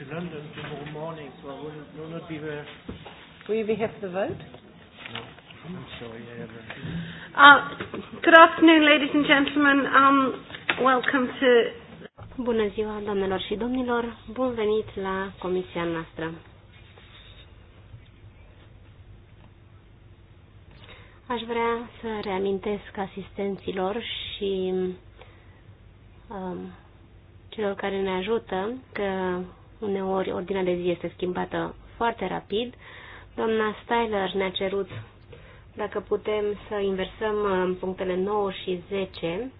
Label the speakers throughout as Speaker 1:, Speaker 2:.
Speaker 1: to London tomorrow morning, so I will not, will not be there. Will you be here for the vote? No. I'm sorry, I have a... uh, Good afternoon, ladies
Speaker 2: and gentlemen. Um, welcome to... Bună ziua, doamnelor și domnilor. Bun venit la comisia noastră. Aș vrea să reamintesc asistenților și um, celor care ne ajută că Uneori ordinea de zi este schimbată foarte rapid. Doamna Styler ne-a cerut dacă putem să inversăm uh, punctele 9 și 10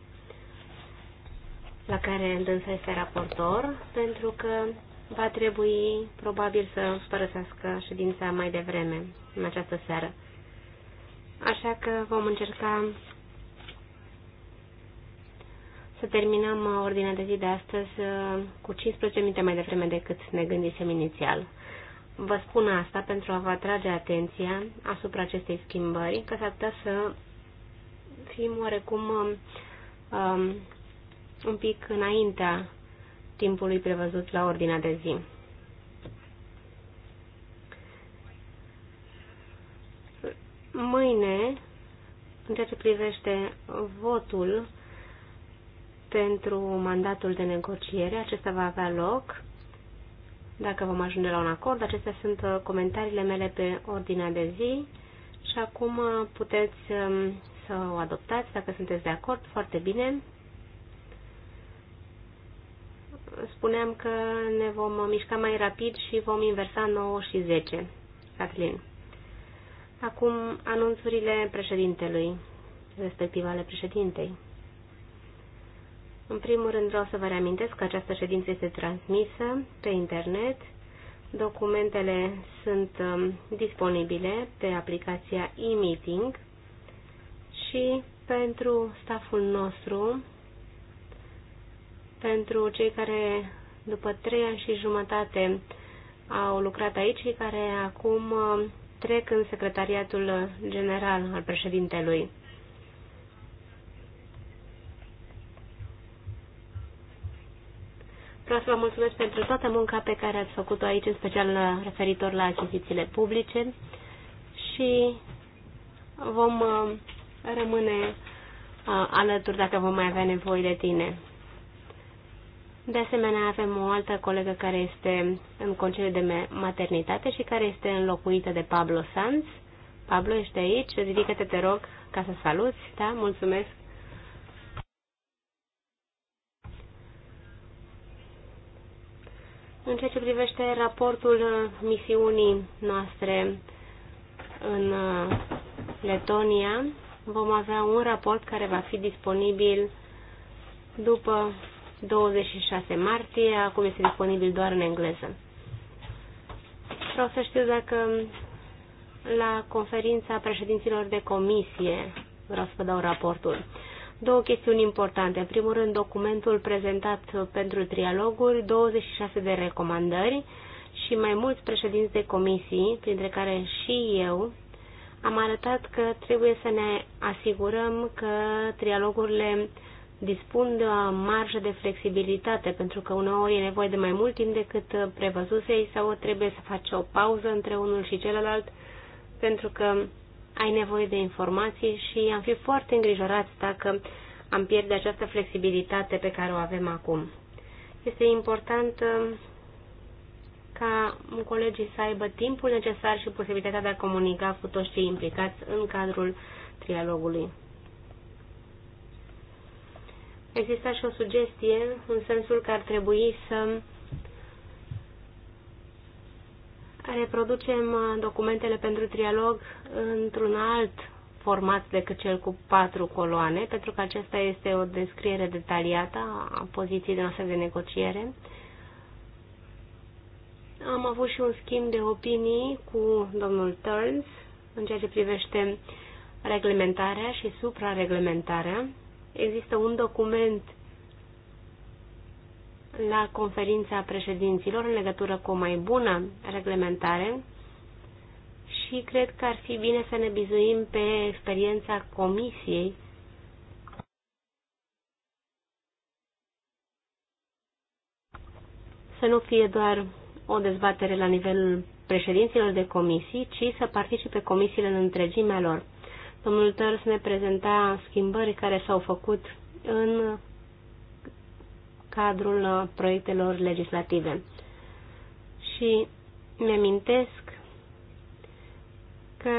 Speaker 2: la care dânsa este raportor, pentru că va trebui probabil să părăsească ședința mai devreme în această seară. Așa că vom încerca să terminăm ordinea de zi de astăzi uh, cu 15 minute mai devreme decât ne gândisem inițial. Vă spun asta pentru a vă atrage atenția asupra acestei schimbări, că s-ar putea să fim oarecum um, um un pic înaintea timpului prevăzut la ordinea de zi. Mâine, în ceea ce privește votul, pentru mandatul de negociere. Acesta va avea loc dacă vom ajunge la un acord. Acestea sunt uh, comentariile mele pe ordinea de zi și acum uh, puteți um, să o adoptați dacă sunteți de acord. Foarte bine. Spuneam că ne vom uh, mișca mai rapid și vom inversa 9 și 10. Catlin. Acum anunțurile președintelui, respectiv ale președintei. În primul rând vreau să vă reamintesc că această ședință este transmisă pe internet. Documentele sunt um, disponibile pe aplicația e-meeting și pentru staful nostru, pentru cei care după trei ani și jumătate au lucrat aici și care acum um, trec în secretariatul general al președintelui. Vreau să vă mulțumesc pentru toată munca pe care ați făcut-o aici, în special referitor la achizițiile publice și vom uh, rămâne uh, alături dacă vom mai avea nevoie de tine. De asemenea, avem o altă colegă care este în concediu de maternitate și care este înlocuită de Pablo Sanz. Pablo, ești aici? Ridică-te, te rog, ca să saluți. Da, mulțumesc. În ceea ce privește raportul uh, misiunii noastre în uh, Letonia, vom avea un raport care va fi disponibil după 26 martie, acum este disponibil doar în engleză. Vreau să știu dacă la conferința președinților de comisie vreau să vă dau raportul două chestiuni importante. În primul rând, documentul prezentat pentru trialoguri, 26 de recomandări și mai mulți președinți de comisii, printre care și eu, am arătat că trebuie să ne asigurăm că trialogurile dispun de o marjă de flexibilitate, pentru că uneori e nevoie de mai mult timp decât prevăzusei sau trebuie să faci o pauză între unul și celălalt, pentru că ai nevoie de informații și am fi foarte îngrijorați dacă am pierde această flexibilitate pe care o avem acum. Este important um, ca colegii să aibă timpul necesar și posibilitatea de a comunica cu toți cei implicați în cadrul trialogului. Există și o sugestie în sensul că ar trebui să reproducem uh, documentele pentru trialog într-un alt format decât cel cu patru coloane, pentru că acesta este o descriere detaliată a poziției de noastre de negociere. Am avut și un schimb de opinii cu domnul Turns în ceea ce privește reglementarea și suprareglementarea. Există un document uh, la conferința președinților în legătură cu o mai bună reglementare și cred că ar fi bine să ne bizuim pe experiența comisiei să nu fie doar o dezbatere la nivelul președinților de comisii, ci să participe comisiile în întregimea lor. Domnul Tărs ne prezenta schimbări care s-au făcut în cadrul uh, proiectelor legislative. Și mi-amintesc că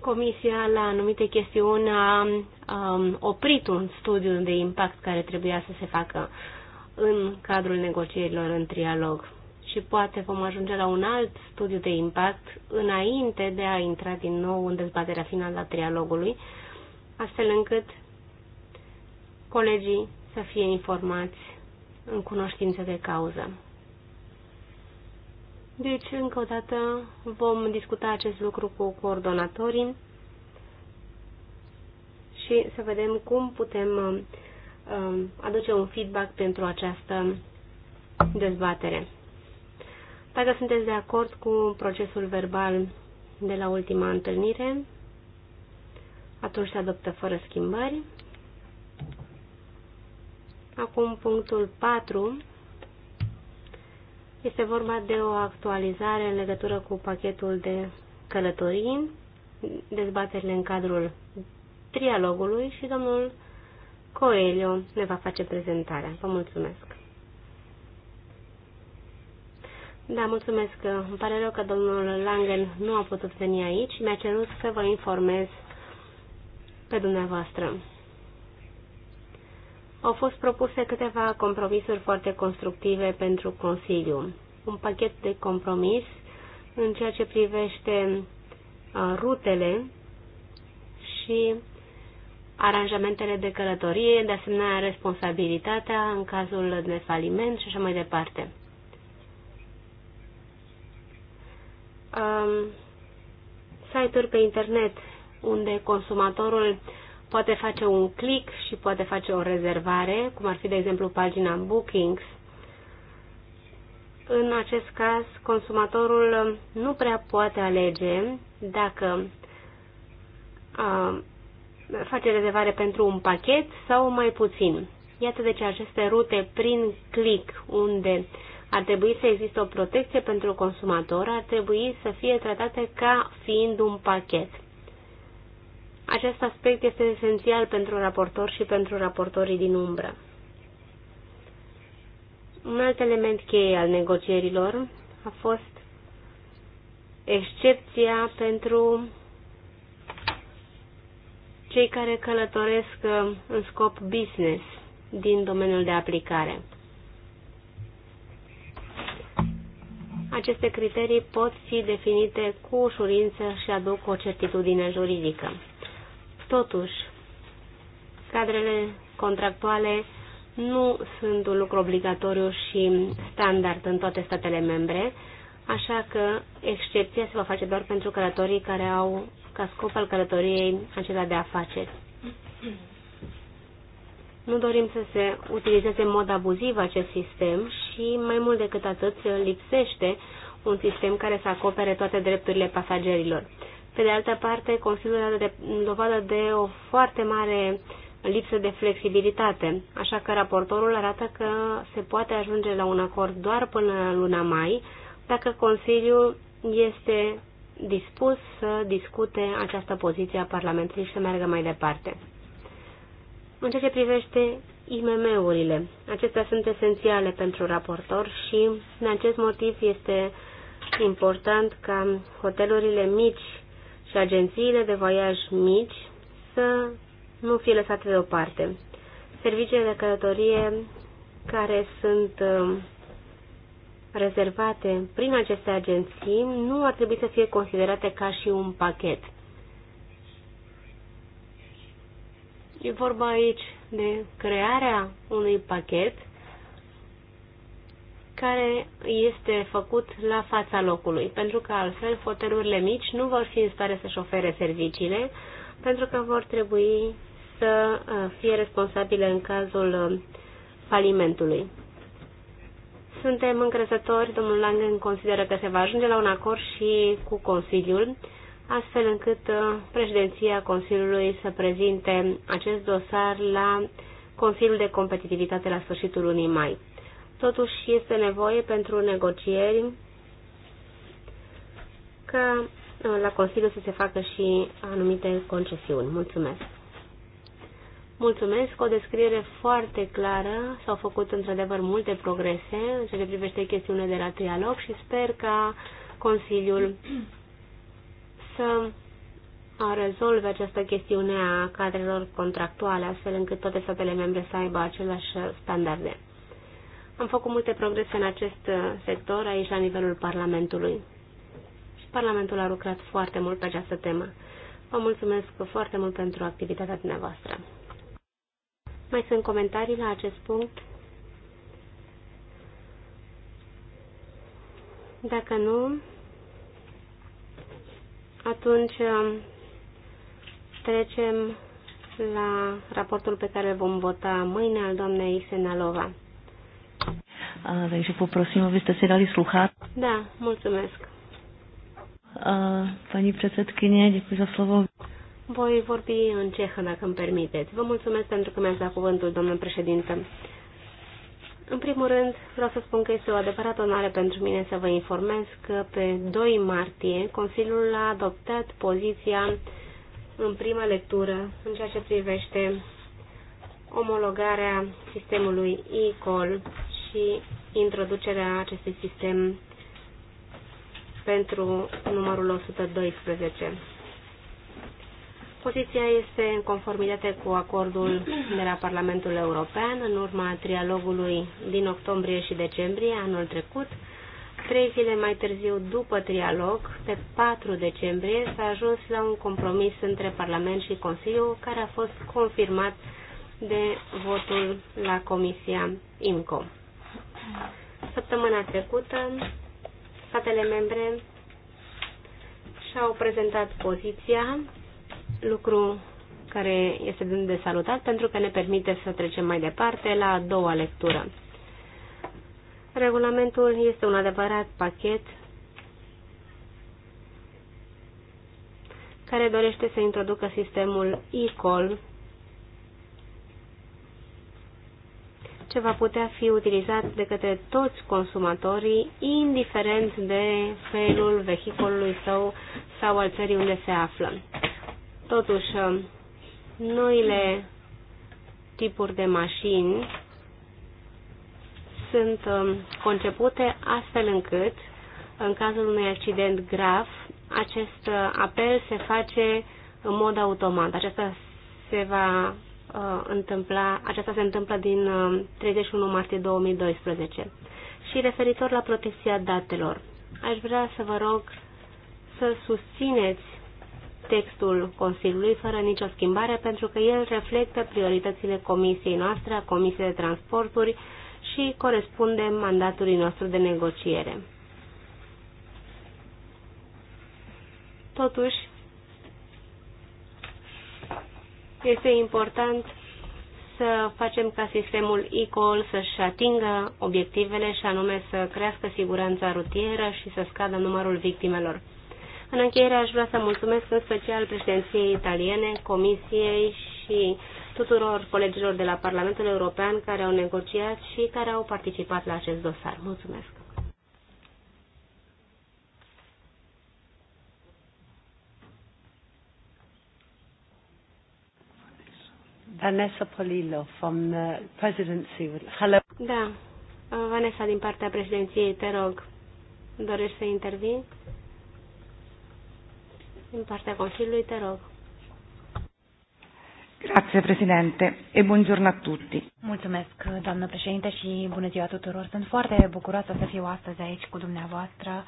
Speaker 2: Comisia la anumite chestiuni a um, oprit un studiu de impact care trebuia să se facă în cadrul negocierilor în trialog și poate vom ajunge la un alt studiu de impact înainte de a intra din nou în dezbaterea finală a trialogului, astfel încât colegii să fie informați în cunoștință de cauză. Deci, încă o dată, vom discuta acest lucru cu coordonatorii și să vedem cum putem um, aduce un feedback pentru această dezbatere. Dacă sunteți de acord cu procesul verbal de la ultima întâlnire, atunci se adoptă fără schimbări. Acum punctul 4. Este vorba de o actualizare în legătură cu pachetul de călătorii, dezbaterile în cadrul trialogului și domnul Coelho ne va face prezentarea. Vă mulțumesc! Da, mulțumesc. Îmi pare rău că domnul Langen nu a putut veni aici. Mi-a cerut să vă informez pe dumneavoastră. Au fost propuse câteva compromisuri foarte constructive pentru Consiliu. Un pachet de compromis în ceea ce privește uh, rutele și aranjamentele de călătorie, de asemenea responsabilitatea în cazul de faliment și așa mai departe. Uh, site-uri pe internet unde consumatorul uh, poate face un click și poate face o rezervare, cum ar fi, de exemplu, pagina Bookings. În acest caz, consumatorul nu prea poate alege dacă a, face rezervare pentru un pachet sau mai puțin. Iată de ce aceste rute prin click unde ar trebui să existe o protecție pentru consumator, ar trebui să fie tratate ca fiind un pachet. Acest aspect este esențial pentru raportor și pentru raportorii din umbră. Un alt element cheie al negocierilor a fost excepția pentru cei care călătoresc uh, în scop business din domeniul de aplicare. Aceste criterii pot fi definite cu ușurință și aduc o certitudine juridică. Totuși, cadrele contractuale nu sunt un lucru obligatoriu și standard în toate statele membre, așa că excepția se va face doar pentru călătorii care au ca scop al călătoriei acela de afaceri. Nu dorim să se utilizeze în mod abuziv acest sistem și, mai mult decât atât, lipsește un sistem care să acopere toate drepturile pasagerilor. Pe de altă parte, Consiliul are de, dovadă de o foarte mare lipsă de flexibilitate, așa că raportorul arată că se poate ajunge la un acord doar până luna mai, dacă Consiliul este dispus să discute această poziție a Parlamentului și să meargă mai departe. În ceea ce privește IMM-urile, acestea sunt esențiale pentru raportor și, din acest motiv, este important ca hotelurile mici și agențiile de voiaj mici să nu fie lăsate deoparte. Serviciile de călătorie care sunt um, rezervate prin aceste agenții nu ar trebui să fie considerate ca și un pachet. E vorba aici de crearea unui pachet care este făcut la fața locului, pentru că altfel hotelurile mici nu vor fi în stare să-și ofere serviciile, pentru că vor trebui să uh, fie responsabile în cazul uh, falimentului. Suntem încrezători, domnul Langen consideră că se va ajunge la un acord și cu Consiliul, astfel încât uh, președinția Consiliului să prezinte acest dosar la Consiliul de Competitivitate la sfârșitul lunii mai. Totuși este nevoie pentru negocieri că uh, la Consiliu să se facă și anumite concesiuni. Mulțumesc! Mulțumesc, o descriere foarte clară. S-au făcut într-adevăr multe progrese în ce privește chestiunea de la trialog și sper ca Consiliul să rezolve această chestiune a cadrelor contractuale, astfel încât toate statele membre să aibă aceleași standarde. Am făcut multe progrese în acest uh, sector aici la nivelul Parlamentului. Și Parlamentul a lucrat foarte mult pe această temă. Vă mulțumesc foarte mult pentru activitatea dumneavoastră. Mai sunt comentarii la acest punct? Dacă nu, atunci um, trecem la raportul pe care vom vota mâine al doamnei Senalova.
Speaker 3: A, takže poprosím, abyste si dali sluchat.
Speaker 2: Da, mulțumesc.
Speaker 3: A, paní předsedkyně, děkuji za slovo.
Speaker 2: Voi vorbi în cehă, dacă îmi permiteți. Vă mulțumesc pentru că mi-ați dat cuvântul, domnul președinte. În primul rând, vreau să spun că este o adevărată onoare pentru mine să vă informez că pe 2 martie Consiliul a adoptat poziția în prima lectură în ceea ce privește omologarea sistemului e și introducerea acestui sistem pentru numărul 112. Poziția este în conformitate cu acordul de la Parlamentul European în urma trialogului din octombrie și decembrie anul trecut. Trei zile mai târziu după trialog, pe 4 decembrie, s-a ajuns la un compromis între Parlament și Consiliu care a fost confirmat de votul la Comisia IMCO. Săptămâna trecută, statele membre și-au prezentat poziția, lucru care este de salutat pentru că ne permite să trecem mai departe la a doua lectură. Regulamentul este un adevărat pachet care dorește să introducă sistemul e-call ce va putea fi utilizat de către toți consumatorii, indiferent de felul vehicolului său sau al țării unde se află. Totuși, noile tipuri de mașini sunt um, concepute astfel încât, în cazul unui accident grav, acest uh, apel se face în mod automat. Aceasta se va uh, întâmpla, aceasta se întâmplă din uh, 31 martie 2012. Și referitor la protecția datelor, aș vrea să vă rog să susțineți textul Consiliului fără nicio schimbare, pentru că el reflectă prioritățile comisiei noastre, a Comisiei de Transporturi și corespunde mandatului nostru de negociere. Totuși, Este important să facem ca sistemul e-call să-și atingă obiectivele și anume să crească siguranța rutieră și să scadă numărul victimelor. În încheiere aș vrea să mulțumesc în special președinției italiene, comisiei și tuturor colegilor de la Parlamentul European care au negociat și care au participat la acest dosar. Mulțumesc!
Speaker 1: Vanessa Polillo from the presidency. Hello.
Speaker 2: Da. Vanessa, din partea președinției, te rog, dorești să intervii? Din partea Consiliului, te rog.
Speaker 1: Grazie Presidente e buongiorno a tutti.
Speaker 2: Mulțumesc,
Speaker 4: doamnă președinte, și bună ziua tuturor. Sunt foarte bucuroasă să fiu astăzi aici cu dumneavoastră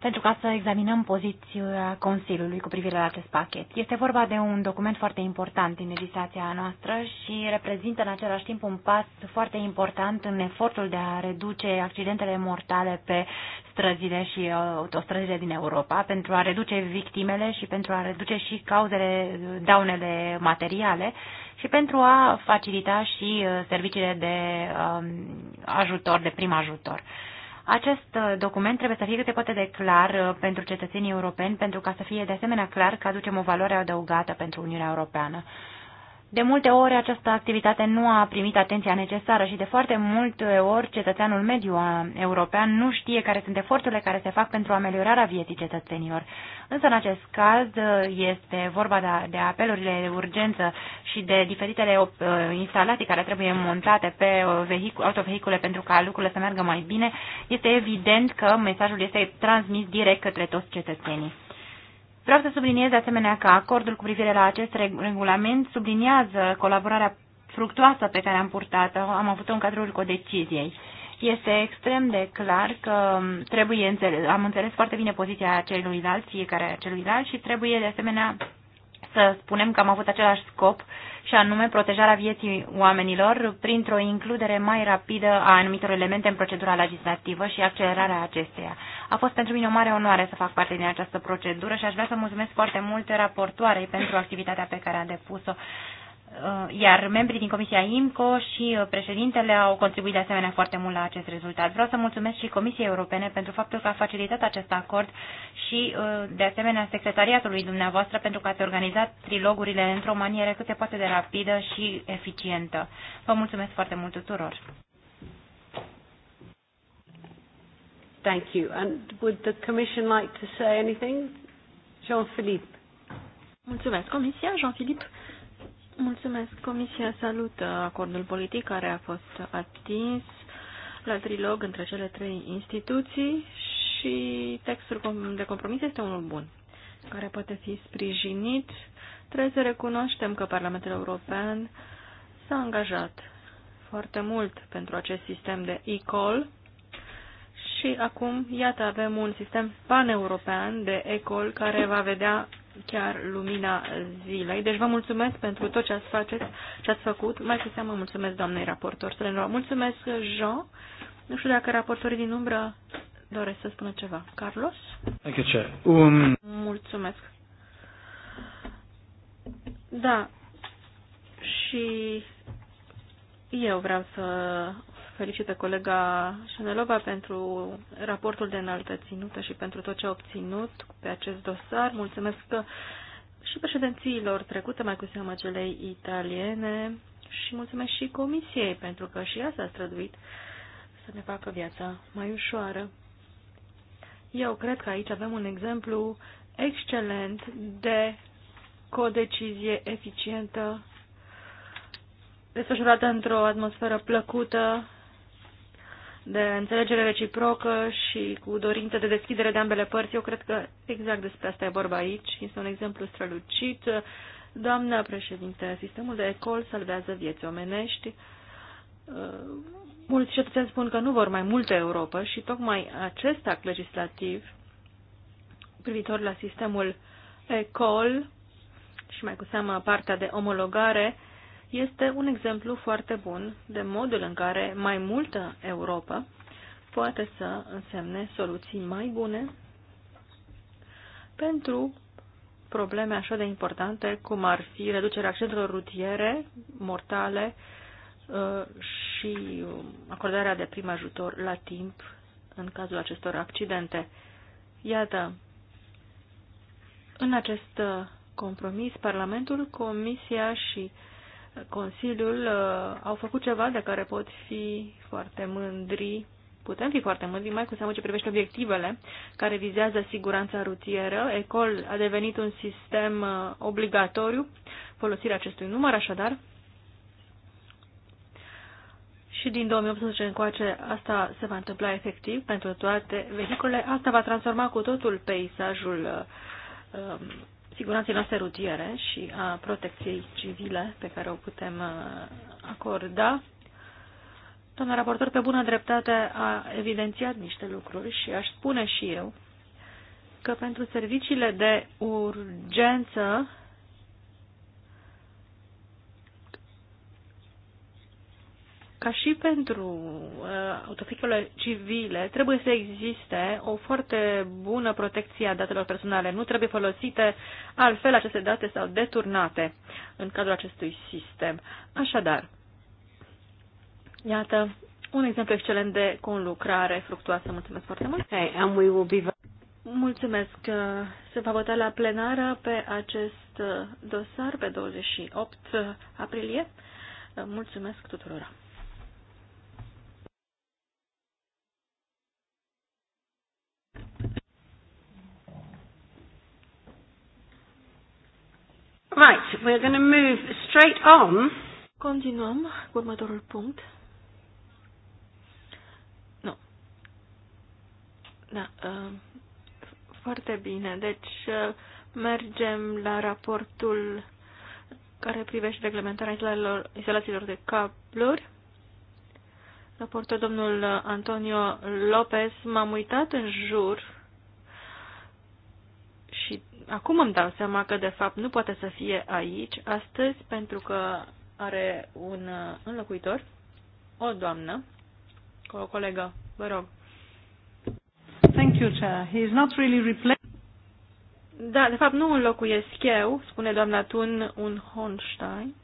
Speaker 4: pentru ca să examinăm poziția Consiliului cu privire la acest pachet. Este vorba de un document foarte important din legislația noastră și reprezintă în același timp un pas foarte important în efortul de a reduce accidentele mortale pe străzile și uh, autostrăzile din Europa, pentru a reduce victimele și pentru a reduce și cauzele, daunele materiale și pentru a facilita și uh, serviciile de um, ajutor, de prim ajutor. Acest uh, document trebuie să fie cât poate de clar uh, pentru cetățenii europeni, pentru ca să fie de asemenea clar că aducem o valoare adăugată pentru Uniunea Europeană. De multe ori această activitate nu a primit atenția necesară și de foarte multe ori cetățeanul mediu european nu știe care sunt eforturile care se fac pentru ameliorarea vieții cetățenilor. Însă în acest caz este vorba de, de apelurile de urgență și de diferitele ă, instalații care trebuie montate pe ă, autovehicule pentru ca lucrurile să meargă mai bine, este evident că mesajul este transmis direct către toți cetățenii. Vreau să subliniez de asemenea că acordul cu privire la acest regulament subliniază colaborarea fructuoasă pe care am purtat-o, am avut-o în cadrul codeciziei. Este extrem de clar că trebuie înțeles, am înțeles foarte bine poziția celuilalt, fiecare celuilalt și trebuie de asemenea să spunem că am avut același scop și anume protejarea vieții oamenilor printr-o includere mai rapidă a anumitor elemente în procedura legislativă și accelerarea acesteia. A fost pentru mine o mare onoare să fac parte din această procedură și aș vrea să mulțumesc foarte mult raportoarei pentru activitatea pe care a depus-o Uh, iar membrii din Comisia IMCO și uh, președintele au contribuit de asemenea foarte mult la acest rezultat. Vreau să mulțumesc și Comisiei Europene pentru faptul că a facilitat acest acord și, uh, de asemenea, secretariatului dumneavoastră pentru că ați organizat trilogurile într-o manieră cât se poate de rapidă și eficientă. Vă mulțumesc foarte mult tuturor!
Speaker 1: Thank you. And would the Commission like to say
Speaker 3: anything? Jean-Philippe. Mulțumesc. Comisia, Jean-Philippe. Mulțumesc. Comisia salută acordul politic care a fost atins la trilog între cele trei instituții și textul de compromis este unul bun, care poate fi sprijinit. Trebuie să recunoaștem că Parlamentul European s-a angajat foarte mult pentru acest sistem de e-call și acum, iată, avem un sistem paneuropean de e-call care va vedea chiar lumina zilei. Deci vă mulțumesc pentru tot ce ați, faceți, ce ați făcut. Mai cu seamă mulțumesc doamnei raportor. Mulțumesc, Jean. Nu știu dacă raportorii din umbră doresc să spună ceva. Carlos?
Speaker 1: Okay, um...
Speaker 3: Mulțumesc. Da. Și eu vreau să Felicită colega Șanelova pentru raportul de înaltă ținută și pentru tot ce a obținut pe acest dosar. Mulțumesc că și președințiilor trecute, mai cu seamă celei italiene, și mulțumesc și comisiei pentru că și ea s-a străduit să ne facă viața mai ușoară. Eu cred că aici avem un exemplu excelent de codecizie eficientă desfășurată într-o atmosferă plăcută de înțelegere reciprocă și cu dorință de deschidere de ambele părți. Eu cred că exact despre asta e vorba aici. Este un exemplu strălucit. Doamna președinte, sistemul de ecol salvează vieți omenești. Mulți cetățeni spun că nu vor mai multă Europa și tocmai acest act legislativ privitor la sistemul ECOL și mai cu seamă partea de omologare este un exemplu foarte bun de modul în care mai multă Europa poate să însemne soluții mai bune pentru probleme așa de importante cum ar fi reducerea accidentelor rutiere mortale uh, și acordarea de prim ajutor la timp în cazul acestor accidente. Iată, în acest uh, compromis, Parlamentul, Comisia și uh, Consiliul uh, au făcut ceva de care pot fi foarte mândri, putem fi foarte mândri, mai cu seamă ce privește obiectivele care vizează siguranța rutieră. ECOL a devenit un sistem uh, obligatoriu, folosirea acestui număr așadar. Și din 2018 încoace asta se va întâmpla efectiv pentru toate vehiculele. Asta va transforma cu totul peisajul uh, um, siguranței noastre rutiere și a protecției civile pe care o putem uh, acorda. Domnul raportor, pe bună dreptate, a evidențiat niște lucruri și aș spune și eu că pentru serviciile de urgență ca și pentru uh, autoficele civile, trebuie să existe o foarte bună protecție a datelor personale. Nu trebuie folosite altfel aceste date sau deturnate în cadrul acestui sistem. Așadar, iată un exemplu excelent de conlucrare fructuoasă. Mulțumesc foarte mult! Hey, and we will be... Mulțumesc! Se va vota la plenară pe acest uh, dosar pe 28 uh, aprilie. Mulțumesc tuturor!
Speaker 1: Right, we're going to move
Speaker 3: straight on. Continuăm cu următorul punct. Nu. Da. Uh, foarte bine. Deci uh, mergem la raportul care privește reglementarea instalațiilor de cabluri. Raportul domnul Antonio Lopez. M-am uitat în jur acum îmi dau seama că de fapt nu poate să fie aici astăzi pentru că are un uh, înlocuitor, o doamnă, o colegă, vă rog.
Speaker 1: Thank you, Chair. He is not really replaced.
Speaker 3: Da, de fapt nu înlocuiesc eu, spune doamna Tun un Hornstein.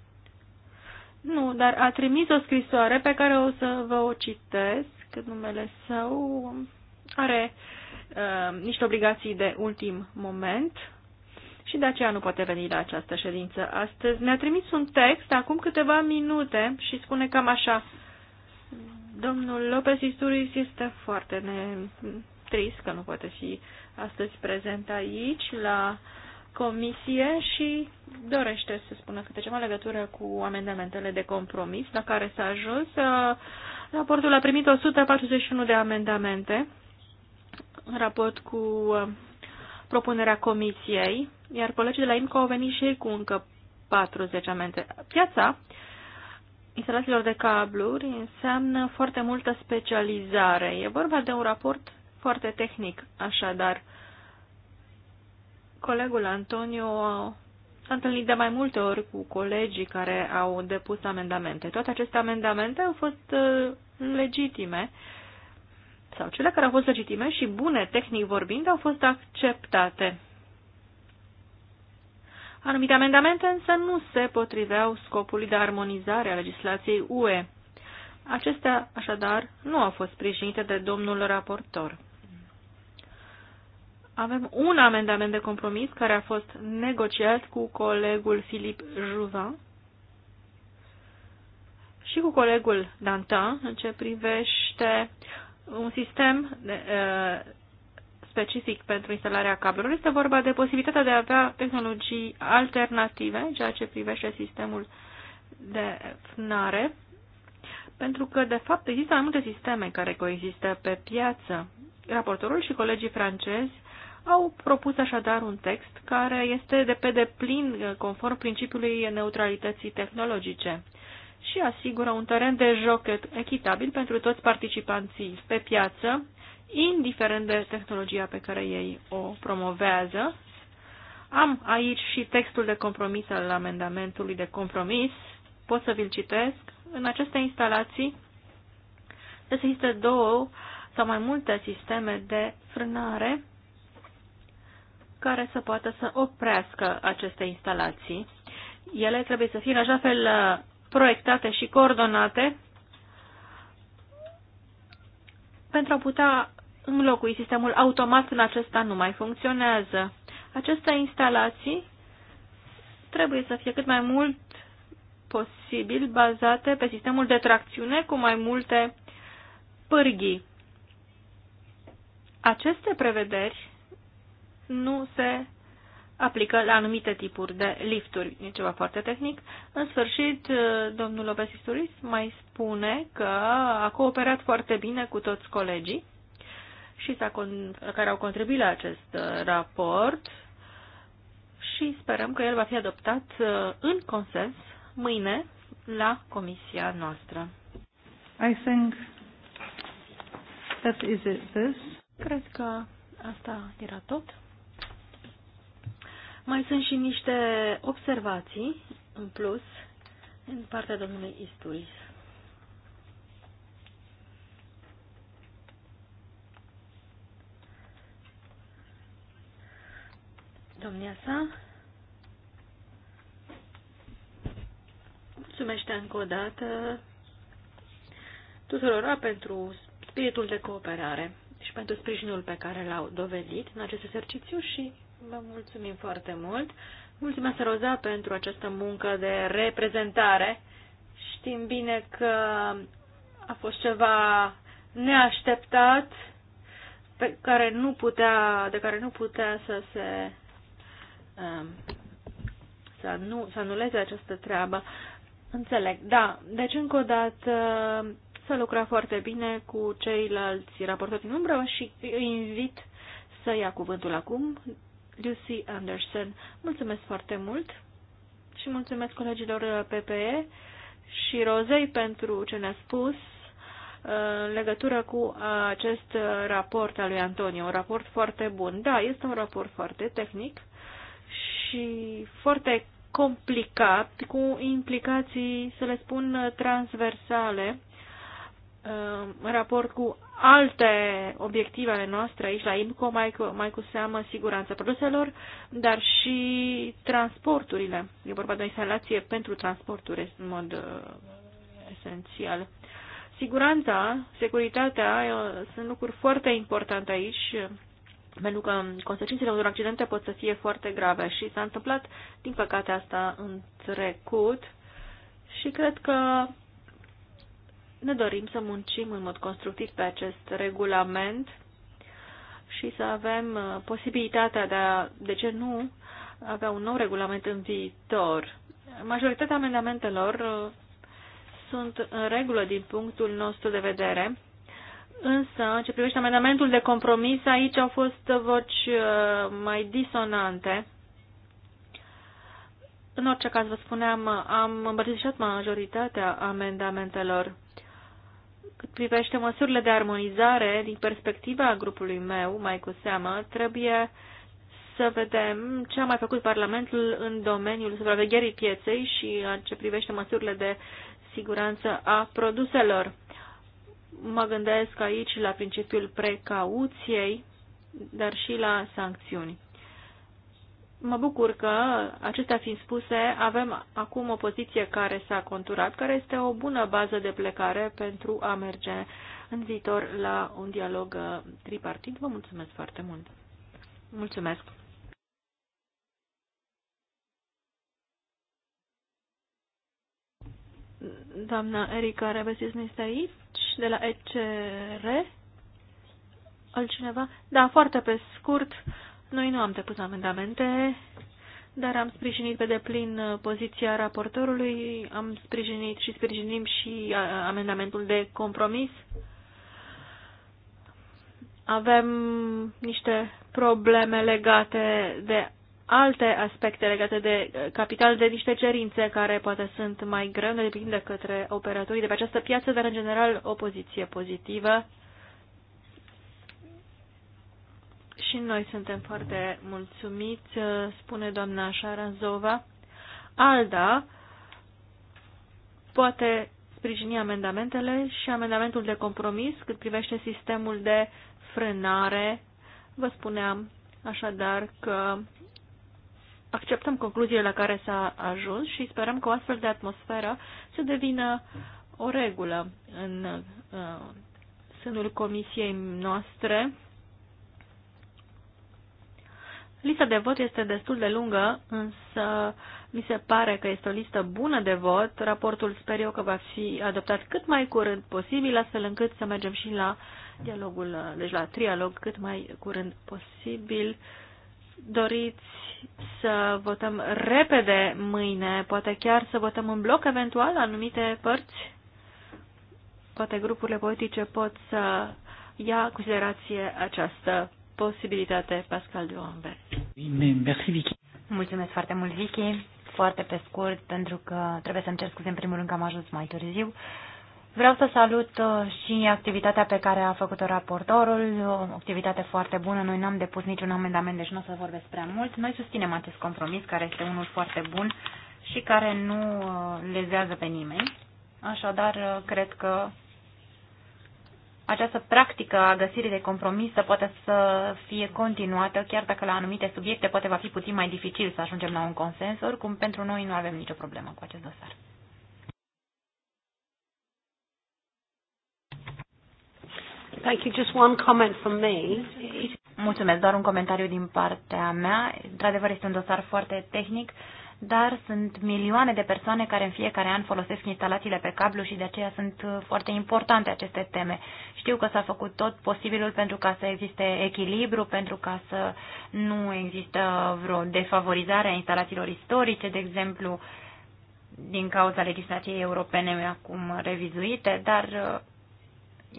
Speaker 3: Nu, dar a trimis o scrisoare pe care o să vă o citesc. Numele său are uh, niște obligații de ultim moment și de aceea nu poate veni la această ședință astăzi. Mi-a trimis un text acum câteva minute și spune cam așa. Domnul Lopez Isturis este foarte ne... trist că nu poate fi astăzi prezent aici la comisie și dorește să spună câte ceva legătură cu amendamentele de compromis la care s-a ajuns. Raportul a primit 141 de amendamente în raport cu uh, propunerea comisiei iar colegii de la IMCO au venit și ei cu încă 40 amente. Piața instalațiilor de cabluri înseamnă foarte multă specializare. E vorba de un raport foarte tehnic, așadar. Colegul Antonio s-a întâlnit de mai multe ori cu colegii care au depus amendamente. Toate aceste amendamente au fost uh, legitime sau cele care au fost legitime și bune, tehnic vorbind, au fost acceptate. Anumite amendamente însă nu se potriveau scopului de armonizare a legislației UE. Acestea, așadar, nu au fost sprijinite de domnul raportor. Avem un amendament de compromis care a fost negociat cu colegul Filip Juva și cu colegul Dantin în ce privește un sistem de, uh, specific pentru instalarea cablurilor. Este vorba de posibilitatea de a avea tehnologii alternative ceea ce privește sistemul de frânare, pentru că, de fapt, există mai multe sisteme care coexistă pe piață. Raportorul și colegii francezi au propus așadar un text care este de pe deplin conform principiului neutralității tehnologice și asigură un teren de joc echitabil pentru toți participanții pe piață, indiferent de tehnologia pe care ei o promovează. Am aici și textul de compromis al amendamentului de compromis. Pot să vi-l citesc. În aceste instalații există două sau mai multe sisteme de frânare care să poată să oprească aceste instalații. Ele trebuie să fie în așa fel uh, proiectate și coordonate pentru a putea înlocui sistemul automat când acesta nu mai funcționează. Aceste instalații trebuie să fie cât mai mult posibil bazate pe sistemul de tracțiune cu mai multe pârghii. Aceste prevederi nu se aplică la anumite tipuri de lifturi. E ceva foarte tehnic. În sfârșit, uh, domnul Lopez Isturis mai spune că a cooperat foarte bine cu toți colegii și care au contribuit la acest uh, raport și sperăm că el va fi adoptat uh, în consens mâine la comisia noastră. I think that is it, this. Cred că asta era tot. Mai sunt și niște observații în plus în partea domnului Isturis. Domnia sa mulțumește încă o dată tuturora pentru spiritul de cooperare și pentru sprijinul pe care l-au dovedit în acest exercițiu și Vă mulțumim foarte mult. Mulțumesc, Roza, pentru această muncă de reprezentare. Știm bine că a fost ceva neașteptat pe care nu putea, de care nu putea să se um, să, nu, să anuleze această treabă. Înțeleg, da. Deci, încă o dată, um, să lucra foarte bine cu ceilalți raportori din umbră și îi invit să ia cuvântul acum, Lucy Anderson. Mulțumesc foarte mult și mulțumesc colegilor PPE și Rozei pentru ce ne-a spus uh, în legătură cu acest raport al lui Antonio. Un raport foarte bun. Da, este un raport foarte tehnic și foarte complicat, cu implicații, să le spun, transversale în uh, raport cu alte obiective ale noastre aici la IMCO, mai cu, mai cu seamă siguranța produselor, dar și transporturile. E vorba de o instalație pentru transporturi în mod uh, esențial. Siguranța, securitatea uh, sunt lucruri foarte importante aici, pentru că consecințele unor accidente pot să fie foarte grave și s-a întâmplat, din păcate, asta în trecut și cred că ne dorim să muncim în mod constructiv pe acest regulament și să avem uh, posibilitatea de a, de ce nu, avea un nou regulament în viitor. Majoritatea amendamentelor uh, sunt în regulă din punctul nostru de vedere, însă, ce privește amendamentul de compromis, aici au fost voci uh, mai disonante. În orice caz, vă spuneam, am îmbrățișat majoritatea amendamentelor cât privește măsurile de armonizare, din perspectiva grupului meu, mai cu seamă, trebuie să vedem ce a mai făcut Parlamentul în domeniul supravegherii pieței și în ce privește măsurile de siguranță a produselor. Mă gândesc aici la principiul precauției, dar și la sancțiuni. Mă bucur că, acestea fiind spuse, avem acum o poziție care s-a conturat, care este o bună bază de plecare pentru a merge în viitor la un dialog uh, tripartit. Vă mulțumesc foarte mult! Mulțumesc! Doamna Erika Rebesis nu este aici, de la ECR. Altcineva? Da, foarte pe scurt. Uh, noi nu am depus amendamente, dar am sprijinit pe deplin uh, poziția raportorului, am sprijinit și sprijinim și uh, amendamentul de compromis. Avem niște probleme legate de alte aspecte legate de uh, capital, de niște cerințe care poate sunt mai greu de de către operatorii de pe această piață, dar în general o poziție pozitivă Și noi suntem foarte mulțumiți, spune doamna Șaranzova. Alda poate sprijini amendamentele și amendamentul de compromis cât privește sistemul de frânare. Vă spuneam așadar că acceptăm concluziile la care s-a ajuns și sperăm că o astfel de atmosferă să devină o regulă în uh, sânul comisiei noastre Lista de vot este destul de lungă, însă mi se pare că este o listă bună de vot. Raportul sper eu că va fi adoptat cât mai curând posibil, astfel încât să mergem și la dialogul, deci la trialog cât mai curând posibil. Doriți să votăm repede mâine, poate chiar să votăm în bloc eventual anumite părți? Poate grupurile politice pot să ia considerație această posibilitate, Pascal
Speaker 4: Vicky.
Speaker 3: Mulțumesc foarte mult, Vicky. Foarte pe scurt, pentru că trebuie
Speaker 4: să-mi cer scuze în primul rând că am ajuns mai târziu. Vreau să salut uh, și activitatea pe care a făcut-o raportorul, o activitate foarte bună. Noi n-am depus niciun amendament, deci nu o să vorbesc prea mult. Noi susținem acest compromis, care este unul foarte bun și care nu uh, lezează pe nimeni. Așadar, uh, cred că această practică a găsirii de compromis să poată să fie continuată, chiar dacă la anumite subiecte poate va fi puțin mai dificil să ajungem la un consens, oricum pentru noi nu avem nicio problemă cu acest dosar. Thank you. Just one comment from me. Mulțumesc, doar un comentariu din partea mea. Într-adevăr, este un dosar foarte tehnic. Uh, dar sunt milioane de persoane care în fiecare an folosesc instalațiile pe cablu și de aceea sunt uh, foarte importante aceste teme. Știu că s-a făcut tot posibilul pentru ca să existe echilibru, pentru ca să nu există vreo defavorizare a instalațiilor istorice, de exemplu, din cauza legislației europene acum revizuite, dar uh,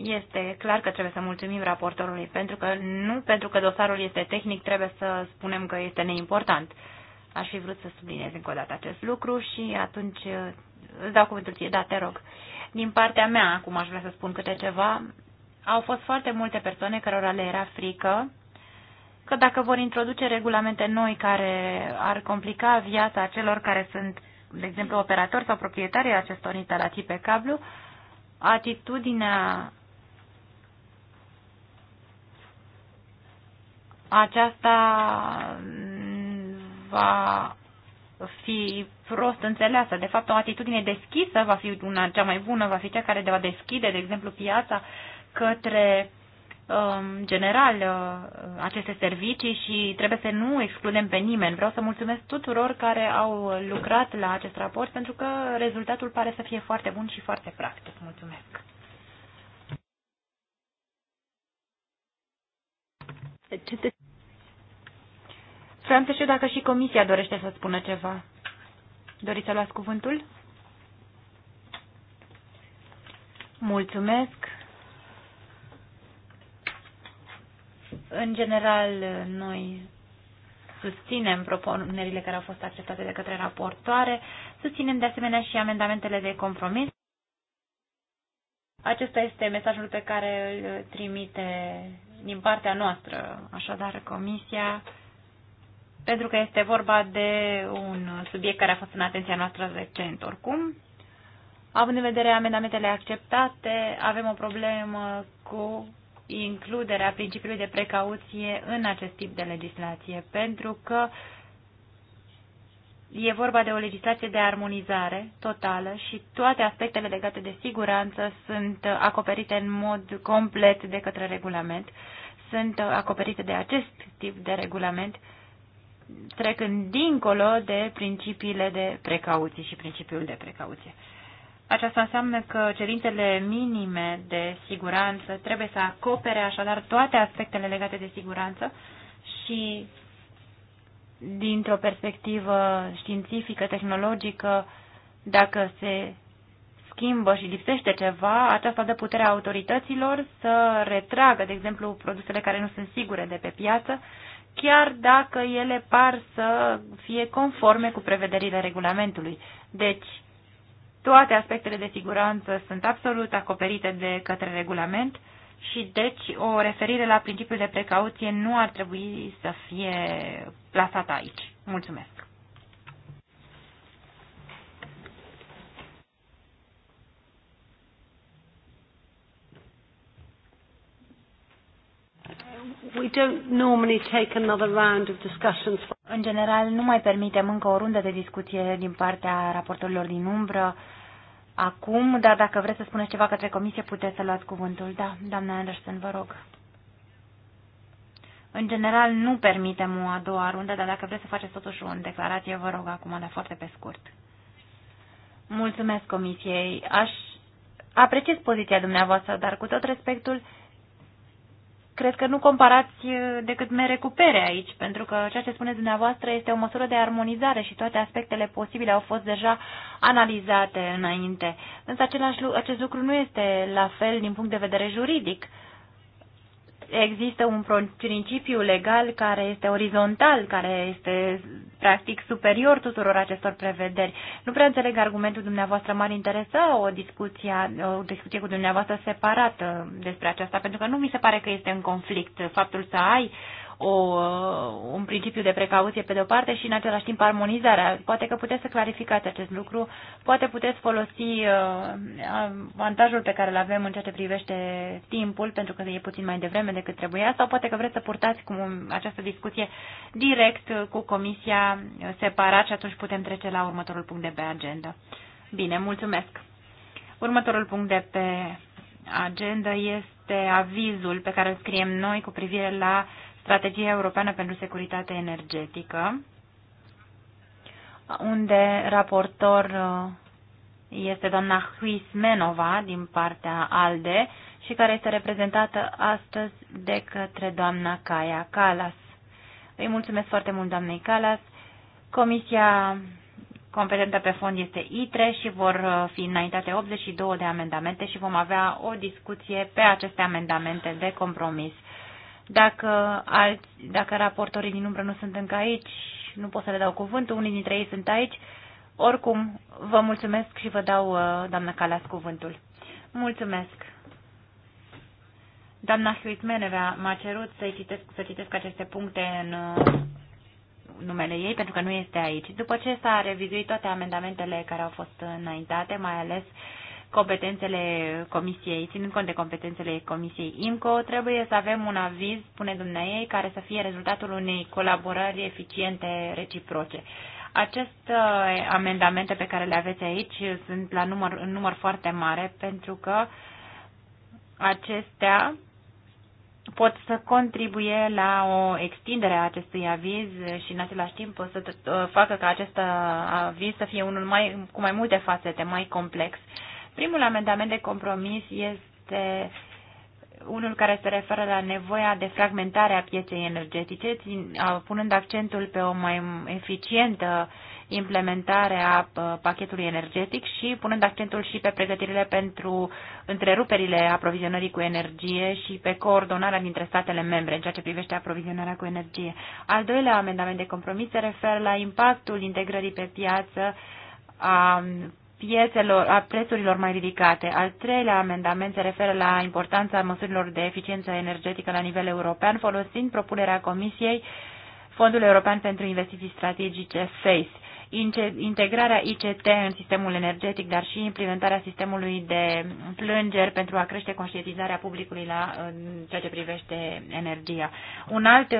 Speaker 4: este clar că trebuie să mulțumim raportorului, pentru că nu pentru că dosarul este tehnic trebuie să spunem că este neimportant. Aș fi vrut să subliniez încă o dată acest lucru și atunci uh, îți dau cuvântul ție. Da, te rog. Din partea mea, acum aș vrea să spun câte ceva, au fost foarte multe persoane cărora le era frică că dacă vor introduce regulamente noi care ar complica viața celor care sunt, de exemplu, operatori sau proprietarii acestor instalații pe cablu, atitudinea aceasta va fi prost înțeleasă. De fapt, o atitudine deschisă va fi una cea mai bună, va fi cea care va deschide, de exemplu, piața către um, general uh, aceste servicii și trebuie să nu excludem pe nimeni. Vreau să mulțumesc tuturor care au lucrat la acest raport pentru că rezultatul pare să fie foarte bun și foarte practic. Mulțumesc! Vreau să știu dacă și Comisia dorește să spună ceva. Doriți să luați cuvântul? Mulțumesc. În general, noi susținem propunerile care au fost acceptate de către raportoare, susținem de asemenea și amendamentele de compromis. Acesta este mesajul pe care îl trimite din partea noastră, așadar Comisia pentru că este vorba de un subiect care a fost în atenția noastră recent oricum. Având în vedere amendamentele acceptate, avem o problemă cu includerea principiului de precauție în acest tip de legislație, pentru că e vorba de o legislație de armonizare totală și toate aspectele legate de siguranță sunt acoperite în mod complet de către regulament, sunt acoperite de acest tip de regulament trecând dincolo de principiile de precauție și principiul de precauție. Aceasta înseamnă că cerințele minime de siguranță trebuie să acopere așadar toate aspectele legate de siguranță și dintr-o perspectivă științifică, tehnologică, dacă se schimbă și lipsește ceva, aceasta dă puterea autorităților să retragă, de exemplu, produsele care nu sunt sigure de pe piață chiar dacă ele par să fie conforme cu prevederile regulamentului. Deci, toate aspectele de siguranță sunt absolut acoperite de către regulament și deci o referire la principiul de precauție nu ar trebui să fie plasată aici. Mulțumesc!
Speaker 1: we don't normally take another round of discussions.
Speaker 4: În general, nu mai permitem încă o rundă de discuție din partea raportorilor din umbră acum, dar dacă vreți să spuneți ceva către comisie, puteți să luați cuvântul. Da, doamna Anderson, vă rog. În general, nu permitem o a doua rundă, dar dacă vreți să faceți totuși o declarație, vă rog acum, dar foarte pe scurt. Mulțumesc comisiei. Aș apreciez poziția dumneavoastră, dar cu tot respectul, cred că nu comparați uh, decât mere cu pere aici, pentru că ceea ce spuneți dumneavoastră este o măsură de armonizare și toate aspectele posibile au fost deja analizate înainte. Însă același, acest lucru nu este la fel din punct de vedere juridic există un principiu legal care este orizontal, care este practic superior tuturor acestor prevederi. Nu prea înțeleg argumentul dumneavoastră. M-ar interesa o discuție, o discuție cu dumneavoastră separată despre aceasta, pentru că nu mi se pare că este în conflict faptul să ai uh, o, un principiu de precauție pe de-o parte și în același timp armonizarea. Poate că puteți să clarificați acest lucru, poate puteți folosi uh, avantajul pe care îl avem în ceea ce privește timpul, pentru că e puțin mai devreme decât trebuia, sau poate că vreți să purtați cu această discuție direct cu Comisia separat și atunci putem trece la următorul punct de pe agenda. Bine, mulțumesc. Următorul punct de pe agenda este avizul pe care îl scriem noi cu privire la uh, Strategia Europeană pentru Securitate Energetică, unde raportor uh, este doamna Menova din partea ALDE și care este reprezentată astăzi de către doamna Kaya Kalas. Îi mulțumesc foarte mult doamnei Kalas. Comisia competentă pe fond este ITRE și vor uh, fi înaintate 82 de amendamente și vom avea o discuție pe aceste amendamente de compromis. Dacă, alți, dacă raportorii din umbră nu sunt încă aici, nu pot să le dau cuvântul, unii dintre ei sunt aici. Oricum, vă mulțumesc și vă dau, uh, doamna Calas, cuvântul. Mulțumesc. Doamna Huitmenevea m-a cerut să citesc, să citesc aceste puncte în uh, numele ei, pentru că nu este aici. După ce s-a revizuit toate amendamentele care au fost înaintate, mai ales uh, competențele comisiei, ținând cont de competențele comisiei IMCO, trebuie să avem un aviz, spune dumneai, care să fie rezultatul unei colaborări eficiente reciproce. Aceste uh, amendamente pe care le aveți aici sunt la număr, în număr foarte mare pentru că acestea pot să contribuie la o extindere a acestui aviz și în același timp să facă ca acest uh, aviz să fie unul mai, cu mai multe fațete, mai complex Primul amendament de compromis este unul care se referă la nevoia de fragmentare a pieței energetice, punând accentul pe o mai eficientă implementare a pachetului energetic și punând accentul și pe pregătirile pentru întreruperile aprovizionării cu energie și pe coordonarea dintre statele membre în ceea ce privește aprovizionarea cu energie. Al doilea amendament de compromis se referă la impactul integrării pe piață a piețelor, a prețurilor mai ridicate. Al treilea amendament se referă la importanța măsurilor de eficiență energetică la nivel european, folosind propunerea Comisiei Fondul European pentru Investiții Strategice, FACE integrarea ICT în sistemul energetic, dar și implementarea sistemului de plângeri pentru a crește conștientizarea publicului la ceea ce privește energia. Un alt uh,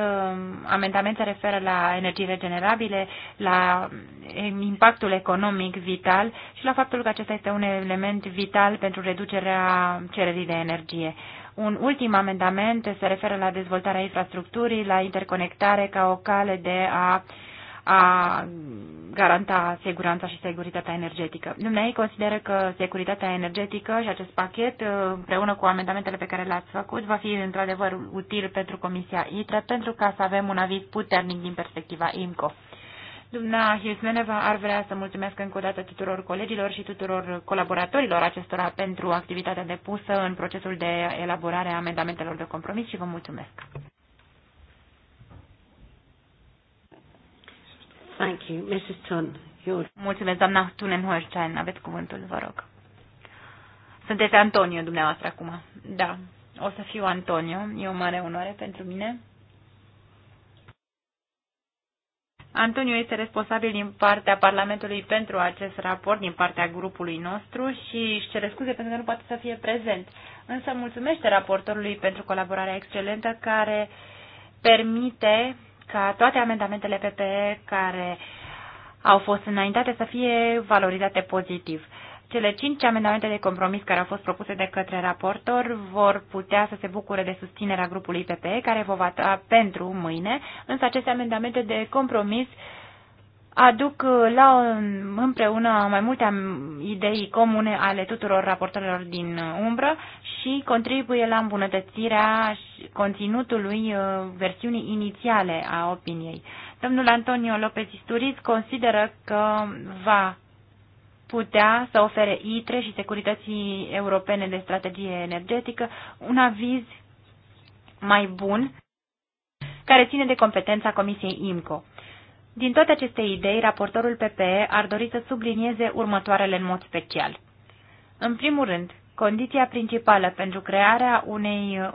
Speaker 4: amendament se referă la energii regenerabile, la um, impactul economic vital și la faptul că acesta este un element vital pentru reducerea cererii de energie. Un ultim amendament se referă la dezvoltarea infrastructurii, la interconectare ca o cale de a uh, a garanta siguranța și securitatea energetică. Dumnezeu consideră că securitatea energetică și acest pachet, uh, împreună cu amendamentele pe care le-ați făcut, va fi într-adevăr util pentru Comisia ITRE pentru ca să avem un aviz puternic din perspectiva IMCO. Dumna Hilsmeneva ar vrea să mulțumesc încă o dată tuturor colegilor și tuturor colaboratorilor acestora pentru activitatea depusă în procesul de elaborare a amendamentelor de compromis și vă mulțumesc. Thank you. Mrs. Tun, you're... Mulțumesc, doamna Tunen-Holstein. Aveți cuvântul, vă rog. Sunteți Antonio dumneavoastră acum. Da, o să fiu Antonio. E o mare onoare pentru mine. Antonio este responsabil din partea Parlamentului pentru acest raport, din partea grupului nostru și își cere scuze pentru că nu poate să fie prezent. Însă mulțumește raportorului pentru colaborarea excelentă care permite ca toate amendamentele PPE care au fost înaintate să fie valorizate pozitiv. Cele cinci amendamente de compromis care au fost propuse de către raportor vor putea să se bucure de susținerea grupului PPE, care va da pentru mâine, însă aceste amendamente de compromis aduc la împreună mai multe idei comune ale tuturor raportorilor din umbră și contribuie la îmbunătățirea conținutului uh, versiunii inițiale a opiniei. Domnul Antonio Lopez Isturiz consideră că va putea să ofere ITRE și Securității Europene de Strategie Energetică un aviz mai bun care ține de competența Comisiei IMCO. Din toate aceste idei, raportorul PPE ar dori să sublinieze următoarele în mod special. În primul rând, Condiția principală pentru crearea unei uh,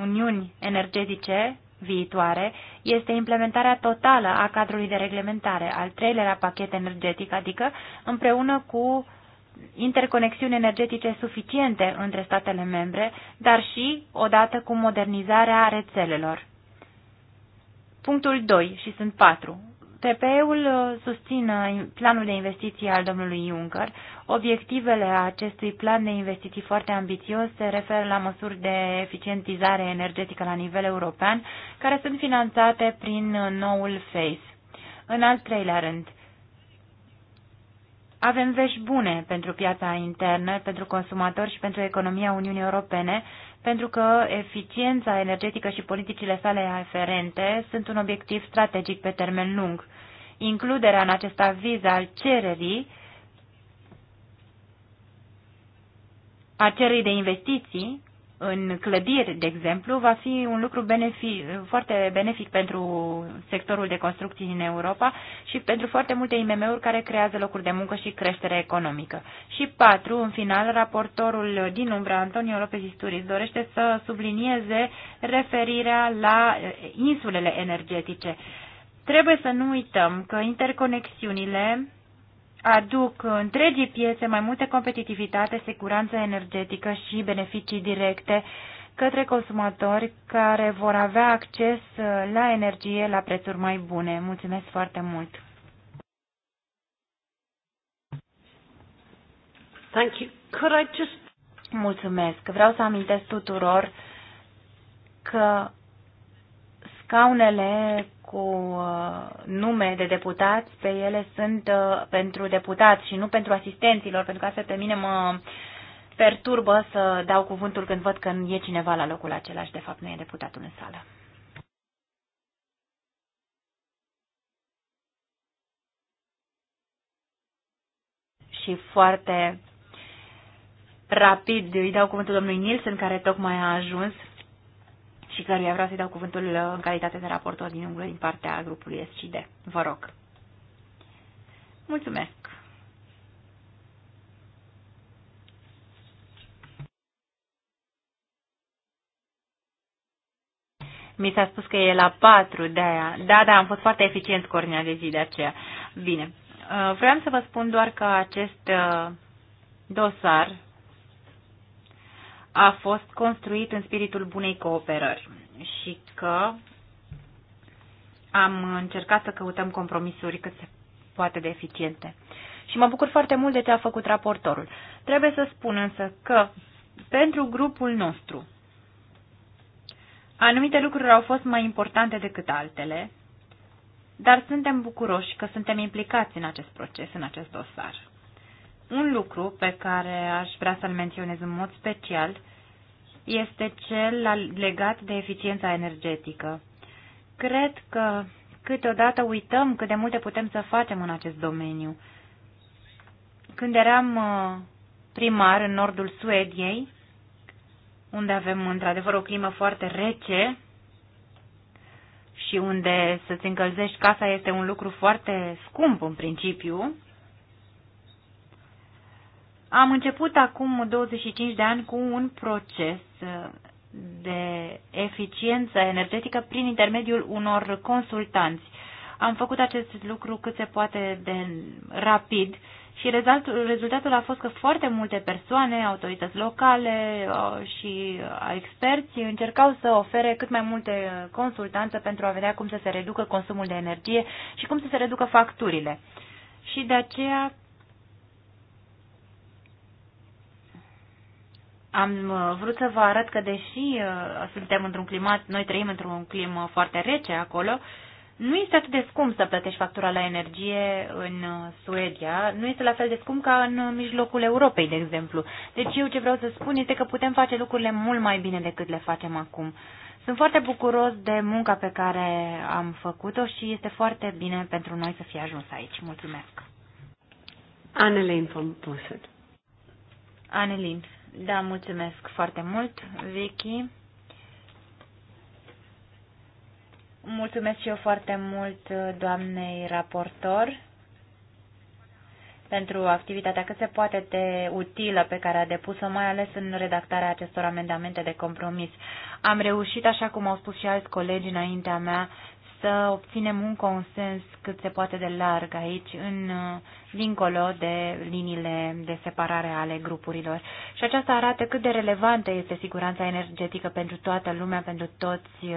Speaker 4: uniuni energetice viitoare este implementarea totală a cadrului de reglementare, al treilea pachet energetic, adică împreună cu interconexiuni energetice suficiente între statele membre, dar și odată cu modernizarea rețelelor. Punctul 2 și sunt 4. PPE-ul uh, susține planul de investiții al domnului Juncker. Obiectivele acestui plan de investiții foarte ambițios se referă la măsuri de eficientizare energetică la nivel european, care sunt finanțate prin uh, noul FACE. În al treilea rând, avem vești bune pentru piața internă, pentru consumatori și pentru economia Uniunii Europene, pentru că eficiența energetică și politicile sale aferente sunt un obiectiv strategic pe termen lung. Includerea în acest aviz al cererii a cererii de investiții în clădiri, de exemplu, va fi un lucru benefic, foarte benefic pentru sectorul de construcții în Europa și pentru foarte multe IMM-uri care creează locuri de muncă și creștere economică. Și patru, în final, raportorul din umbra, Antonio Lopez Isturiz, dorește să sublinieze referirea la eh, insulele energetice. Trebuie să nu uităm că interconexiunile aduc întregii piețe mai multe competitivitate, siguranță energetică și beneficii directe către consumatori care vor avea acces la energie la prețuri mai bune. Mulțumesc foarte mult! Thank you. Could I just... Mulțumesc! Vreau să amintesc tuturor că scaunele cu uh, nume de deputați, pe ele sunt uh, pentru deputați și nu pentru asistenților, pentru că asta pe mine mă perturbă să dau cuvântul când văd că e cineva la locul acela
Speaker 1: și de fapt nu e deputatul în sală. Și foarte
Speaker 4: rapid îi dau cuvântul domnului Nilsen, care tocmai a ajuns și căruia vreau să-i dau cuvântul uh, în calitate de raportor din umbră din partea grupului SCD. Vă rog. Mulțumesc. Mi s-a spus că e la 4 de aia. Da, da, am fost foarte eficient cu ordinea de zi de aceea. Bine. Uh, vreau să vă spun doar că acest uh, dosar a fost construit în spiritul bunei cooperări și că am încercat să căutăm compromisuri cât se poate de eficiente. Și mă bucur foarte mult de ce a făcut raportorul. Trebuie să spun însă că pentru grupul nostru anumite lucruri au fost mai importante decât altele, dar suntem bucuroși că suntem implicați în acest proces, în acest dosar. Un lucru pe care aș vrea să-l menționez în mod special este cel legat de eficiența energetică. Cred că câteodată uităm cât de multe putem să facem în acest domeniu. Când eram uh, primar în nordul Suediei, unde avem într-adevăr o climă foarte rece și unde să-ți încălzești casa este un lucru foarte scump în principiu, am început acum 25 de ani cu un proces uh, de eficiență energetică prin intermediul unor consultanți. Am făcut acest lucru cât se poate de rapid și rezultatul a fost că foarte multe persoane, autorități locale uh, și uh, experți încercau să ofere cât mai multe consultanță pentru a vedea cum să se reducă consumul de energie și cum să se reducă facturile. Și de aceea Am uh, vrut să vă arăt că deși uh, suntem într-un climat, noi trăim într-un climă uh, foarte rece acolo, nu este atât de scump să plătești factura la energie în Suedia, nu este la fel de scump ca în mijlocul Europei, de exemplu. Deci eu ce vreau să spun este că putem face lucrurile mult mai bine decât le facem acum. Sunt foarte bucuros de munca pe care am făcut-o și este foarte bine pentru noi să fie ajuns aici. Mulțumesc! Anelin von Boset. Da, mulțumesc foarte mult, Vicky. Mulțumesc și eu foarte mult doamnei raportor pentru activitatea cât se poate de utilă pe care a depus-o, mai ales în redactarea acestor amendamente de compromis. Am reușit, așa cum au spus și alți colegi înaintea mea, să obținem un consens cât se poate de larg aici, în, uh, dincolo de liniile de separare ale grupurilor. Și aceasta arată cât de relevantă este siguranța energetică pentru toată lumea, pentru toți uh,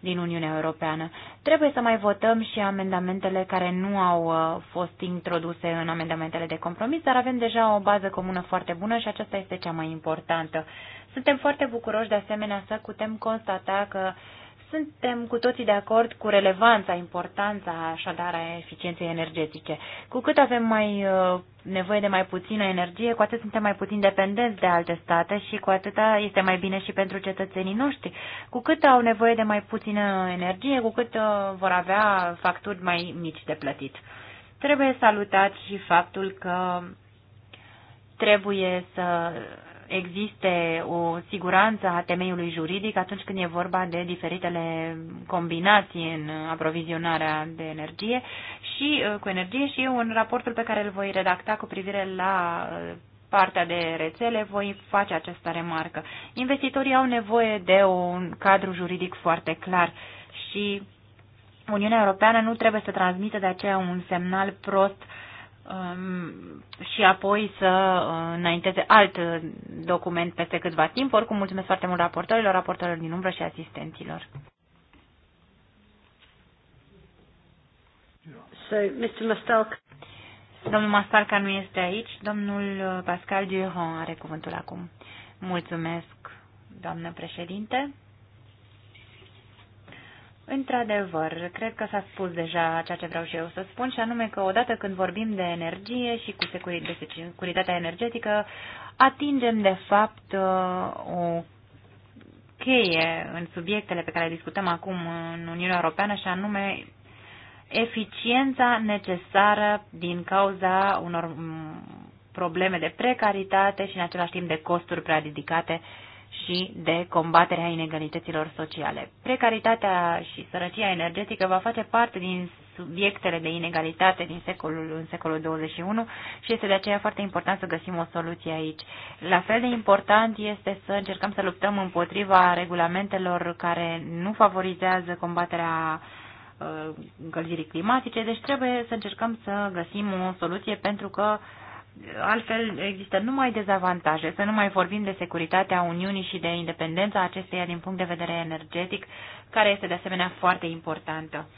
Speaker 4: din Uniunea Europeană. Trebuie să mai votăm și amendamentele care nu au uh, fost introduse în amendamentele de compromis, dar avem deja o bază comună foarte bună și aceasta este cea mai importantă. Suntem foarte bucuroși de asemenea să putem constata că uh, suntem cu toții de acord cu relevanța, importanța așadar a eficienței energetice. Cu cât avem mai uh, nevoie de mai puțină energie, cu atât suntem mai puțin dependenți de alte state și cu atâta este mai bine și pentru cetățenii noștri. Cu cât au nevoie de mai puțină energie, cu cât uh, vor avea facturi mai mici de plătit. Trebuie salutat și faptul că trebuie să existe o siguranță a temeiului juridic atunci când e vorba de diferitele combinații în aprovizionarea de energie și uh, cu energie și eu în raportul pe care îl voi redacta cu privire la uh, partea de rețele voi face această remarcă. Investitorii au nevoie de un cadru juridic foarte clar și Uniunea Europeană nu trebuie să transmită de aceea un semnal prost uh, Um, și apoi să uh, înainteze alt document peste câtva timp. Oricum, mulțumesc foarte mult raportorilor, raportorilor din umbră și asistenților. So, Mr. Mastalk. Domnul Mastalca nu este aici. Domnul uh, Pascal Durand are cuvântul acum. Mulțumesc, doamnă președinte. Într-adevăr, cred că s-a spus deja ceea ce vreau și eu să spun, și anume că odată când vorbim de energie și cu securitatea energetică, atingem de fapt uh, o cheie în subiectele pe care le discutăm acum în Uniunea Europeană, și anume eficiența necesară din cauza unor mm, probleme de precaritate și în același timp de costuri prea ridicate uh, și de combaterea inegalităților sociale. Precaritatea și sărăcia energetică va face parte din subiectele de inegalitate din secolul, în secolul 21 și este de aceea foarte important să găsim o soluție aici. La fel de important este să încercăm să luptăm împotriva regulamentelor care nu favorizează combaterea uh, încălzirii climatice, deci trebuie să încercăm să găsim o soluție pentru că uh, altfel există numai dezavantaje, să nu mai vorbim de securitatea Uniunii și de independența acesteia din punct de vedere energetic, care este de asemenea foarte importantă.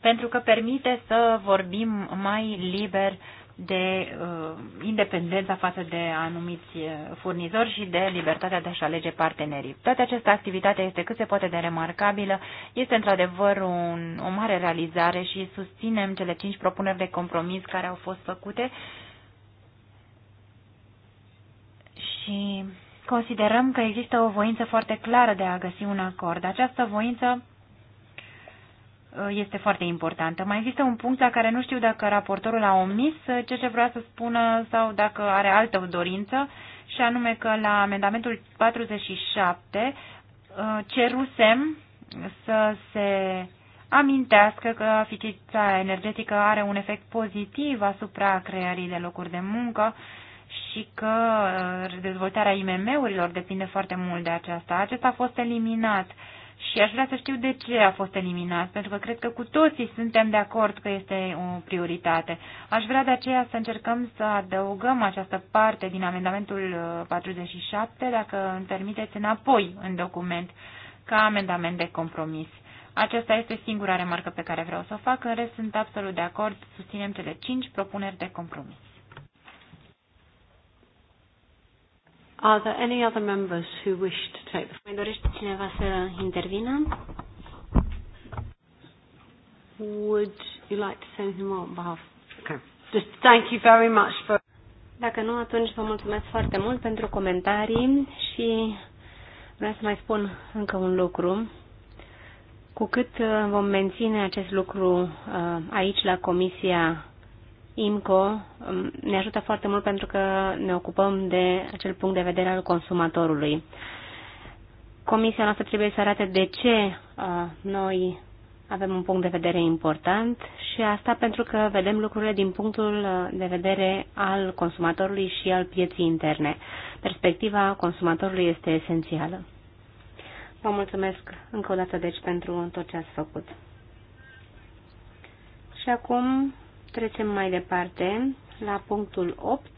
Speaker 4: Pentru că permite să vorbim mai liber de uh, independența față de anumiți uh, furnizori și de libertatea de a-și alege partenerii. Toată această activitate este cât se poate de remarcabilă, este într-adevăr o mare realizare și susținem cele cinci propuneri de compromis care au fost făcute și considerăm că există o voință foarte clară de a găsi un acord. Această voință uh, este foarte importantă. Mai există un punct la care nu știu dacă raportorul a omis ce ce vrea să spună sau dacă are altă dorință, și anume că la amendamentul 47 uh, cerusem să se amintească că eficiența energetică are un efect pozitiv asupra creării de locuri de muncă și că uh, dezvoltarea IMM-urilor depinde foarte mult de aceasta. Acesta a fost eliminat și aș vrea să știu de ce a fost eliminat, pentru că cred că cu toții suntem de acord că este o prioritate. Aș vrea de aceea să încercăm să adăugăm această parte din amendamentul 47, uh, dacă îmi permiteți, înapoi în document, ca amendament de compromis. Aceasta este singura remarcă pe care vreau să o fac, în rest sunt absolut de acord, susținem cele cinci propuneri de compromis.
Speaker 1: Are there any other members who wish to take the... Mai dorește cineva să
Speaker 2: intervină? Would you like to say anything more on behalf? Okay. Just thank you very much for... Dacă nu, atunci vă mulțumesc foarte mult pentru comentarii și vreau să mai spun încă un lucru. Cu cât uh, vom menține acest lucru uh, aici la Comisia IMCO um, ne ajută foarte mult pentru că ne ocupăm de acel punct de vedere al consumatorului. Comisia noastră trebuie să arate de ce uh, noi avem un punct de vedere important și asta pentru că vedem lucrurile din punctul uh, de vedere al consumatorului și al pieții interne. Perspectiva consumatorului este esențială. Vă mulțumesc încă o dată deci pentru tot ce ați făcut. Și acum Trecem mai departe la punctul 8.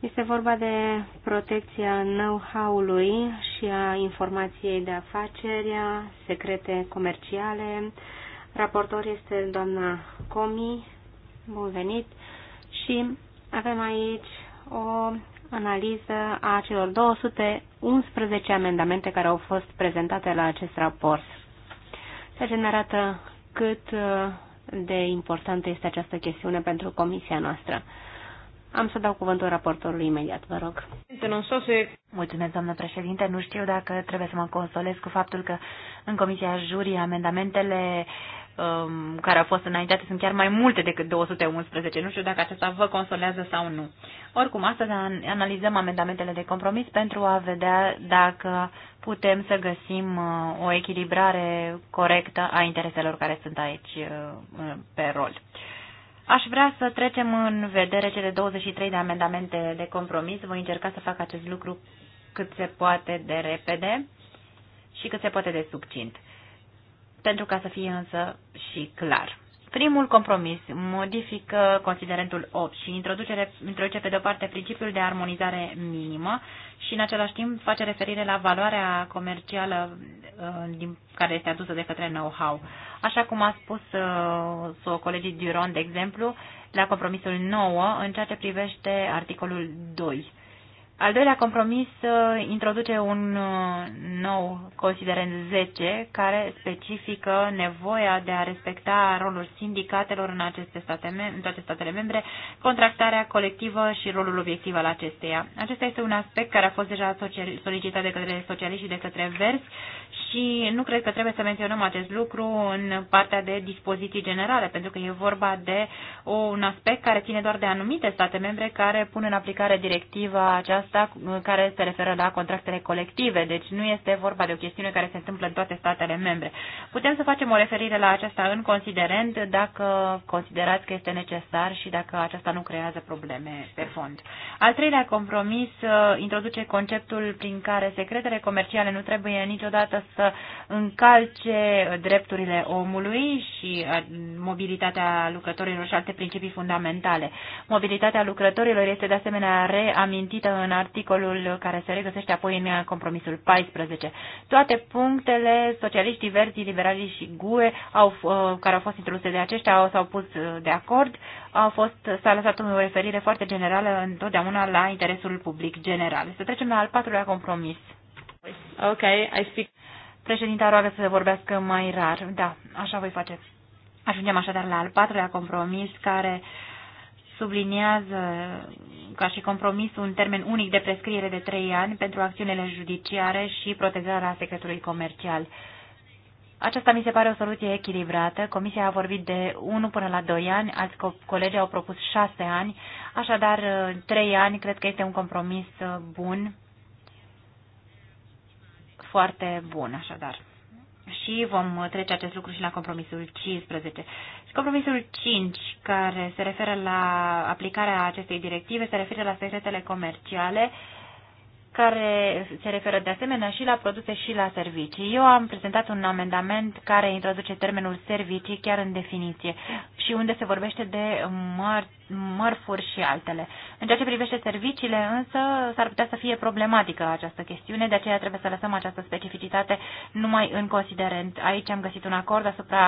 Speaker 2: Este vorba de protecția know-how-ului și a informației de afaceri, secrete comerciale. Raportor este doamna Comi, bun venit, și avem aici o analiză a celor 211 amendamente care au fost prezentate la acest raport. Se generată cât uh, de importantă este această chestiune pentru comisia noastră. Am să dau cuvântul raportorului imediat, vă rog. Mulțumesc, doamnă președinte.
Speaker 4: Nu știu dacă trebuie să mă consolez cu faptul că în Comisia Jurii amendamentele uh, um, care au fost înaintate sunt chiar mai multe decât 211. Nu știu dacă acesta vă consolează sau nu. Oricum, astăzi analizăm amendamentele de compromis pentru a vedea dacă putem să găsim uh, o echilibrare corectă a intereselor care sunt aici uh, pe rol. Aș vrea să trecem în vedere cele 23 de amendamente de compromis. Voi încerca să fac acest lucru cât se poate de repede și cât se poate de succint pentru ca să fie însă și clar. Primul compromis modifică considerentul 8 și introduce, introduce pe de-o parte principiul de armonizare minimă și în același timp face referire la valoarea comercială uh, din, care este adusă de către know-how. Așa cum a spus uh, colegii Duron, de exemplu, la compromisul 9 în ceea ce privește articolul 2 al doilea compromis uh, introduce un uh, nou considerent 10 care specifică nevoia de a respecta rolul sindicatelor în aceste, state în toate statele membre, contractarea colectivă și rolul obiectiv al acesteia. Acesta este un aspect care a fost deja solicitat de către socialiști și de către verzi și nu cred că trebuie să menționăm acest lucru în partea de dispoziții generale, pentru că e vorba de un aspect care ține doar de anumite state membre care pun în aplicare directiva aceasta care se referă la contractele colective. Deci nu este vorba de o chestiune care se întâmplă în toate statele membre. Putem să facem o referire la aceasta în considerent dacă considerați că este necesar și dacă aceasta nu creează probleme pe fond. Al treilea compromis uh, introduce conceptul prin care secretele comerciale nu trebuie niciodată să să încalce drepturile omului și uh, mobilitatea lucrătorilor și alte principii fundamentale. Mobilitatea lucrătorilor este de asemenea reamintită în articolul care se regăsește apoi în compromisul 14. Toate punctele, socialiștii, verzi, liberalii și GUE, au, uh, care au fost introduse de aceștia, s-au pus uh, de acord, au fost, s-a lăsat o referire foarte generală întotdeauna la interesul public general. Să trecem la al patrulea compromis. Ok, I speak. Președinta roagă să se vorbească mai rar. Da, așa voi face. Ajungem așadar la al patrulea compromis care subliniază ca și compromis un termen unic de prescriere de trei ani pentru acțiunile judiciare și protejarea secretului comercial. Aceasta mi se pare o soluție echilibrată. Comisia a vorbit de 1 până la 2 ani, alți co colegi au propus 6 ani, așadar 3 ani cred că este un compromis bun foarte bun, așadar. Și vom trece acest lucru și la compromisul 15. Și compromisul 5, care se referă la aplicarea acestei directive, se referă la secretele comerciale. Uh, care se referă de asemenea și la produse și la servicii. Eu am prezentat un amendament care introduce termenul servicii chiar în definiție și unde se vorbește de măr mărfuri și altele. În ceea ce privește serviciile, însă, s-ar putea să fie problematică această chestiune, de aceea trebuie să lăsăm această specificitate numai în considerent. Aici am găsit un acord asupra,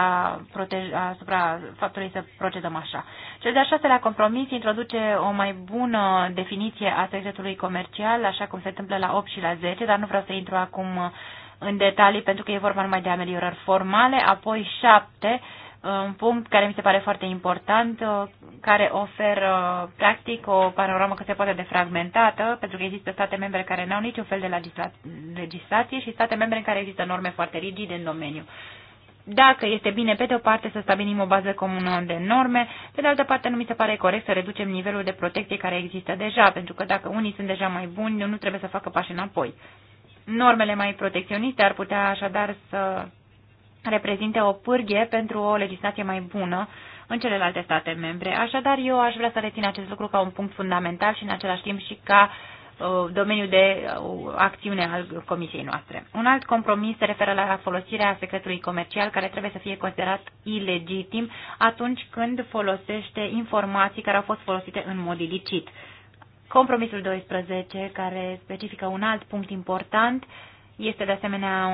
Speaker 4: asupra faptului să procedăm așa. Cel de-al șaselea compromis introduce o mai bună definiție a secretului comercial, așa cum se întâmplă la 8 și la 10, dar nu vreau să intru acum uh, în detalii pentru că e vorba numai de ameliorări formale. Apoi 7, uh, un punct care mi se pare foarte important, uh, care oferă practic o panoramă cât se poate de fragmentată, pentru că există state membre care nu au niciun fel de legislație și state membre în care există norme foarte rigide în domeniu dacă este bine, pe de o parte, să stabilim o bază comună de norme, pe de altă parte, nu mi se pare corect să reducem nivelul de protecție care există deja, pentru că dacă unii sunt deja mai buni, nu trebuie să facă pași înapoi. Normele mai protecționiste ar putea așadar să reprezinte o pârghie pentru o legislație mai bună în celelalte state membre. Așadar, eu aș vrea să rețin acest lucru ca un punct fundamental și în același timp și ca uh, Uh, domeniul de uh, acțiune al comisiei noastre. Un alt compromis se referă la folosirea secretului comercial care trebuie să fie considerat ilegitim atunci când folosește informații care au fost folosite în mod ilicit. Compromisul 12, care specifică un alt punct important, este de asemenea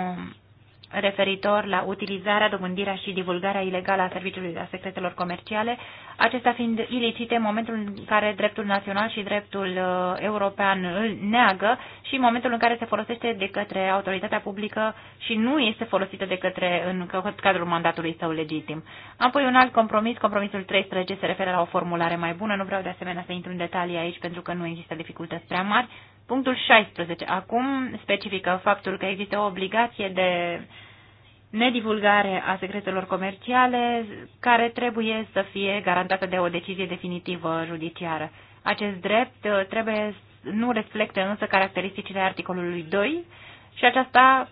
Speaker 4: referitor la utilizarea, dobândirea și divulgarea ilegală a serviciului a secretelor comerciale, acestea fiind ilicite în momentul în care dreptul național și dreptul uh, european îl neagă și în momentul în care se folosește de către autoritatea publică și nu este folosită de către în cadrul mandatului său legitim. Apoi un alt compromis, compromisul 13, se referă la o formulare mai bună, nu vreau de asemenea să intru în detalii aici pentru că nu există dificultăți prea mari, Punctul 16. Acum specifică faptul că există o obligație de nedivulgare a secretelor comerciale care trebuie să fie garantată de o decizie definitivă judiciară. Acest drept uh, trebuie nu reflectă însă caracteristicile articolului 2 și aceasta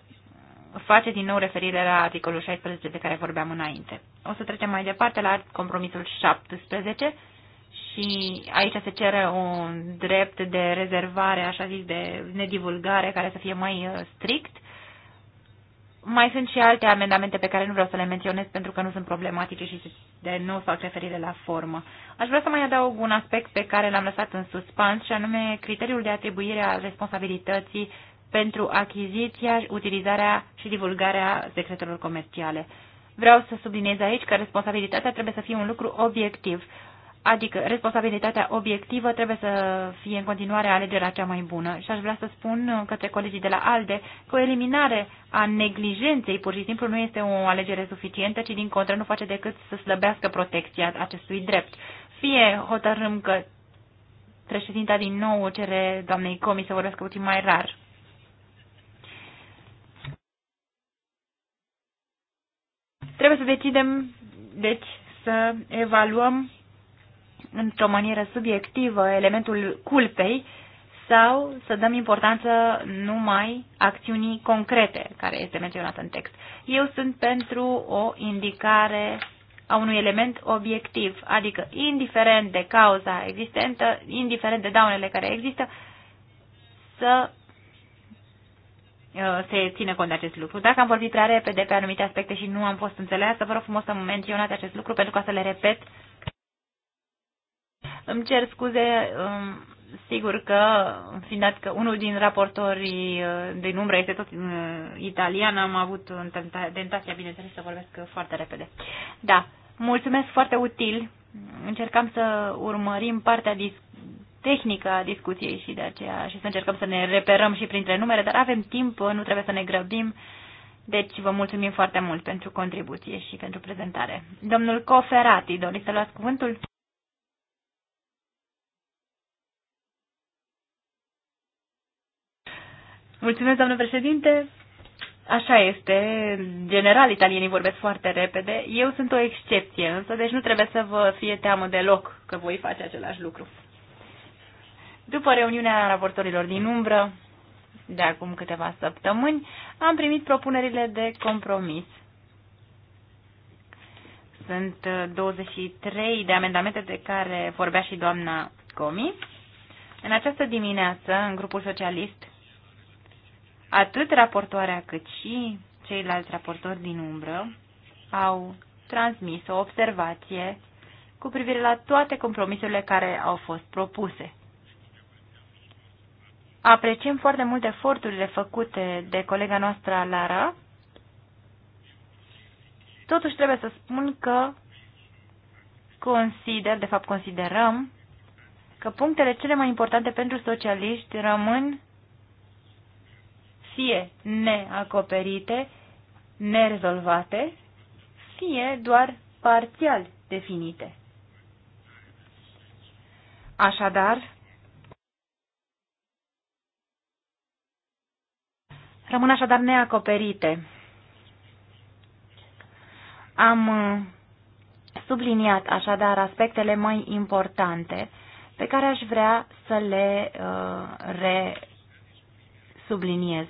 Speaker 4: face din nou referire la articolul 16 de care vorbeam înainte. O să trecem mai departe la compromisul 17 fi, aici se cere un drept de rezervare, așa zis, de nedivulgare, care să fie mai uh, strict. Mai sunt și alte amendamente pe care nu vreau să le menționez pentru că nu sunt problematice și de nu fac referire la formă. Aș vrea să mai adaug un aspect pe care l-am lăsat în suspans și anume criteriul de atribuire a responsabilității pentru achiziția, utilizarea și divulgarea secretelor comerciale. Vreau să subliniez aici că responsabilitatea trebuie să fie un lucru obiectiv. Adică responsabilitatea obiectivă trebuie să fie în continuare alegerea cea mai bună. Și aș vrea să spun către colegii de la ALDE că o eliminare a neglijenței pur și simplu nu este o alegere suficientă, ci din contră nu face decât să slăbească protecția acestui drept. Fie hotărâm că președinta din nou cere doamnei Comi să vorbească puțin mai rar. Trebuie să decidem, deci, să evaluăm într-o manieră subiectivă elementul culpei sau să dăm importanță numai acțiunii concrete care este menționată în text. Eu sunt pentru o indicare a unui element obiectiv, adică indiferent de cauza existentă, indiferent de daunele care există, să uh, se ține cont de acest lucru. Dacă am vorbit prea repede pe anumite aspecte și nu am fost înțeleasă, vă rog frumos să menționați acest lucru pentru ca să le repet îmi cer scuze, um, sigur că, fiind dat că unul din raportorii uh, din umbră este tot uh, italian, am avut tentația, bineînțeles, să vorbesc foarte repede. Da, mulțumesc, foarte util. Încercam să urmărim partea tehnică a discuției și de aceea și să încercăm să ne reperăm și printre numere, dar avem timp, nu trebuie să ne grăbim. Deci vă mulțumim foarte mult pentru contribuție și pentru prezentare. Domnul Coferati, doriți să luați cuvântul? Mulțumesc, doamnă președinte. Așa este. General, italienii vorbesc foarte repede. Eu sunt o excepție, însă, deci nu trebuie să vă fie teamă deloc că voi face același lucru. După reuniunea raportorilor din umbră, de acum câteva săptămâni, am primit propunerile de compromis. Sunt 23 uh, de amendamente de care vorbea și doamna Comi. În această dimineață, în grupul socialist, atât raportoarea cât și ceilalți raportori din umbră au transmis o observație cu privire la toate compromisurile care au fost propuse. Apreciem foarte mult eforturile făcute de colega noastră Lara. Totuși trebuie să spun că consider, de fapt considerăm, că punctele cele mai importante pentru socialiști rămân fie neacoperite, nerezolvate, fie doar parțial definite. Așadar, rămân așadar neacoperite. Am uh, subliniat așadar aspectele mai importante pe care aș vrea să le uh, resubliniez.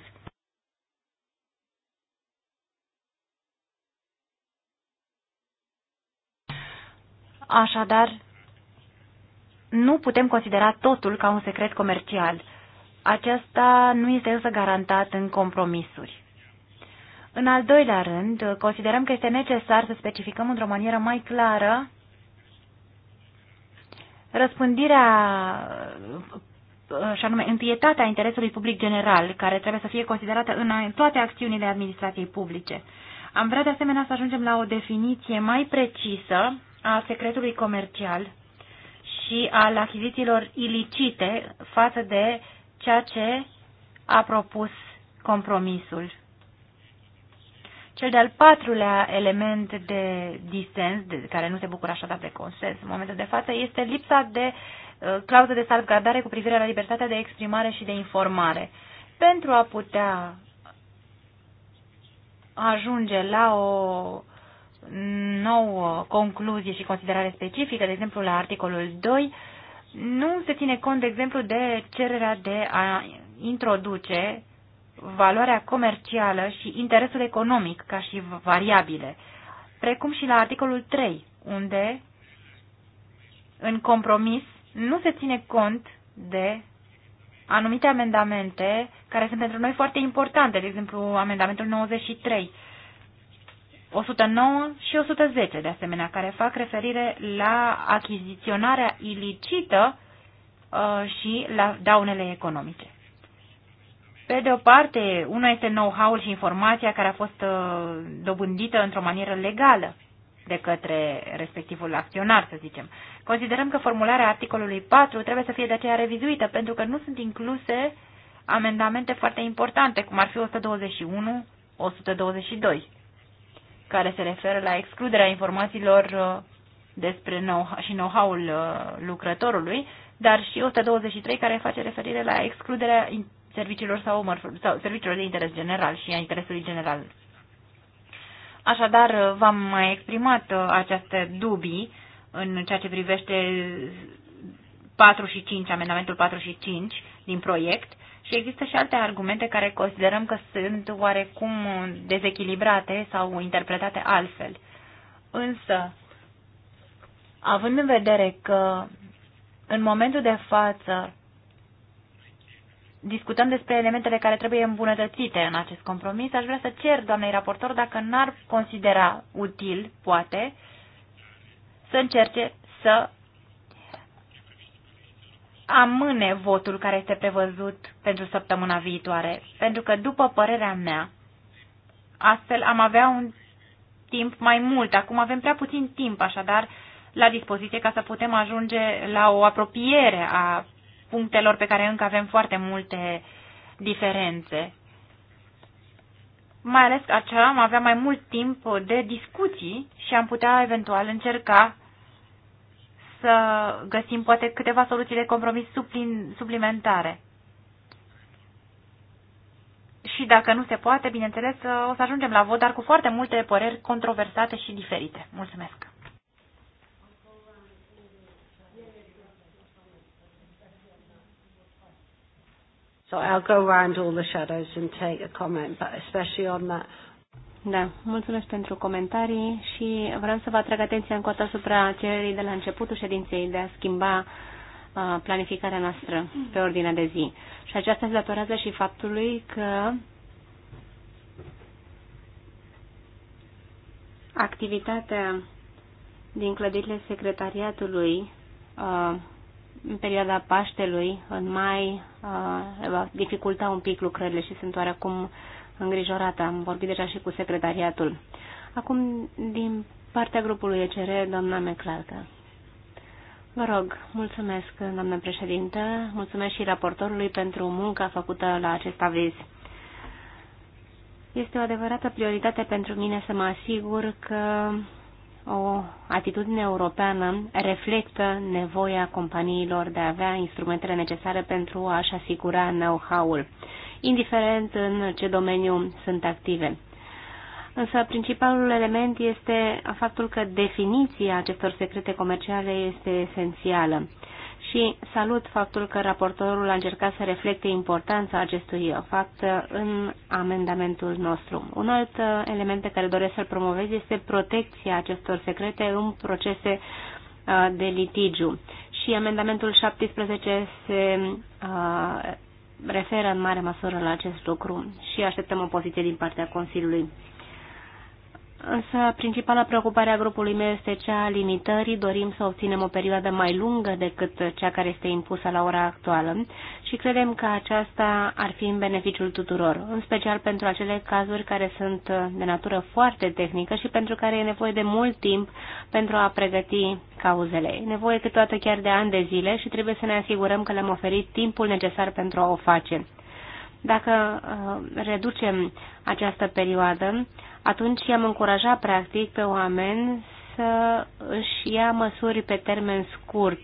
Speaker 4: Așadar, nu putem considera totul ca un secret comercial. Aceasta nu este însă garantat în compromisuri. În al doilea rând, considerăm că este necesar să specificăm într-o manieră mai clară răspândirea și anume întâietatea interesului public general, care trebuie să fie considerată în toate acțiunile administrației publice. Am vrea de asemenea să ajungem la o definiție mai precisă a secretului comercial și al achizițiilor ilicite față de ceea ce a propus compromisul. Cel de-al patrulea element de disens, de care nu se bucură așa de consens în momentul de față, este lipsa de uh, clauză de salvgardare cu privire la libertatea de exprimare și de informare. Pentru a putea ajunge la o nouă concluzie și considerare specifică, de exemplu la articolul 2, nu se ține cont, de exemplu, de cererea de a introduce valoarea comercială și interesul economic ca și variabile, precum și la articolul 3, unde în compromis nu se ține cont de anumite amendamente care sunt pentru noi foarte importante, de exemplu amendamentul 93, 109 și 110, de asemenea, care fac referire la achiziționarea ilicită uh, și la daunele economice. Pe de o parte, una este know-how-ul și informația care a fost uh, dobândită într-o manieră legală de către respectivul acționar, să zicem. Considerăm că formularea articolului 4 trebuie să fie de aceea revizuită, pentru că nu sunt incluse amendamente foarte importante, cum ar fi 121, 122 care se referă la excluderea informațiilor uh, despre know și know-how-ul uh, lucrătorului, dar și 123 care face referire la excluderea serviciilor sau, sau serviciilor de interes general și a interesului general. Așadar, uh, v-am mai exprimat aceste dubii în ceea ce privește 4 și 5, amendamentul 4 și 5 din proiect și există și alte argumente care considerăm că sunt oarecum dezechilibrate sau interpretate altfel. Însă, având în vedere că în momentul de față discutăm despre elementele care trebuie îmbunătățite în acest compromis, aș vrea să cer doamnei raportor dacă n-ar considera util, poate, să încerce să amâne votul care este prevăzut pentru săptămâna viitoare, pentru că, după părerea mea, astfel am avea un timp mai mult. Acum avem prea puțin timp, așadar, la dispoziție ca să putem ajunge la o apropiere a punctelor pe care încă avem foarte multe diferențe. Mai ales că am avea mai mult timp de discuții și am putea eventual încerca să găsim poate câteva soluții de compromis suplimentare. Și dacă nu se poate, bineînțeles, o să ajungem la vot, dar cu foarte multe păreri controversate și diferite.
Speaker 1: Mulțumesc! So I'll go around all the shadows and take a
Speaker 2: comment, but especially on that da, mulțumesc pentru comentarii și vreau să vă atrag atenția încă o dată asupra cererii de la începutul ședinței de a schimba planificarea noastră pe ordinea de zi. Și aceasta se datorează și faptului că activitatea din clădirile secretariatului în perioada Paștelui, în mai, va dificulta un pic lucrările și sunt oarecum îngrijorată. Am vorbit deja și cu secretariatul. Acum, din partea grupului ECR, doamna Meclarcă. Vă rog, mulțumesc, doamnă președintă, mulțumesc și raportorului pentru munca făcută la acest aviz. Este o adevărată prioritate pentru mine să mă asigur că o atitudine europeană reflectă nevoia companiilor de a avea instrumentele necesare pentru a-și asigura know-how-ul indiferent în ce domeniu sunt active. Însă principalul element este faptul că definiția acestor secrete comerciale este esențială și salut faptul că raportorul a încercat să reflecte importanța acestui fapt în amendamentul nostru. Un alt element pe care doresc să-l promovez este protecția acestor secrete în procese uh, de litigiu. Și amendamentul 17 se uh, referă în mare măsură la acest lucru și așteptăm o poziție din partea Consiliului. Însă, principala preocupare a grupului meu este cea a limitării. Dorim să obținem o perioadă mai lungă decât cea care este impusă la ora actuală și credem că aceasta ar fi în beneficiul tuturor, în special pentru acele cazuri care sunt de natură foarte tehnică și pentru care e nevoie de mult timp pentru a pregăti cauzele. E nevoie câteodată chiar de ani de zile și trebuie să ne asigurăm că le-am oferit timpul necesar pentru a o face. Dacă uh, reducem această perioadă, uh, atunci i-am încurajat practic pe oameni să își ia măsuri pe termen scurt,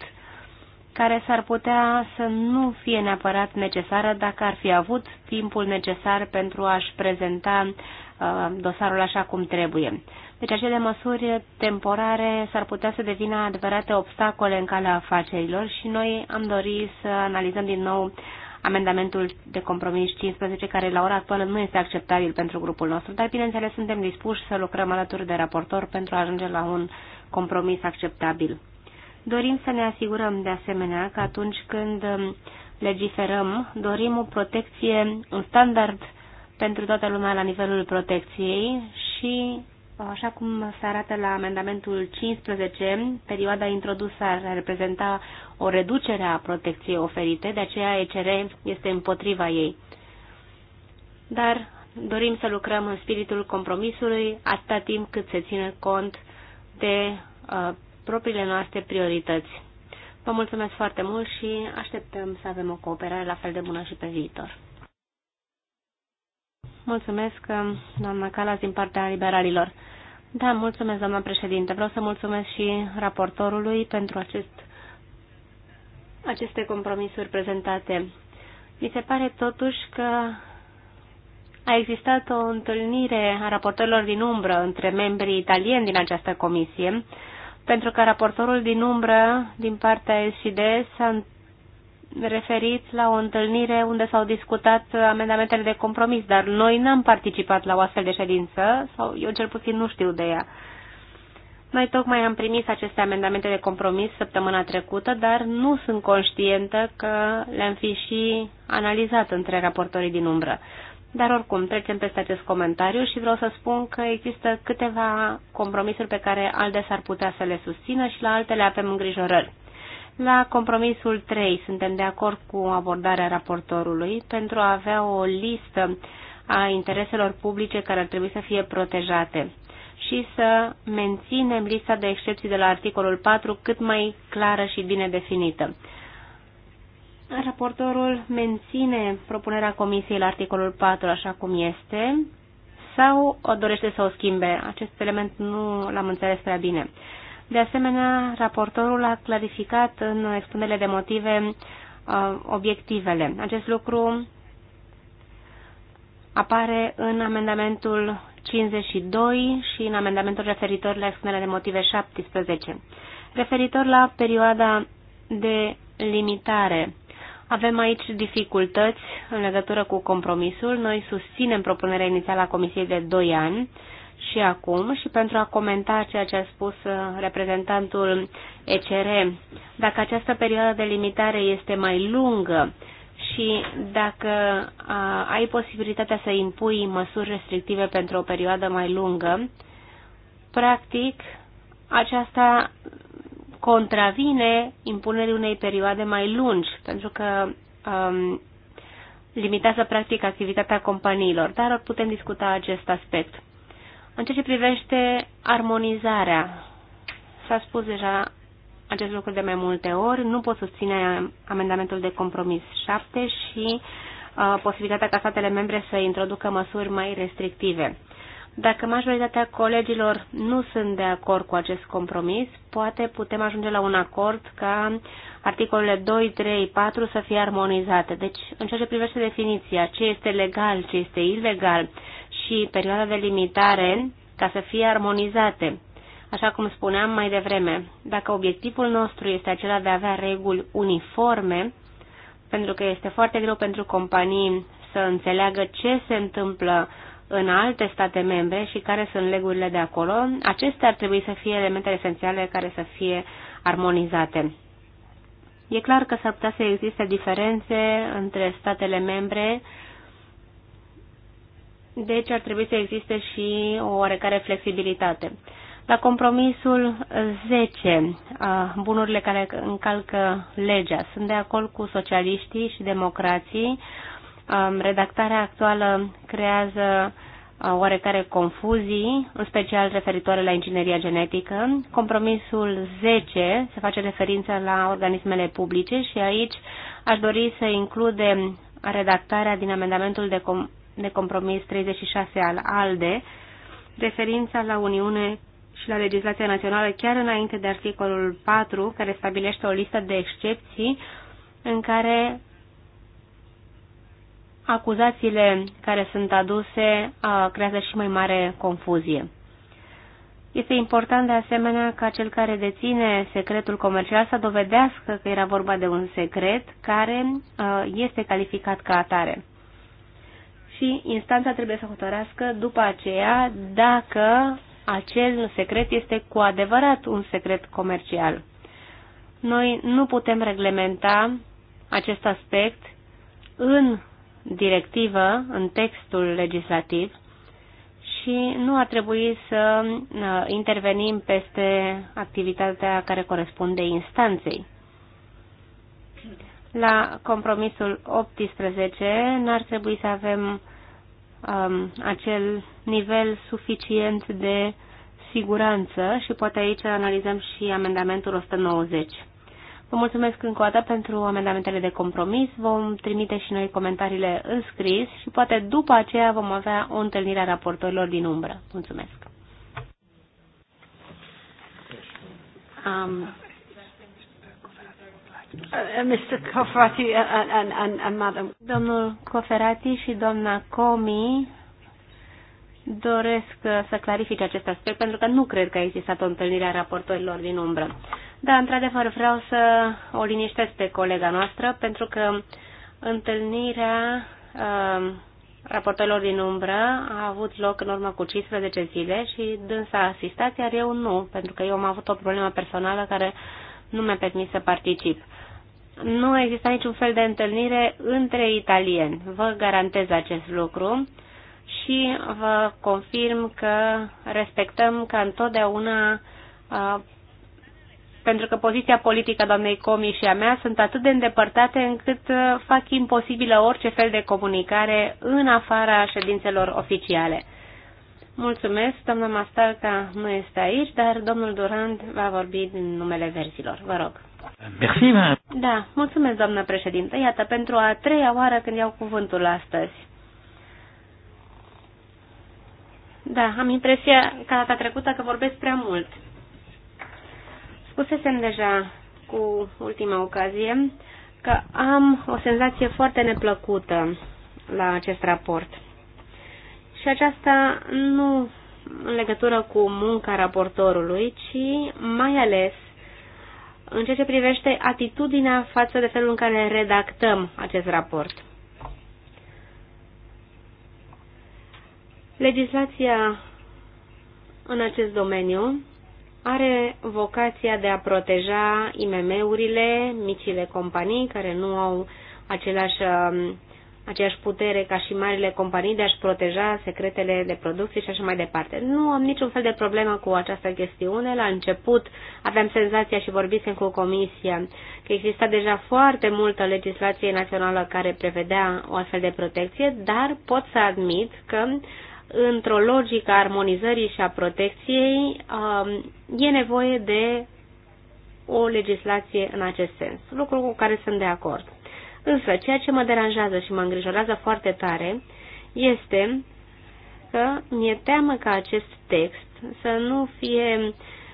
Speaker 2: care s-ar putea să nu fie neapărat necesară dacă ar fi avut timpul necesar pentru a-și prezenta uh, dosarul așa cum trebuie. Deci acele măsuri temporare s-ar putea să devină adevărate obstacole în calea afacerilor și noi am dorit să analizăm din nou amendamentul de compromis 15, care la ora actuală nu este acceptabil pentru grupul nostru, dar bineînțeles suntem dispuși să lucrăm alături de raportor pentru a ajunge la un compromis acceptabil. Dorim să ne asigurăm de asemenea că atunci când um, legiferăm, dorim o protecție, un standard pentru toată lumea la nivelul protecției și Așa cum se arată la amendamentul 15, perioada introdusă ar reprezenta o reducere a protecției oferite, de aceea ECR este împotriva ei. Dar dorim să lucrăm în spiritul compromisului atâta timp cât se ține cont de uh, propriile noastre priorități. Vă mulțumesc foarte mult și așteptăm să avem o cooperare la fel de bună și pe viitor. Mulțumesc, um, doamna Calas, din partea liberalilor. Da, mulțumesc, doamna președinte. Vreau să mulțumesc și raportorului pentru acest, aceste compromisuri prezentate. Mi se pare totuși că a existat o întâlnire a raportorilor din umbră între membrii italieni din această comisie, pentru că raportorul din umbră din partea SID s-a referiți la o întâlnire unde s-au discutat amendamentele de compromis, dar noi n-am participat la o astfel de ședință, sau eu cel puțin nu știu de ea. Noi tocmai am primit aceste amendamente de compromis săptămâna trecută, dar nu sunt conștientă că le-am fi și analizat între raportorii din umbră. Dar oricum, trecem peste acest comentariu și vreau să spun că există câteva compromisuri pe care ALDE s-ar putea să le susțină și la altele avem îngrijorări. La compromisul 3 suntem de acord cu abordarea raportorului pentru a avea o listă a intereselor publice care ar trebui să fie protejate și să menținem lista de excepții de la articolul 4 cât mai clară și bine definită. Raportorul menține propunerea comisiei la articolul 4 așa cum este sau o dorește să o schimbe? Acest element nu l-am înțeles prea bine. De asemenea, raportorul a clarificat în expunerile de motive uh, obiectivele. Acest lucru apare în amendamentul 52 și în amendamentul referitor la expunerea de motive 17. Referitor la perioada de limitare, avem aici dificultăți în legătură cu compromisul. Noi susținem propunerea inițială a Comisiei de 2 ani și acum și pentru a comenta ceea ce a spus uh, reprezentantul ECR. Dacă această perioadă de limitare este mai lungă și dacă a, ai posibilitatea să impui măsuri restrictive pentru o perioadă mai lungă, practic aceasta contravine impunerii unei perioade mai lungi, pentru că um, limitează practic activitatea companiilor, dar putem discuta acest aspect. În ceea ce privește armonizarea, s-a spus deja acest lucru de mai multe ori, nu pot susține amendamentul de compromis 7 și uh, posibilitatea ca statele membre să introducă măsuri mai restrictive. Dacă majoritatea colegilor nu sunt de acord cu acest compromis, poate putem ajunge la un acord ca articolele 2, 3, 4 să fie armonizate. Deci, în ceea ce privește definiția, ce este legal, ce este ilegal, și perioada de limitare ca să fie armonizate. Așa cum spuneam mai devreme, dacă obiectivul nostru este acela de a avea reguli uniforme, pentru că este foarte greu pentru companii să înțeleagă ce se întâmplă în alte state membre și care sunt legurile de acolo, acestea ar trebui să fie elemente esențiale care să fie armonizate. E clar că s-ar putea să existe diferențe între statele membre deci ar trebui să existe și o oarecare flexibilitate. La compromisul 10, bunurile care încalcă legea, sunt de acord cu socialiștii și democrații. Redactarea actuală creează oarecare confuzii, în special referitoare la ingineria genetică. Compromisul 10 se face referință la organismele publice și aici aș dori să includem redactarea din amendamentul de, de compromis 36 al ALDE, referința la Uniune și la legislația națională chiar înainte de articolul 4, care stabilește o listă de excepții în care acuzațiile care sunt aduse creează și mai mare confuzie. Este important de asemenea ca cel care deține secretul comercial să dovedească că era vorba de un secret care este calificat ca atare și instanța trebuie să hotărească după aceea dacă acel secret este cu adevărat un secret comercial. Noi nu putem reglementa acest aspect în directivă, în textul legislativ și nu ar trebui să uh, intervenim peste activitatea care corespunde instanței. La compromisul 18 n-ar trebui să avem um, acel nivel suficient de siguranță și poate aici analizăm și amendamentul 190. Vă mulțumesc încă o dată pentru amendamentele de compromis, vom trimite și noi comentariile în scris și poate după aceea vom avea o întâlnire a raportorilor din umbră. Mulțumesc!
Speaker 1: Um, Uh, uh, Mr. Coferati
Speaker 2: and, and, and, and Madam. Domnul Coferati și doamna Comi doresc uh, să clarifice acest aspect pentru că nu cred că a existat o întâlnire a raportorilor din umbră. Da, într-adevăr, vreau să o liniștesc pe colega noastră pentru că întâlnirea uh, raportorilor din umbră a avut loc în urmă cu 15 zile și dânsa a asistat, iar eu nu, pentru că eu am avut o problemă personală care nu mi-a permis să particip nu există niciun fel de întâlnire între italieni. Vă garantez acest lucru și vă confirm că respectăm ca întotdeauna, a, pentru că poziția politică a doamnei Comi și a mea sunt atât de îndepărtate încât fac imposibilă orice fel de comunicare în afara ședințelor oficiale. Mulțumesc, doamna Mastalca nu este aici, dar domnul Durand va vorbi din numele verzilor. Vă rog. Merci, ma. Da, mulțumesc, doamnă președinte. Iată, pentru a treia oară când iau cuvântul astăzi. Da, am impresia că data trecută că vorbesc prea mult. Spusesem deja cu ultima ocazie că am o senzație foarte neplăcută la acest raport. Și aceasta nu în legătură cu munca raportorului, ci mai ales în ceea ce privește atitudinea față de felul în care redactăm acest raport. Legislația în acest domeniu are vocația de a proteja IMM-urile, micile companii care nu au aceleași um, aceeași putere ca și marile companii de a-și proteja secretele de producție și așa mai departe. Nu am niciun fel de problemă cu această chestiune. La început aveam senzația și vorbisem cu Comisia că exista deja foarte multă legislație națională care prevedea o astfel de protecție, dar pot să admit că într-o logică a armonizării și a protecției um, e nevoie de o legislație în acest sens, lucru cu care sunt de acord. Însă, ceea ce mă deranjează și mă îngrijorează foarte tare este că mi-e teamă ca acest text să nu fie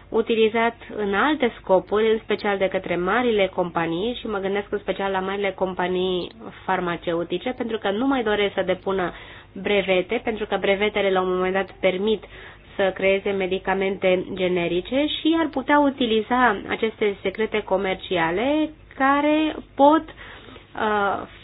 Speaker 2: utilizat în alte scopuri, în special de către marile companii și mă gândesc în special la marile companii farmaceutice, pentru că nu mai doresc să depună brevete, pentru că brevetele la un moment dat permit să creeze medicamente generice și ar putea utiliza aceste secrete comerciale care pot uh,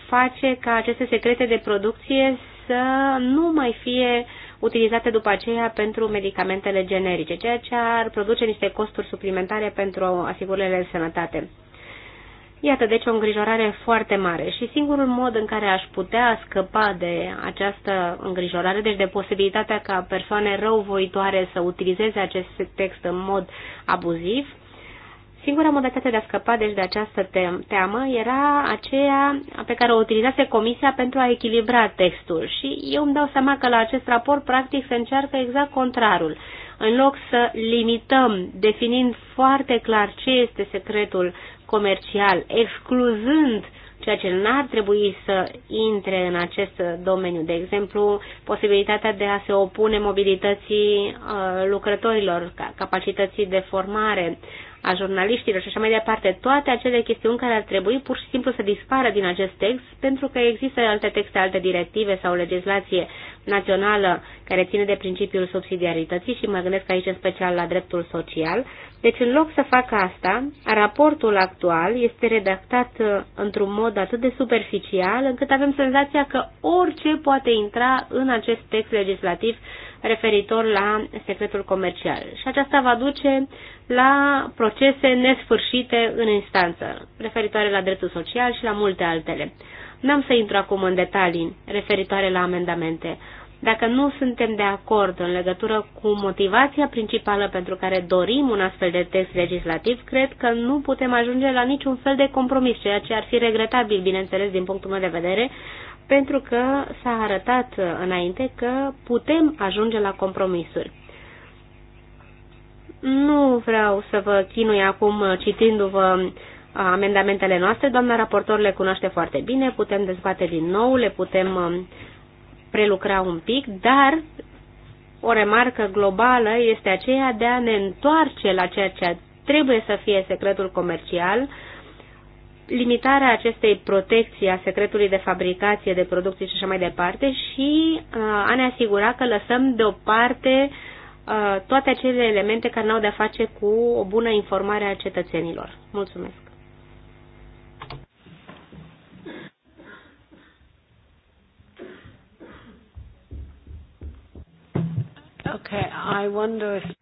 Speaker 2: face ca aceste secrete de producție să nu mai fie utilizate după aceea pentru medicamentele generice, ceea ce ar produce niște costuri suplimentare pentru asigurările de sănătate. Iată, deci o îngrijorare foarte mare și singurul mod în care aș putea scăpa de această îngrijorare, deci de posibilitatea ca persoane răuvoitoare să utilizeze acest text în mod abuziv, Singura modalitate de a scăpa deci de această teamă era aceea pe care o utilizase Comisia pentru a echilibra textul și eu îmi dau seama că la acest raport practic se încearcă exact contrarul. În loc să limităm, definind foarte clar ce este secretul comercial, excluzând ceea ce n-ar trebui să intre în acest domeniu, de exemplu, posibilitatea de a se opune mobilității uh, lucrătorilor, capacității de formare, a jurnaliștilor și așa mai departe, toate acele chestiuni care ar trebui pur și simplu să dispară din acest text, pentru că există alte texte, alte directive sau legislație națională care ține de principiul subsidiarității și mă gândesc aici în special la dreptul social. Deci, în loc să facă asta, raportul actual este redactat uh, într-un mod atât de superficial încât avem senzația că orice poate intra în acest text legislativ referitor la secretul comercial. Și aceasta va duce la procese nesfârșite în instanță, referitoare la dreptul social și la multe altele. N-am să intru acum în detalii referitoare la amendamente. Dacă nu suntem de acord în legătură cu motivația principală pentru care dorim un astfel de text legislativ, cred că nu putem ajunge la niciun fel de compromis, ceea ce ar fi regretabil, bineînțeles, din punctul meu de vedere, pentru că s-a arătat înainte că putem ajunge la compromisuri. Nu vreau să vă chinui acum citindu-vă amendamentele noastre, doamna raportor le cunoaște foarte bine, putem dezbate din nou, le putem um, prelucra un pic, dar o remarcă globală este aceea de a ne întoarce la ceea ce trebuie să fie secretul comercial, limitarea acestei protecții a secretului de fabricație, de producții și așa mai departe și uh, a ne asigura că lăsăm deoparte uh, toate acele elemente care n-au de-a face cu o bună informare a cetățenilor. Mulțumesc! Okay, I wonder if...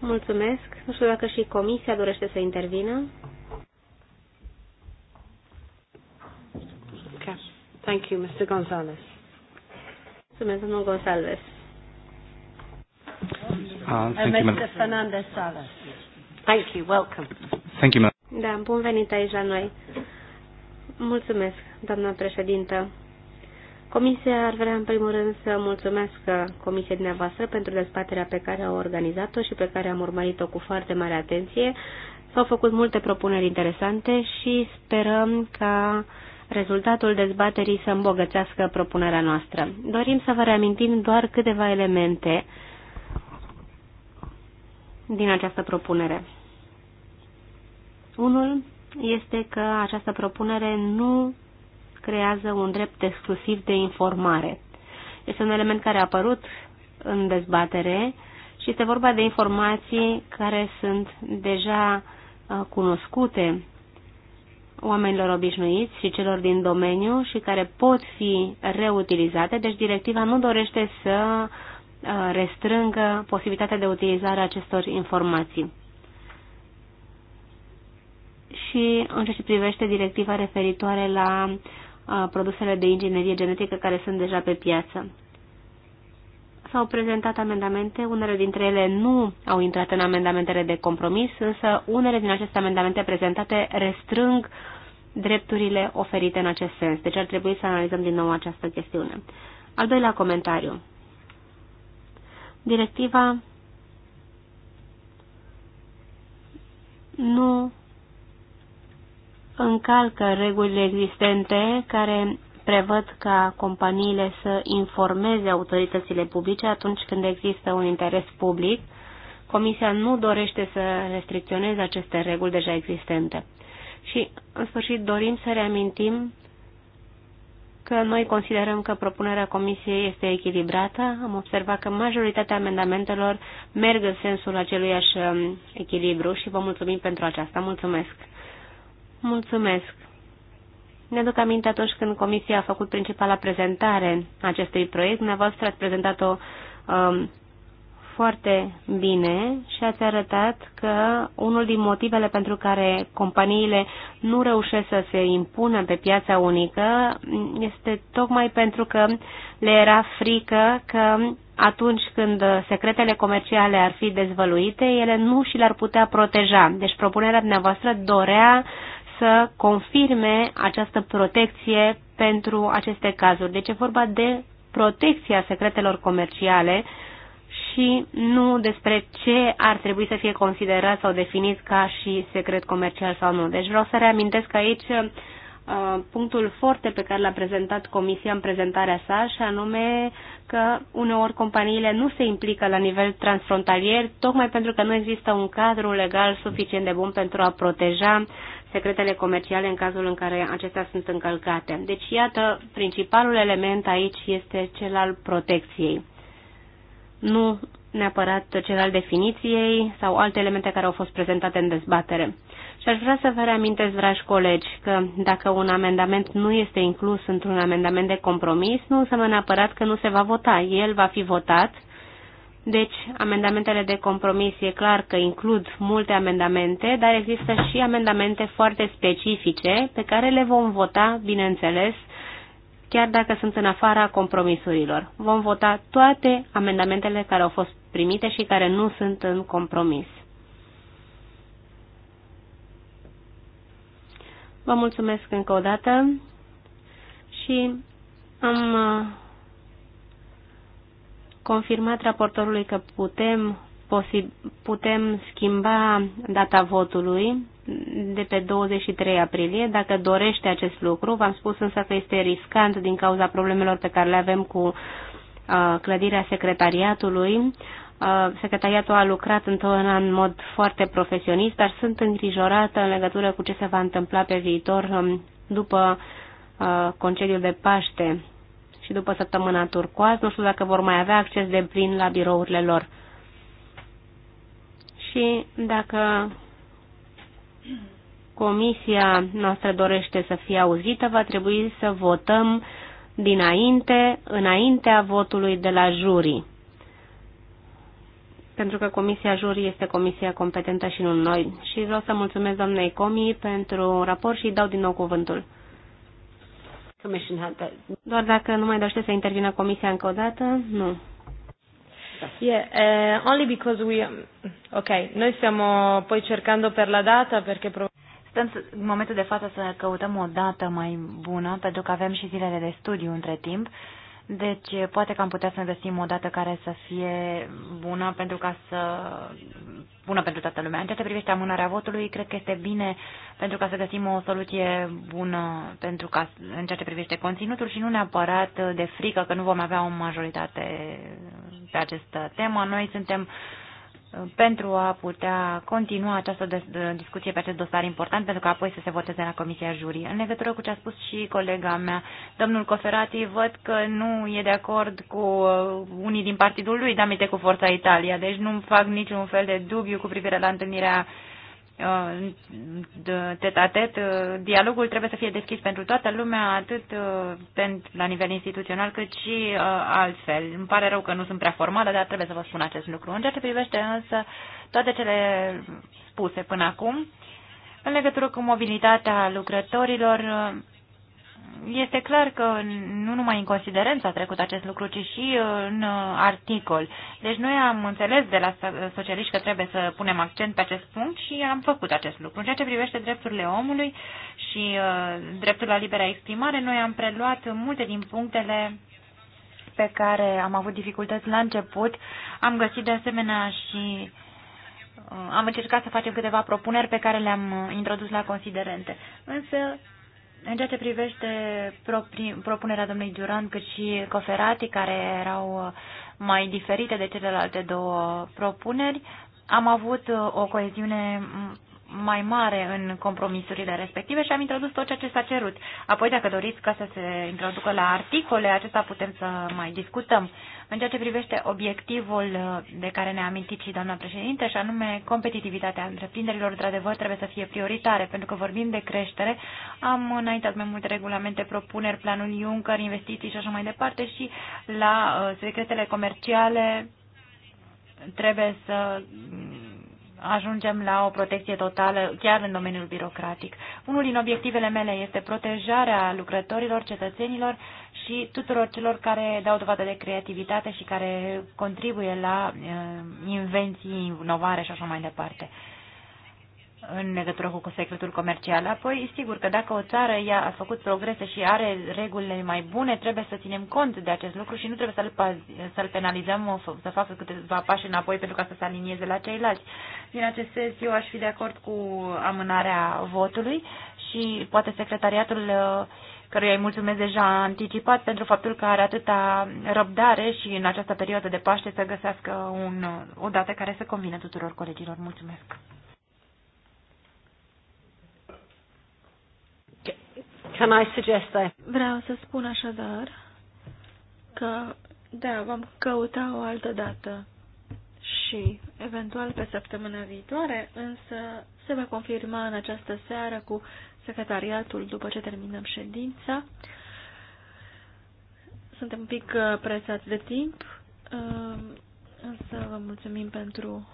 Speaker 2: Mulțumesc. Nu știu dacă și comisia dorește să intervină. Thank you, Mr. Gonzalez. Mulțumesc, domnul Gonzalez.
Speaker 1: Uh, thank you, Mr. Fernandez Salas.
Speaker 2: Thank you, welcome. Thank you, da, bun venit aici la noi. Mulțumesc, doamna președintă. Comisia ar vrea în primul rând să mulțumesc comisiei dumneavoastră pentru dezbaterea pe care au organizat-o și pe care am urmărit-o cu foarte mare atenție. S-au făcut multe propuneri interesante și sperăm ca rezultatul dezbaterii să îmbogățească propunerea noastră. Dorim să vă reamintim doar câteva elemente din această propunere. Unul este că această propunere nu creează un drept exclusiv de informare. Este un element care a apărut în dezbatere și este vorba de informații care sunt deja uh, cunoscute oamenilor obișnuiți și celor din domeniu și care pot fi reutilizate. Deci directiva nu dorește să uh, restrângă posibilitatea de utilizare a acestor informații. Și în ceea ce privește directiva referitoare la uh, produsele de inginerie genetică care sunt deja pe piață s-au prezentat amendamente, unele dintre ele nu au intrat în amendamentele de compromis, însă unele din aceste amendamente prezentate restrâng drepturile oferite în acest sens. Deci ar trebui să analizăm din nou această chestiune. Al doilea comentariu. Directiva nu încalcă regulile existente care prevăd ca companiile să informeze autoritățile publice atunci când există un interes public. Comisia nu dorește să restricționeze aceste reguli deja existente. Și, în sfârșit, dorim să reamintim că noi considerăm că propunerea Comisiei este echilibrată. Am observat că majoritatea amendamentelor merg în sensul aceluiași um, echilibru și vă mulțumim pentru aceasta. Mulțumesc! Mulțumesc! Ne aduc aminte atunci când Comisia a făcut principala prezentare acestui proiect. Dumneavoastră ați prezentat-o um, foarte bine și ați arătat că unul din motivele pentru care companiile nu reușesc să se impună pe piața unică este tocmai pentru că le era frică că atunci când secretele comerciale ar fi dezvăluite, ele nu și le-ar putea proteja. Deci propunerea dumneavoastră dorea uh, să confirme această protecție pentru aceste cazuri. Deci e vorba de protecția secretelor comerciale și nu despre ce ar trebui să fie considerat sau definit ca și secret comercial sau nu. Deci vreau să reamintesc aici uh, punctul foarte pe care l-a prezentat Comisia în prezentarea sa și anume că uneori companiile nu se implică la nivel transfrontalier tocmai pentru că nu există un cadru legal suficient de bun pentru a proteja secretele comerciale în cazul în care acestea sunt încălcate. Deci, iată, principalul element aici este cel al protecției. Nu neapărat cel al definiției sau alte elemente care au fost prezentate în dezbatere. Și aș vrea să vă reamintesc, dragi colegi, că dacă un amendament nu este inclus într-un amendament de compromis, nu înseamnă neapărat că nu se va vota. El va fi votat deci, amendamentele de compromis e clar că includ multe amendamente, dar există și amendamente foarte specifice pe care le vom vota, bineînțeles, chiar dacă sunt în afara compromisurilor. Vom vota toate amendamentele care au fost primite și care nu sunt în compromis. Vă mulțumesc încă o dată și am uh, confirmat raportorului că putem, putem schimba data votului de pe 23 aprilie, dacă dorește acest lucru. V-am spus însă că este riscant din cauza problemelor pe care le avem cu uh, clădirea secretariatului. Uh, secretariatul a lucrat întotdeauna în mod foarte profesionist, dar sunt îngrijorată în legătură cu ce se va întâmpla pe viitor um, după uh, concediul de Paște și după săptămâna turcoaz, nu știu dacă vor mai avea acces de plin la birourile lor. Și dacă comisia noastră dorește să fie auzită, va trebui să votăm dinainte, înaintea votului de la jurii pentru că Comisia Juri este comisia competentă și nu noi. Și vreau să mulțumesc doamnei Comi pentru raport și îi dau din nou cuvântul. Doar dacă nu mai dorește să intervină comisia încă o dată, nu.
Speaker 1: Yeah, eh, only because we... Um, okay. noi stiamo uh, poi cercando
Speaker 4: per la data perché... Stăm în momentul de față să căutăm o dată mai bună, pentru că avem și zilele de studiu între timp deci, poate că am putea să investim o dată care să fie bună pentru ca să bună pentru toată lumea. În ceea ce privește amânarea votului, cred că este bine pentru ca să găsim o soluție bună pentru ca, în ceea ce privește conținutul și nu neapărat de frică că nu vom avea o majoritate pe această temă. Noi suntem uh, pentru a putea continua această discuție pe acest dosar important, pentru că apoi să se voteze la Comisia Jurii. În legătură cu ce a spus și colega mea, domnul Coferati, văd că nu e de acord cu uh, unii din partidul lui, Damite cu Forța Italia, deci nu fac niciun fel de dubiu cu privire la întâlnirea tet-a-tet, dialogul trebuie să fie deschis pentru toată lumea, atât uh, la nivel instituțional cât și uh, altfel. Îmi pare rău că nu sunt prea formală, dar trebuie să vă spun acest lucru. În ceea ce privește însă toate cele spuse până acum, în legătură cu mobilitatea lucrătorilor, este clar că nu numai în considerență a trecut acest lucru, ci și uh, în uh, articol. Deci noi am înțeles de la socialiști că trebuie să punem accent pe acest punct și am făcut acest lucru. În ceea ce privește drepturile omului și uh, dreptul la libera exprimare, noi am preluat multe din punctele pe care am avut dificultăți la început. Am găsit de asemenea și am încercat să facem câteva propuneri pe care le-am introdus la considerente. Însă în ceea ce privește propunerea domnului Duran, cât și Coferati, care erau uh, mai diferite de celelalte două propuneri, am avut uh, o coeziune mai mare în compromisurile respective și am introdus tot ceea ce s-a cerut. Apoi, dacă doriți ca să se introducă la articole, acesta putem să mai discutăm. În ceea ce privește obiectivul de care ne-a amintit și doamna președinte, și anume competitivitatea întreprinderilor, într-adevăr, trebuie să fie prioritare, pentru că vorbim de creștere. Am înaintat mai multe regulamente, propuneri, planul Juncker, investiții și așa mai departe și la uh, secretele comerciale trebuie să ajungem la o protecție totală chiar în domeniul birocratic. Unul din obiectivele mele este protejarea lucrătorilor, cetățenilor și tuturor celor care dau dovadă de creativitate și care contribuie la eh, invenții, inovare și așa mai departe în legătură cu secretul comercial. Apoi, sigur că dacă o țară ea a făcut progrese și are regulile mai bune, trebuie să ținem cont de acest lucru și nu trebuie să-l, să-l penalizăm, să facă câteva pași înapoi pentru ca să se alinieze la ceilalți. Din acest sens, eu aș fi de acord cu amânarea votului și poate secretariatul uh, căruia îi mulțumesc deja anticipat pentru faptul că are atâta răbdare și în această perioadă de Paște să găsească un, o dată care să convine tuturor colegilor. Mulțumesc!
Speaker 1: Can I
Speaker 3: suggest that? Vreau să spun așadar că, da, vom căuta o altă dată și, eventual, pe săptămâna viitoare, însă se va confirma în această seară cu secretariatul după ce terminăm ședința. Suntem un pic uh, presați de timp, uh, însă vă mulțumim pentru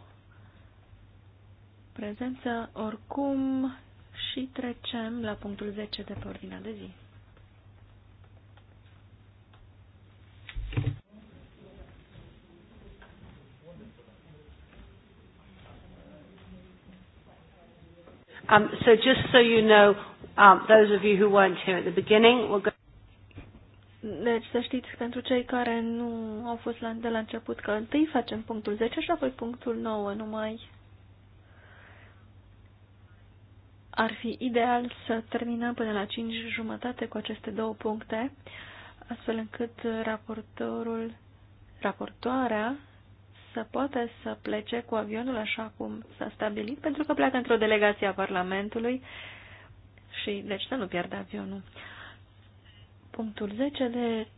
Speaker 3: prezență. Oricum, și trecem la punctul 10 de pe ordinea de zi.
Speaker 1: Um, so just so you know, um, those of you who weren't here at the beginning, we're
Speaker 3: going. deci să știți pentru cei care nu au fost la, de la început că întâi facem punctul 10 și apoi punctul 9 numai ar fi ideal să terminăm până la 5 jumătate cu aceste două puncte, astfel încât raportorul, raportoarea să poată să plece cu avionul așa cum s-a stabilit, pentru că pleacă într-o delegație a Parlamentului și deci să nu pierde avionul. Punctul 10, deci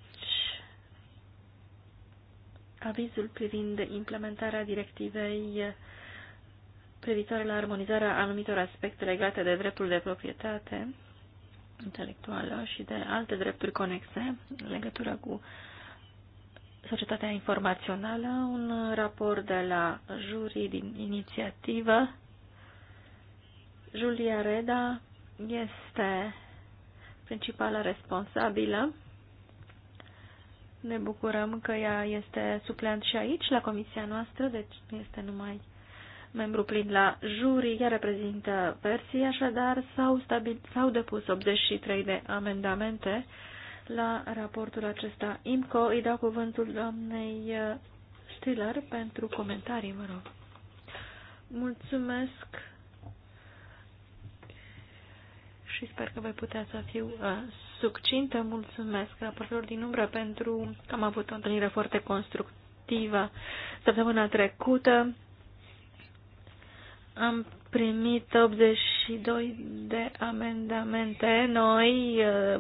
Speaker 3: avizul privind implementarea directivei privitoare la armonizarea anumitor aspecte legate de dreptul de proprietate intelectuală și de alte drepturi conexe în legătură cu societatea informațională, un raport de la juri din inițiativă. Julia Reda este principala responsabilă. Ne bucurăm că ea este supleant și aici, la comisia noastră, deci nu este numai membru plin la juri, ea reprezintă Persia, așadar s-au, stabil- s-au depus 83 de amendamente la raportul acesta. IMCO îi dau cuvântul doamnei uh, Stiller pentru comentarii, mă rog. Mulțumesc și sper că voi putea să fiu uh, succintă. Mulțumesc raportorilor din umbră pentru că am avut o întâlnire foarte constructivă săptămâna trecută am primit 82 de amendamente noi, uh,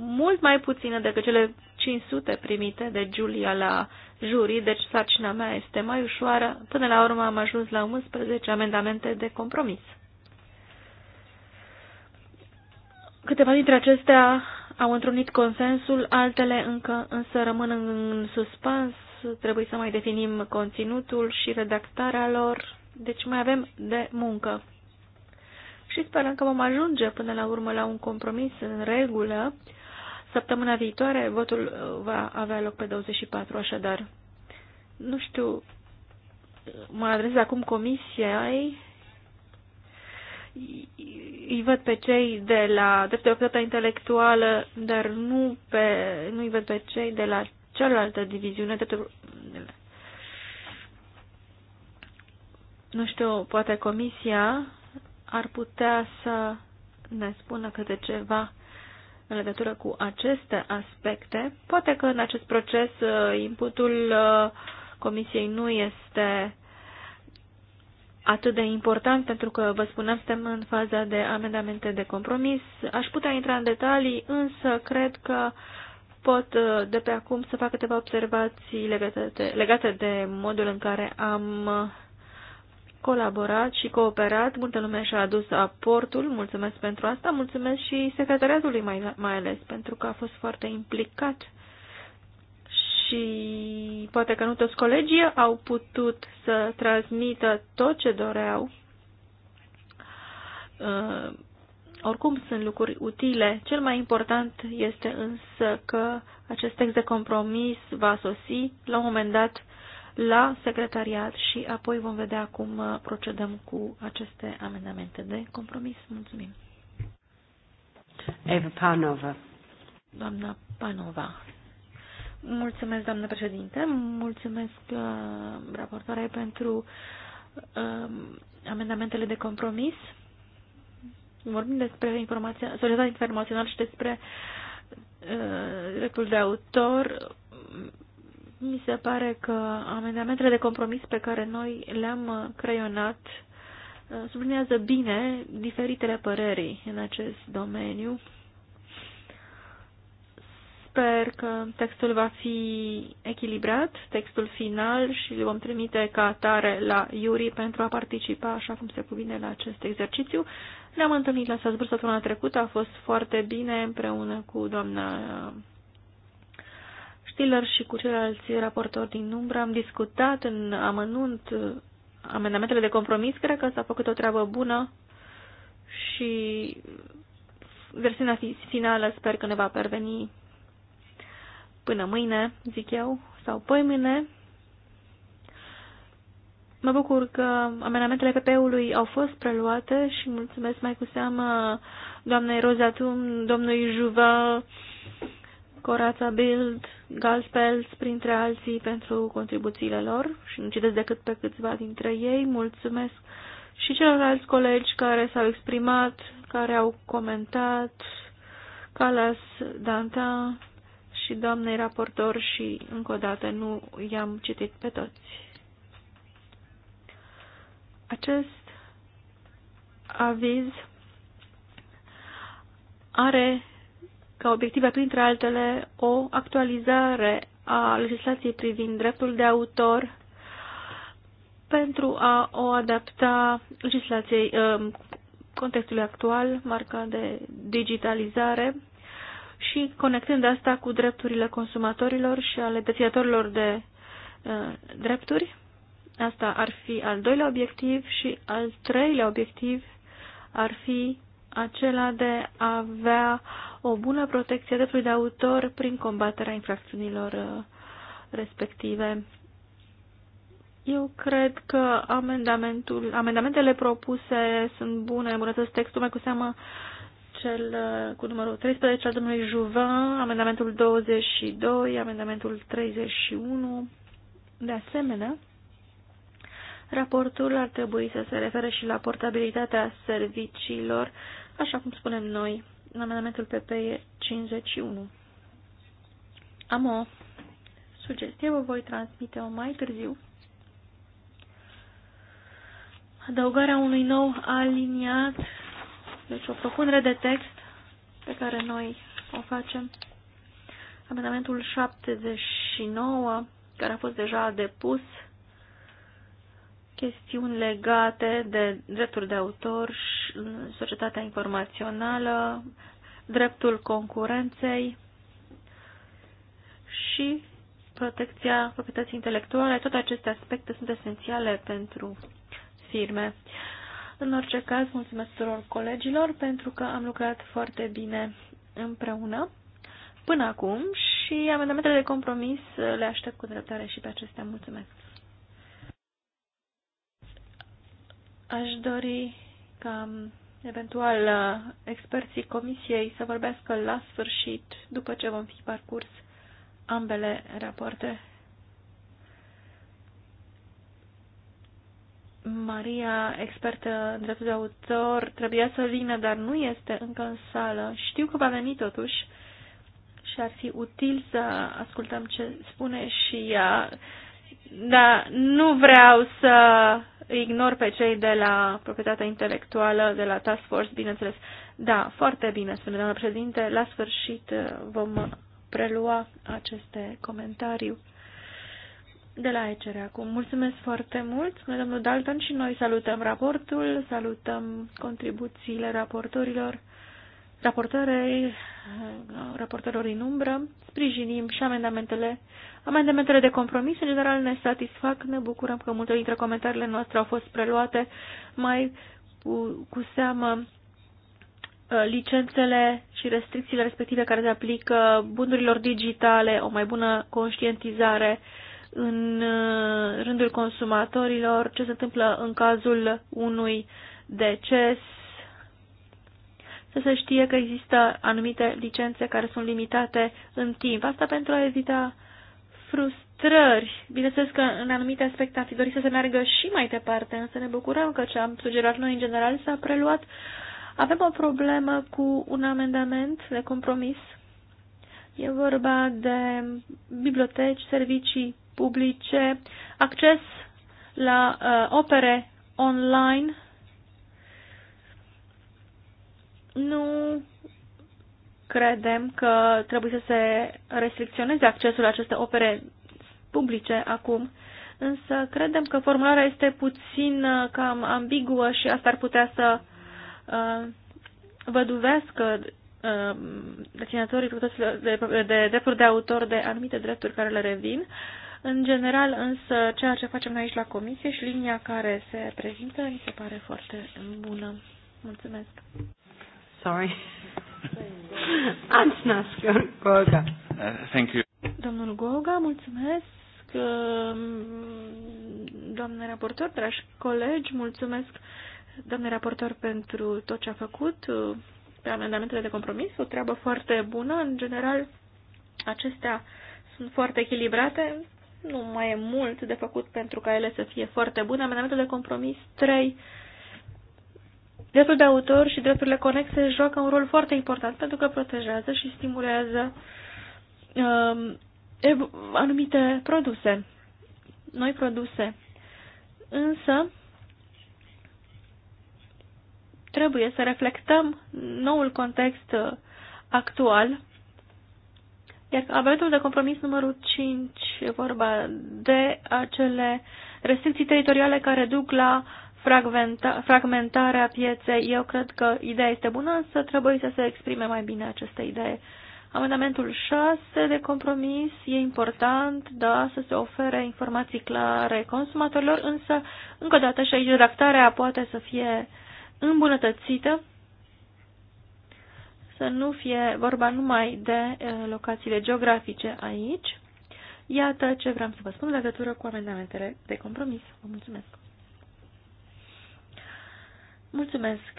Speaker 3: mult mai puține decât cele 500 primite de Giulia la jurii, deci sarcina mea este mai ușoară. Până la urmă am ajuns la 11 amendamente de compromis. Câteva dintre acestea au întrunit consensul, altele încă însă rămân în suspans, trebuie să mai definim conținutul și redactarea lor. Deci mai avem de muncă. Și sperăm că vom ajunge până la urmă la un compromis în regulă. Săptămâna viitoare votul uh, va avea loc pe 24, așadar. Nu știu, mă adresez acum comisiei. Îi văd pe cei de la dreptatea intelectuală, dar nu pe, nu îi văd pe cei de la cealaltă diviziune, Nu știu, poate comisia ar putea să ne spună câte ceva în legătură cu aceste aspecte. Poate că în acest proces uh, inputul uh, comisiei nu este atât de important pentru că, vă spuneam, suntem în faza de amendamente de compromis. Aș putea intra în detalii, însă cred că pot uh, de pe acum să fac câteva observații legate de, legate de modul în care am colaborat și cooperat, multă lume și-a adus aportul, mulțumesc pentru asta, mulțumesc și secretariatului mai, mai ales, pentru că a fost foarte implicat și poate că nu toți colegii au putut să transmită tot ce doreau. Uh, oricum sunt lucruri utile. Cel mai important este însă că acest text de compromis va sosi la un moment dat la secretariat și apoi vom vedea cum uh, procedăm cu aceste amendamente de compromis. Mulțumim.
Speaker 1: Eva Panova.
Speaker 3: Doamna Panova. Mulțumesc, doamnă președinte. Mulțumesc, uh, raportoare, pentru um, amendamentele de compromis. Vorbim despre informația, societatea informațională și despre uh, dreptul de autor mi se pare că amendamentele de compromis pe care noi le-am uh, creionat uh, sublinează bine diferitele păreri în acest domeniu. Sper că textul va fi echilibrat, textul final și îl vom trimite ca atare la Iuri pentru a participa așa cum se cuvine la acest exercițiu. Ne-am întâlnit la Salzburg săptămâna trecută, a fost foarte bine împreună cu doamna Stiller și cu ceilalți raportori din umbră am discutat în amănunt amendamentele de compromis. Cred că s-a făcut o treabă bună și versiunea finală sper că ne va perveni până mâine, zic eu, sau poi mâine. Mă bucur că amenamentele PP-ului au fost preluate și mulțumesc mai cu seamă doamnei Rozatum, domnului Juva, Corața Bild, Galspels, printre alții, pentru contribuțiile lor și nu citesc decât pe câțiva dintre ei. Mulțumesc și celorlalți colegi care s-au exprimat, care au comentat, Calas, Danta și doamnei raportor și încă o dată nu i-am citit pe toți. Acest aviz are ca obiective, printre altele, o actualizare a legislației privind dreptul de autor pentru a o adapta legislației um, contextului actual, marca de digitalizare și conectând asta cu drepturile consumatorilor și ale deținătorilor de uh, drepturi. Asta ar fi al doilea obiectiv și al treilea obiectiv ar fi acela de a avea o bună protecție a dreptului de autor prin combaterea infracțiunilor uh, respective. Eu cred că amendamentul, amendamentele propuse sunt bune, îmbunătăți textul, mai cu seamă cel uh, cu numărul 13 al domnului Juvin, amendamentul 22, amendamentul 31. De asemenea, raportul ar trebui să se refere și la portabilitatea serviciilor, așa cum spunem noi amendamentul PPE 51. Am o sugestie, vă voi transmite-o mai târziu. Adăugarea unui nou aliniat, deci o propunere de text pe care noi o facem. Amendamentul 79, care a fost deja depus chestiuni legate de drepturi de autor, societatea informațională, dreptul concurenței și protecția proprietății intelectuale. Toate aceste aspecte sunt esențiale pentru firme. În orice caz, mulțumesc tuturor colegilor pentru că am lucrat foarte bine împreună până acum și amendamentele de compromis le aștept cu dreptare și pe acestea. Mulțumesc! Aș dori ca um, eventual uh, experții comisiei să vorbească la sfârșit, după ce vom fi parcurs ambele rapoarte. Maria, expertă în dreptul de autor, trebuia să vină, dar nu este încă în sală. Știu că va veni totuși și ar fi util să ascultăm ce spune și ea. dar nu vreau să ignor pe cei de la proprietatea intelectuală, de la Task Force, bineînțeles. Da, foarte bine, spune doamna președinte. La sfârșit uh, vom prelua aceste comentarii de la ECR acum. Mulțumesc foarte mult, spune domnul Dalton, și noi salutăm raportul, salutăm contribuțiile raportorilor raportorilor în umbră, sprijinim și amendamentele. Amendamentele de compromis, în general, ne satisfac, ne bucurăm că multe dintre comentariile noastre au fost preluate, mai cu, cu seamă uh, licențele și restricțiile respective care se aplică bunurilor digitale, o mai bună conștientizare în uh, rândul consumatorilor, ce se întâmplă în cazul unui deces, să se știe că există anumite licențe care sunt limitate în timp. Asta pentru a evita frustrări. Bineînțeles că în anumite aspecte am fi dorit să se meargă și mai departe, însă ne bucurăm că ce am sugerat noi în general s-a preluat. Avem o problemă cu un amendament de compromis. E vorba de biblioteci, servicii publice, acces la uh, opere online nu credem că trebuie să se restricționeze accesul la aceste opere publice acum, însă credem că formularea este puțin uh, cam ambiguă și asta ar putea să uh, văduvească uh, deținătorii de, de, drepturi de autor de anumite drepturi care le revin. În general, însă, ceea ce facem aici la comisie și linia care se prezintă mi se pare foarte bună. Mulțumesc! sorry. Antonas Goga. Uh, thank you. Domnul Goga, mulțumesc. Um, doamne raportor, dragi colegi, mulțumesc, doamne raportor, pentru tot ce a făcut uh, pe amendamentele de compromis. O treabă foarte bună. În general, acestea sunt foarte echilibrate. Nu mai e mult de făcut pentru ca ele să fie foarte bune. Amendamentele de compromis 3 Dreptul de autor și drepturile conexe joacă un rol foarte important pentru că protejează și stimulează um, anumite produse, noi produse. Însă, trebuie să reflectăm noul context uh, actual, iar amendamentul de compromis numărul 5 e vorba de acele restricții teritoriale care duc la uh, fragmenta, fragmentarea pieței. Eu cred că ideea este bună, însă trebuie să se exprime mai bine această idee. Amendamentul 6 de compromis e important, da, să se ofere informații clare consumatorilor, însă, încă o dată, și aici redactarea poate să fie îmbunătățită, să nu fie vorba numai de locațiile geografice aici. Iată ce vreau să vă spun legătură cu amendamentele de compromis. Vă mulțumesc! Mulțumesc.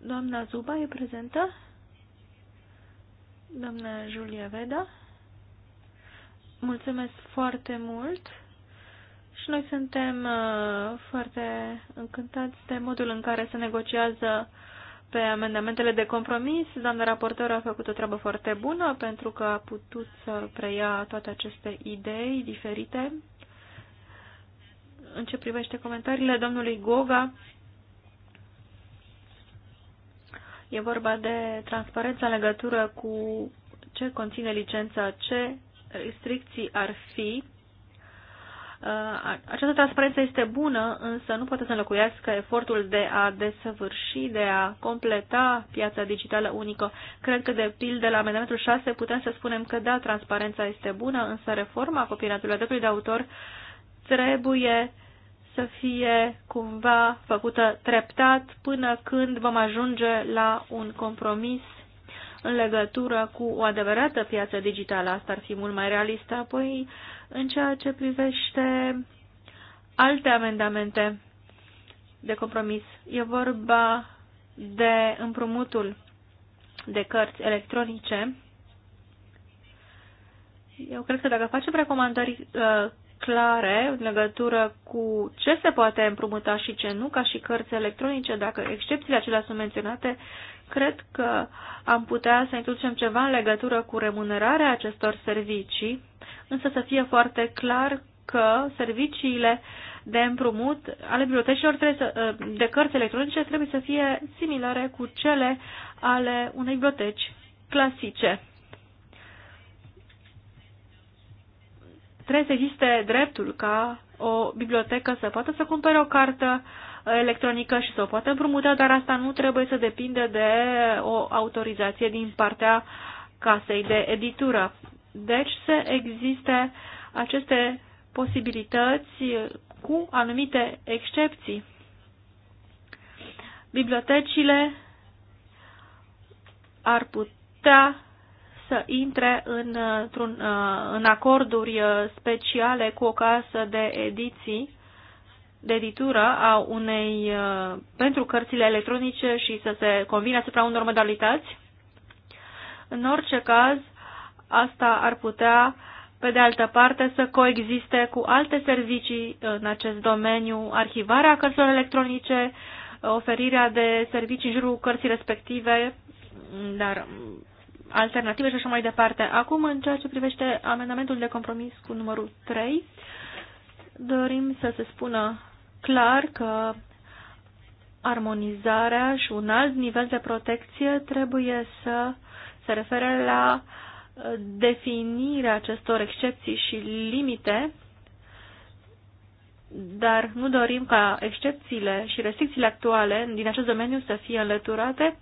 Speaker 3: Doamna Zuba e prezentă? Doamna Julia Veda? Mulțumesc foarte mult și noi suntem uh, foarte încântați de modul în care se negociază pe amendamentele de compromis. Doamna raportor a făcut o treabă foarte bună pentru că a putut să preia toate aceste idei diferite în ce privește comentariile domnului Goga, e vorba de transparența în legătură cu ce conține licența, ce restricții ar fi. Uh, această transparență este bună, însă nu poate să înlocuiască efortul de a desăvârși, de a completa piața digitală unică. Cred că, de pildă, la amendamentul 6 putem să spunem că, da, transparența este bună, însă reforma copyright-ului de autor trebuie să fie cumva făcută treptat până când vom ajunge la un compromis în legătură cu o adevărată piață digitală. Asta ar fi mult mai realistă. Apoi, în ceea ce privește alte amendamente de compromis, e vorba de împrumutul de cărți electronice. Eu cred că dacă facem recomandări uh, clare în legătură cu ce se poate împrumuta și ce nu, ca și cărți electronice, dacă excepțiile acelea sunt menționate, cred că am putea să introducem ceva în legătură cu remunerarea acestor servicii, însă să fie foarte clar că serviciile de împrumut ale bibliotecilor să, ă, de cărți electronice trebuie să fie similare cu cele ale unei biblioteci clasice. trebuie să existe dreptul ca o bibliotecă să poată să cumpere o carte electronică și să o poată împrumuta, dar asta nu trebuie să depinde de o autorizație din partea casei de editură. Deci să existe aceste posibilități cu anumite excepții. Bibliotecile ar putea să intre în, un uh, în acorduri uh, speciale cu o casă de ediții, de editură a unei, uh, pentru cărțile electronice și să se convine asupra unor modalități? În orice caz, asta ar putea, pe de altă parte, să coexiste cu alte servicii în acest domeniu, arhivarea cărților electronice, oferirea de servicii în jurul cărții respective, dar alternative și așa mai departe. Acum, în ceea ce privește amendamentul de compromis cu numărul 3, dorim să se spună clar că armonizarea și un alt nivel de protecție trebuie să se refere la uh, definirea acestor excepții și limite, dar nu dorim ca excepțiile și restricțiile actuale din acest domeniu să fie înlăturate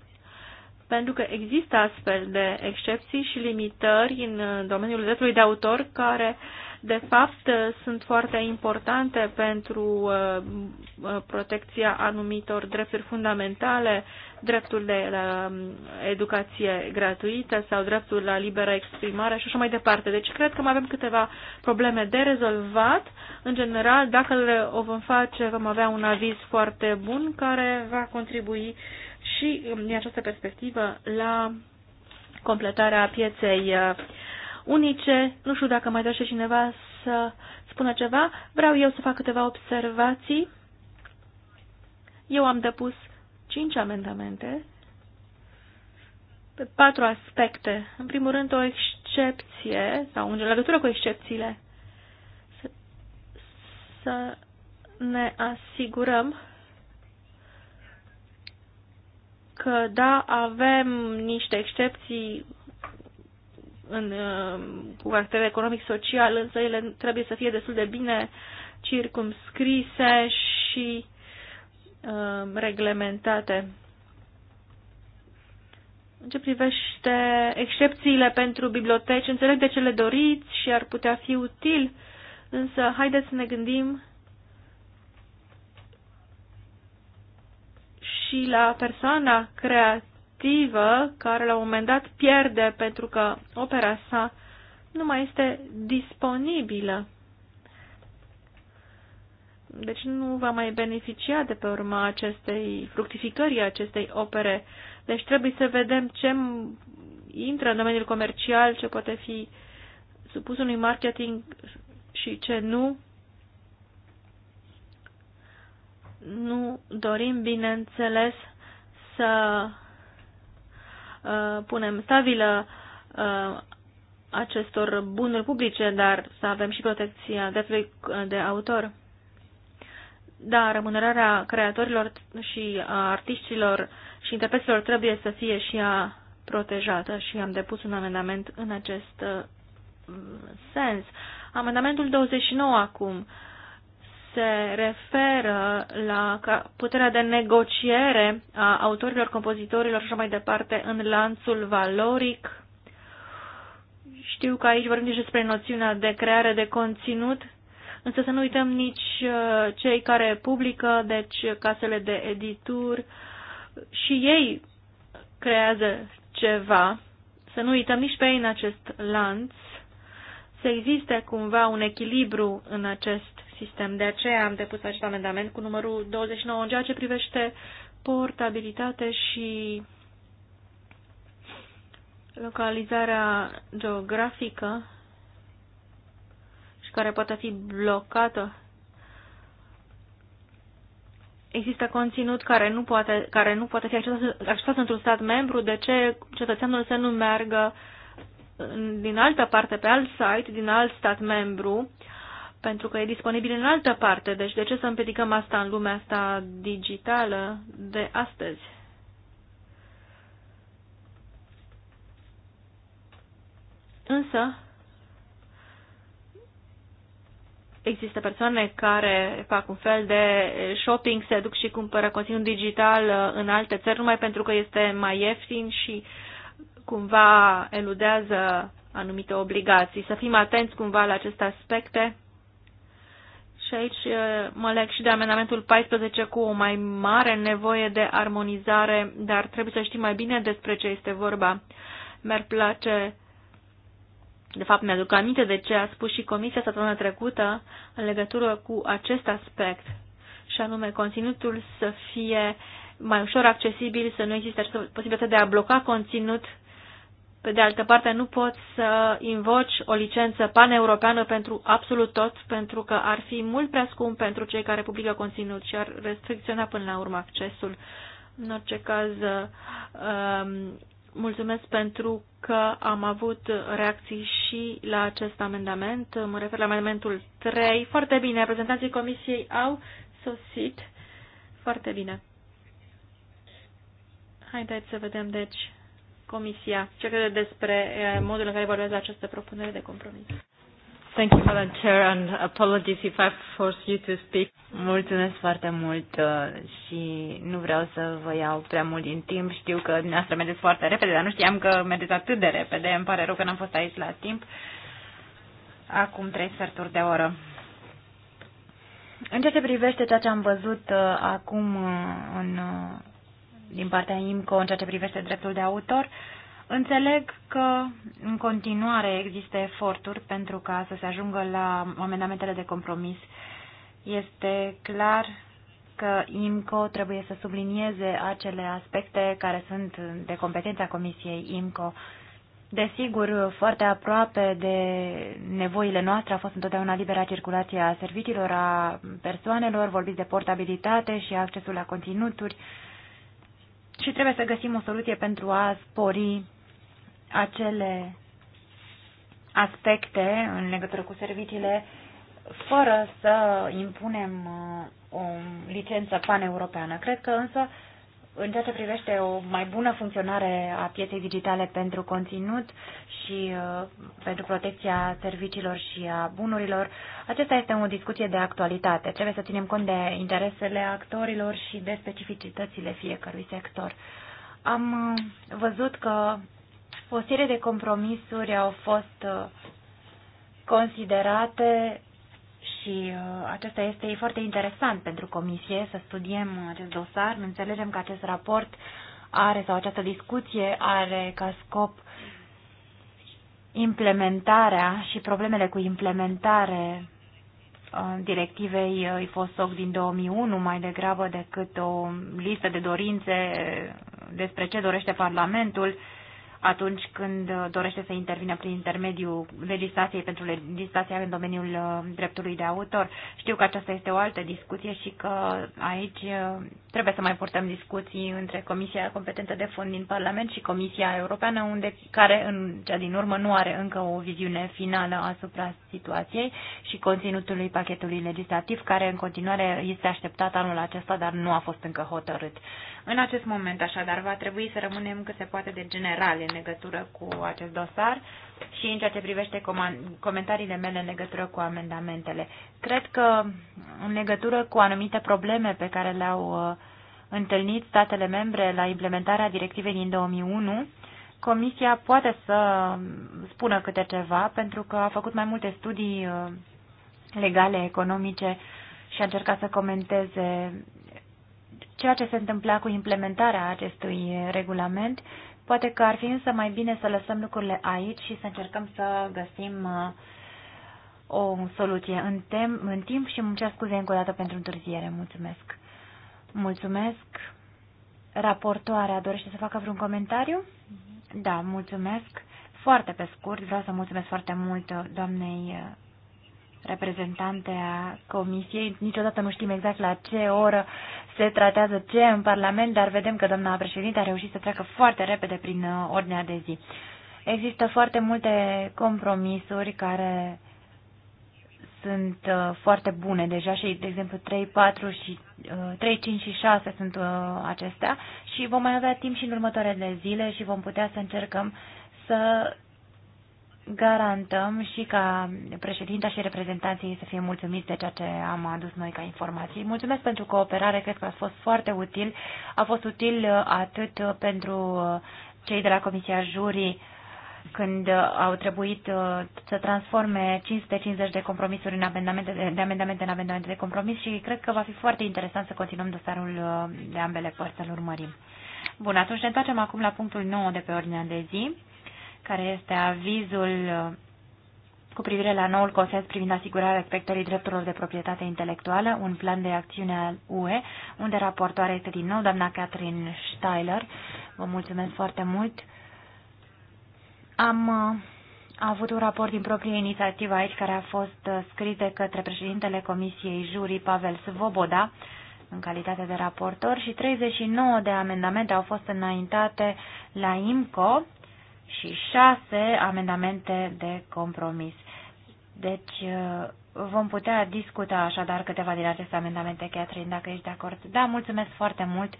Speaker 3: pentru că există astfel de excepții și limitări în uh, domeniul dreptului de autor care, de fapt, uh, sunt foarte importante pentru uh, protecția anumitor drepturi fundamentale, dreptul de la um, educație gratuită sau dreptul la liberă exprimare și așa mai departe. Deci cred că mai avem câteva probleme de rezolvat. În general, dacă le o vom face, vom avea un aviz foarte bun care va contribui uh, și din această perspectivă la completarea pieței uh, unice. Nu știu dacă mai dorește cineva să spună ceva. Vreau eu să fac câteva observații. Eu am depus cinci amendamente pe patru aspecte. În primul rând, o excepție, sau în legătură cu excepțiile, să, să ne asigurăm că da, avem niște excepții în, uh, cu caracter economic-social, însă ele trebuie să fie destul de bine circumscrise și um, reglementate. În ce privește excepțiile pentru biblioteci, înțeleg de ce le doriți și ar putea fi util, însă haideți să ne gândim și la persoana creativă care la un moment dat pierde pentru că opera sa nu mai este disponibilă. Deci nu va mai beneficia de pe urma acestei fructificării acestei opere. Deci trebuie să vedem ce intră în domeniul comercial, ce poate fi supus unui marketing și ce nu. Nu dorim, bineînțeles, să uh, punem stabilă uh, acestor bunuri publice, dar să avem și protecția dreptului uh, de autor. Da, remunerarea creatorilor și a artiștilor și interpreților trebuie să fie și a protejată și am depus un amendament în acest sens. Amendamentul 29 acum se referă la puterea de negociere a autorilor, compozitorilor și așa mai departe în lanțul valoric. Știu că aici vorbim și despre noțiunea de creare de conținut, însă să nu uităm nici uh, cei care publică, deci casele de edituri, și ei creează ceva. Să nu uităm nici pe ei în acest lanț să existe cumva un echilibru în acest sistem. De aceea am depus acest amendament cu numărul 29 în ceea ce privește portabilitate și localizarea geografică și care poate fi blocată. Există conținut care nu poate, care nu poate fi accesat, accesat într-un stat membru, de ce cetățeanul să nu meargă din altă parte, pe alt site, din alt stat membru, pentru că e disponibil în altă parte, deci de ce să împiedicăm asta în lumea asta digitală de astăzi? Însă, există persoane care fac un fel de shopping, se duc și cumpără conținut digital uh, în alte țări numai pentru că este mai ieftin și cumva eludează anumite obligații. Să fim atenți cumva la aceste aspecte și aici mă leg și de amendamentul 14 cu o mai mare nevoie de armonizare, dar trebuie să știm mai bine despre ce este vorba. Mi-ar place, de fapt mi-aduc aminte de ce a spus și Comisia săptămâna trecută în legătură cu acest aspect, și anume conținutul să fie mai ușor accesibil, să nu existe posibilitatea de a bloca conținut uh, pe de altă parte, nu poți să invoci o licență paneuropeană pentru absolut tot, pentru că ar fi mult prea scump pentru cei care publică conținut și ar restricționa până la urmă accesul. În orice caz, um, mulțumesc pentru că am avut reacții și la acest amendament. Mă refer la amendamentul 3. Foarte bine, reprezentanții Comisiei au sosit. Foarte bine. Haideți să vedem, deci, Comisia. Ce crede despre eh, modul în care evaluează această propunere de compromis? Thank you, Madam Chair, and apologies if I force you to speak. Mulțumesc foarte
Speaker 4: mult eh, și nu vreau să vă iau prea mult din timp. Știu că dumneavoastră mergeți foarte repede, dar nu știam că mergeți atât de repede. Îmi pare rău că n-am fost aici la timp. Acum trei sferturi de oră. În ceea ce privește ceea ce am văzut eh, acum în din partea IMCO în ceea ce privește dreptul de autor, înțeleg că în continuare există eforturi pentru ca să se ajungă la amendamentele de compromis. Este clar că IMCO trebuie să sublinieze acele aspecte care sunt de competența Comisiei IMCO. Desigur, foarte aproape de nevoile noastre a fost întotdeauna libera circulație a serviciilor, a persoanelor, vorbiți de portabilitate și accesul la conținuturi, și trebuie să găsim o soluție pentru a spori acele aspecte în legătură cu serviciile fără să impunem uh, o licență paneuropeană. Cred că însă în ceea ce privește o mai bună funcționare a pieței digitale pentru conținut și uh, pentru protecția serviciilor și a bunurilor, acesta este o discuție de actualitate. Trebuie să ținem cont de interesele actorilor și de specificitățile fiecărui sector. Am uh, văzut că o serie de compromisuri au fost uh, considerate și uh, acesta este foarte interesant pentru comisie să studiem acest dosar. Înțelegem că acest raport are sau această discuție are ca scop implementarea și problemele cu implementare uh, directivei uh, IFOSOC din 2001 mai degrabă decât o listă de dorințe despre ce dorește Parlamentul atunci când uh, dorește să intervină prin intermediul legislației pentru legislația în domeniul uh, dreptului de autor. Știu că aceasta este o altă discuție și că aici uh, trebuie să mai purtăm discuții între Comisia competentă de fond din Parlament și Comisia Europeană, unde, care în cea din urmă nu are încă o viziune finală asupra situației și conținutului pachetului legislativ, care în continuare este așteptat anul acesta, dar nu a fost încă hotărât. În acest moment, așadar, va trebui să rămânem cât se poate de general în legătură cu acest dosar și în ceea ce privește comentariile mele în legătură cu amendamentele. Cred că în legătură cu anumite probleme pe care le-au uh, întâlnit statele membre la implementarea directivei din 2001, Comisia poate să spună câte ceva, pentru că a făcut mai multe studii uh, legale, economice și a încercat să comenteze ceea ce se întâmpla cu implementarea acestui regulament. Poate că ar fi însă mai bine să lăsăm lucrurile aici și să încercăm să găsim uh, o soluție în, tem, în timp și îmi cer scuze încă o dată pentru întârziere. Mulțumesc! Mulțumesc. Raportoarea dorește să facă vreun comentariu? Da, mulțumesc. Foarte pe scurt, vreau să mulțumesc foarte mult doamnei uh, reprezentante a comisiei. Niciodată nu știm exact la ce oră se tratează ce în Parlament, dar vedem că doamna președinte a reușit să treacă foarte repede prin uh, ordinea de zi. Există foarte multe compromisuri care sunt uh, foarte bune deja și, de exemplu, 3, 4 și uh, 3, 5 și 6 sunt uh, acestea și vom mai avea timp și în următoarele zile și vom putea să încercăm să garantăm și ca președinta și reprezentanții să fie mulțumiți de ceea ce am adus noi ca informații. Mulțumesc pentru cooperare, cred că a fost foarte util. A fost util uh, atât uh, pentru uh, cei de la Comisia Jurii când uh, au trebuit uh, să transforme 550 de compromisuri în amendamente, de amendamente în amendamente de compromis și cred că va fi foarte interesant să continuăm dosarul uh, de ambele părți, să-l urmărim. Bun, atunci ne întoarcem acum la punctul 9 de pe ordinea de zi, care este avizul cu privire la noul consens privind asigurarea respectării drepturilor de proprietate intelectuală, un plan de acțiune al UE, unde raportoarea este din nou doamna Catherine Steiler. Vă mulțumesc foarte mult am a uh, avut un raport din proprie inițiativă aici care a fost uh, scris de către președintele Comisiei Juri Pavel Svoboda în calitate de raportor și 39 de amendamente au fost înaintate la IMCO și 6 amendamente de compromis. Deci uh, vom putea discuta așadar câteva din aceste amendamente, Catherine, dacă ești de acord. Da, mulțumesc foarte mult.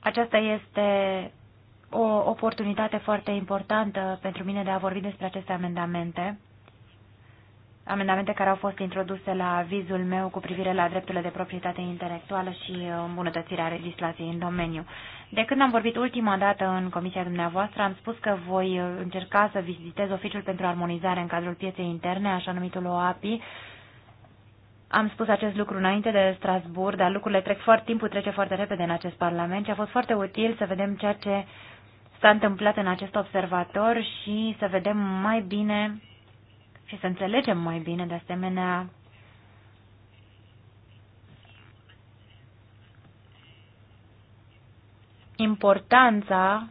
Speaker 4: Aceasta este o oportunitate foarte importantă pentru mine de a vorbi despre aceste amendamente, amendamente care au fost introduse la vizul meu cu privire la drepturile de proprietate intelectuală și îmbunătățirea legislației în domeniu. De când am vorbit ultima dată în comisia dumneavoastră, am spus că voi încerca să vizitez Oficiul pentru Armonizare în cadrul pieței interne, așa numitul OAPI, am spus acest lucru înainte de Strasbourg, dar lucrurile trec foarte, timpul trece foarte repede în acest Parlament și a fost foarte util să vedem ceea ce s-a întâmplat în acest observator și să vedem mai bine și să înțelegem mai bine, de asemenea, importanța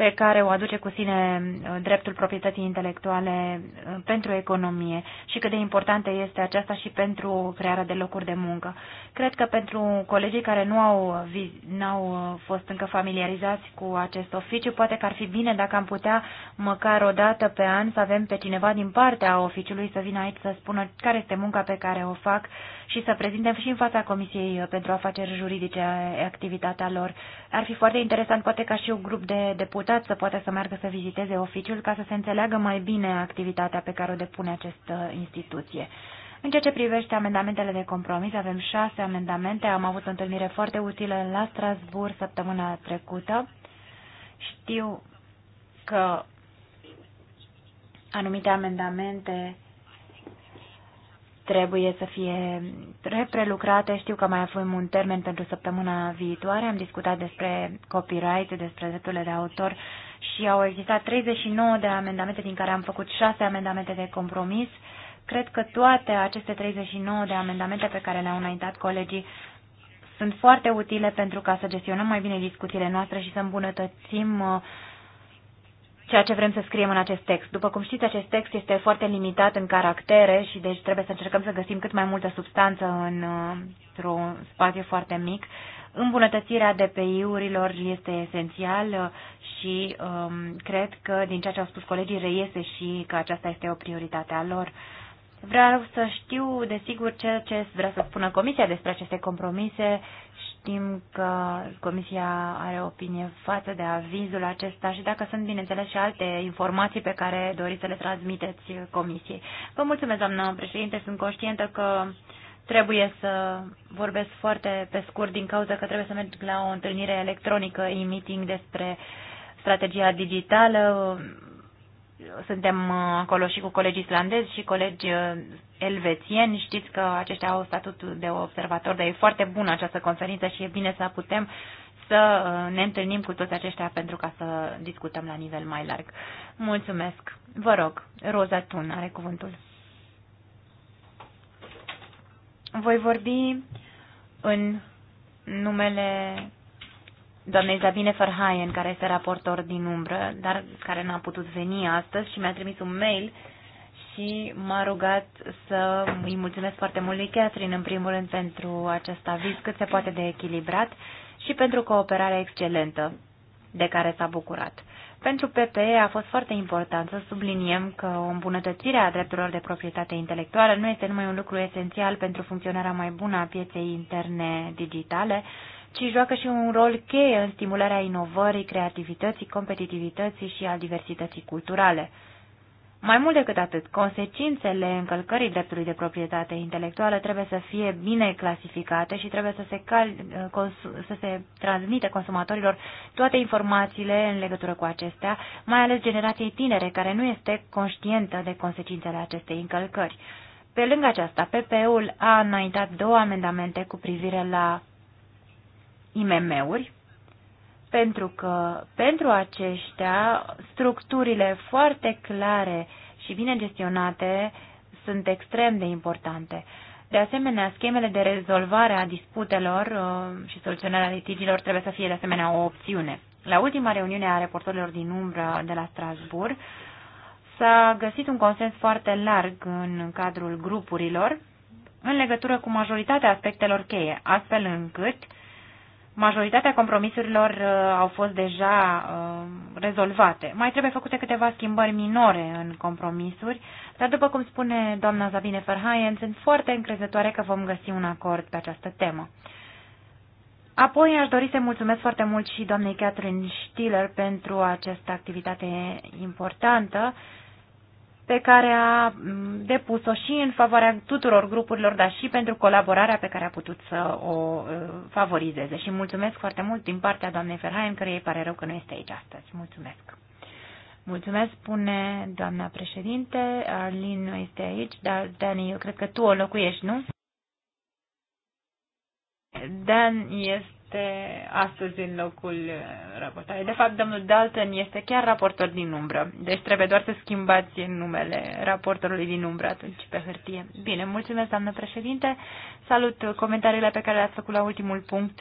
Speaker 4: pe care o aduce cu sine uh, dreptul proprietății intelectuale uh, pentru economie și cât de importantă este aceasta și pentru crearea de locuri de muncă. Cred că pentru colegii care nu au, n-au uh, fost încă familiarizați cu acest oficiu, poate că ar fi bine dacă am putea măcar o dată pe an să avem pe cineva din partea oficiului să vină aici să spună care este munca pe care o fac și să prezintem și în fața Comisiei pentru Afaceri Juridice activitatea lor. Ar fi foarte interesant, poate ca și un grup de deputați să poată să meargă să viziteze oficiul ca să se înțeleagă mai bine activitatea pe care o depune această uh, instituție. În ceea ce privește amendamentele de compromis, avem șase amendamente. Am avut o întâlnire foarte utilă la Strasbourg săptămâna trecută. Știu că anumite amendamente trebuie să fie prelucrate. Știu că mai avem un termen pentru săptămâna viitoare. Am discutat despre copyright, despre drepturile de autor și au existat 39 de amendamente, din care am făcut 6 amendamente de compromis. Cred că toate aceste 39 de amendamente pe care le-au înaintat colegii sunt foarte utile pentru ca să gestionăm mai bine discuțiile noastre și să îmbunătățim uh, ceea ce vrem să scriem în acest text. După cum știți, acest text este foarte limitat în caractere și deci trebuie să încercăm să găsim cât mai multă substanță în, într-un spațiu foarte mic. Îmbunătățirea DPI-urilor este esențial și um, cred că din ceea ce au spus colegii reiese și că aceasta este o prioritate a lor. Vreau să știu, desigur, ce ce vrea să spună Comisia despre aceste compromise Știm că Comisia are opinie față de avizul acesta și dacă sunt, bineînțeles, și alte informații pe care doriți să le transmiteți Comisiei. Vă mulțumesc, doamnă președinte, sunt conștientă că trebuie să vorbesc foarte pe scurt din cauza că trebuie să merg la o întâlnire electronică e-meeting despre strategia digitală suntem uh, acolo și cu colegi islandezi și colegi uh, elvețieni. Știți că aceștia au statutul de observator, dar e foarte bună această conferință și e bine să putem să uh, ne întâlnim cu toți aceștia pentru ca să discutăm la nivel mai larg. Mulțumesc. Vă rog, Roza Tun are cuvântul. Voi vorbi în numele doamnei Zabine Farhaien, care este raportor din umbră, dar care n-a putut veni astăzi și mi-a trimis un mail și m-a rugat să îi mulțumesc foarte mult lui Catherine, în primul rând, pentru acest aviz cât se poate de echilibrat și pentru cooperarea excelentă de care s-a bucurat. Pentru PPE a fost foarte important să subliniem că o îmbunătățire a drepturilor de proprietate intelectuală nu este numai un lucru esențial pentru funcționarea mai bună a pieței interne digitale, ci joacă și un rol cheie în stimularea inovării, creativității, competitivității și a diversității culturale. Mai mult decât atât, consecințele încălcării dreptului de proprietate intelectuală trebuie să fie bine clasificate și trebuie să se, cal, să se transmită consumatorilor toate informațiile în legătură cu acestea, mai ales generației tinere care nu este conștientă de consecințele acestei încălcări. Pe lângă aceasta, PPE-ul a înaintat două amendamente cu privire la IMM-uri, pentru că pentru aceștia structurile foarte clare și bine gestionate sunt extrem de importante. De asemenea, schemele de rezolvare a disputelor uh, și soluționarea litigilor trebuie să fie de asemenea o opțiune. La ultima reuniune a reportorilor din umbră de la Strasburg s-a găsit un consens foarte larg în cadrul grupurilor în legătură cu majoritatea aspectelor cheie, astfel încât uh, majoritatea compromisurilor uh, au fost deja uh, rezolvate. Mai trebuie făcute câteva schimbări minore în compromisuri, dar după cum spune doamna Zabine Ferhaien, sunt foarte încrezătoare că vom găsi un acord pe această temă. Apoi aș dori să mulțumesc foarte mult și doamnei Catherine Stiller pentru această activitate importantă pe care a mm, depus-o și în favoarea tuturor grupurilor, dar și pentru colaborarea pe care a putut să o favorizeze. Și mulțumesc foarte mult din partea doamnei Ferhaim, care îi pare rău că nu este aici astăzi. Mulțumesc! Mulțumesc, spune doamna președinte. Arlin nu este aici, dar Dani, eu cred că tu o locuiești, nu? Dan este este astăzi în locul raportorului. De fapt, domnul Dalton este chiar raportor din umbră, deci trebuie doar să schimbați numele raportorului din umbră atunci pe hârtie. Bine, mulțumesc, doamnă președinte. Salut comentariile pe care le-ați făcut la ultimul punct.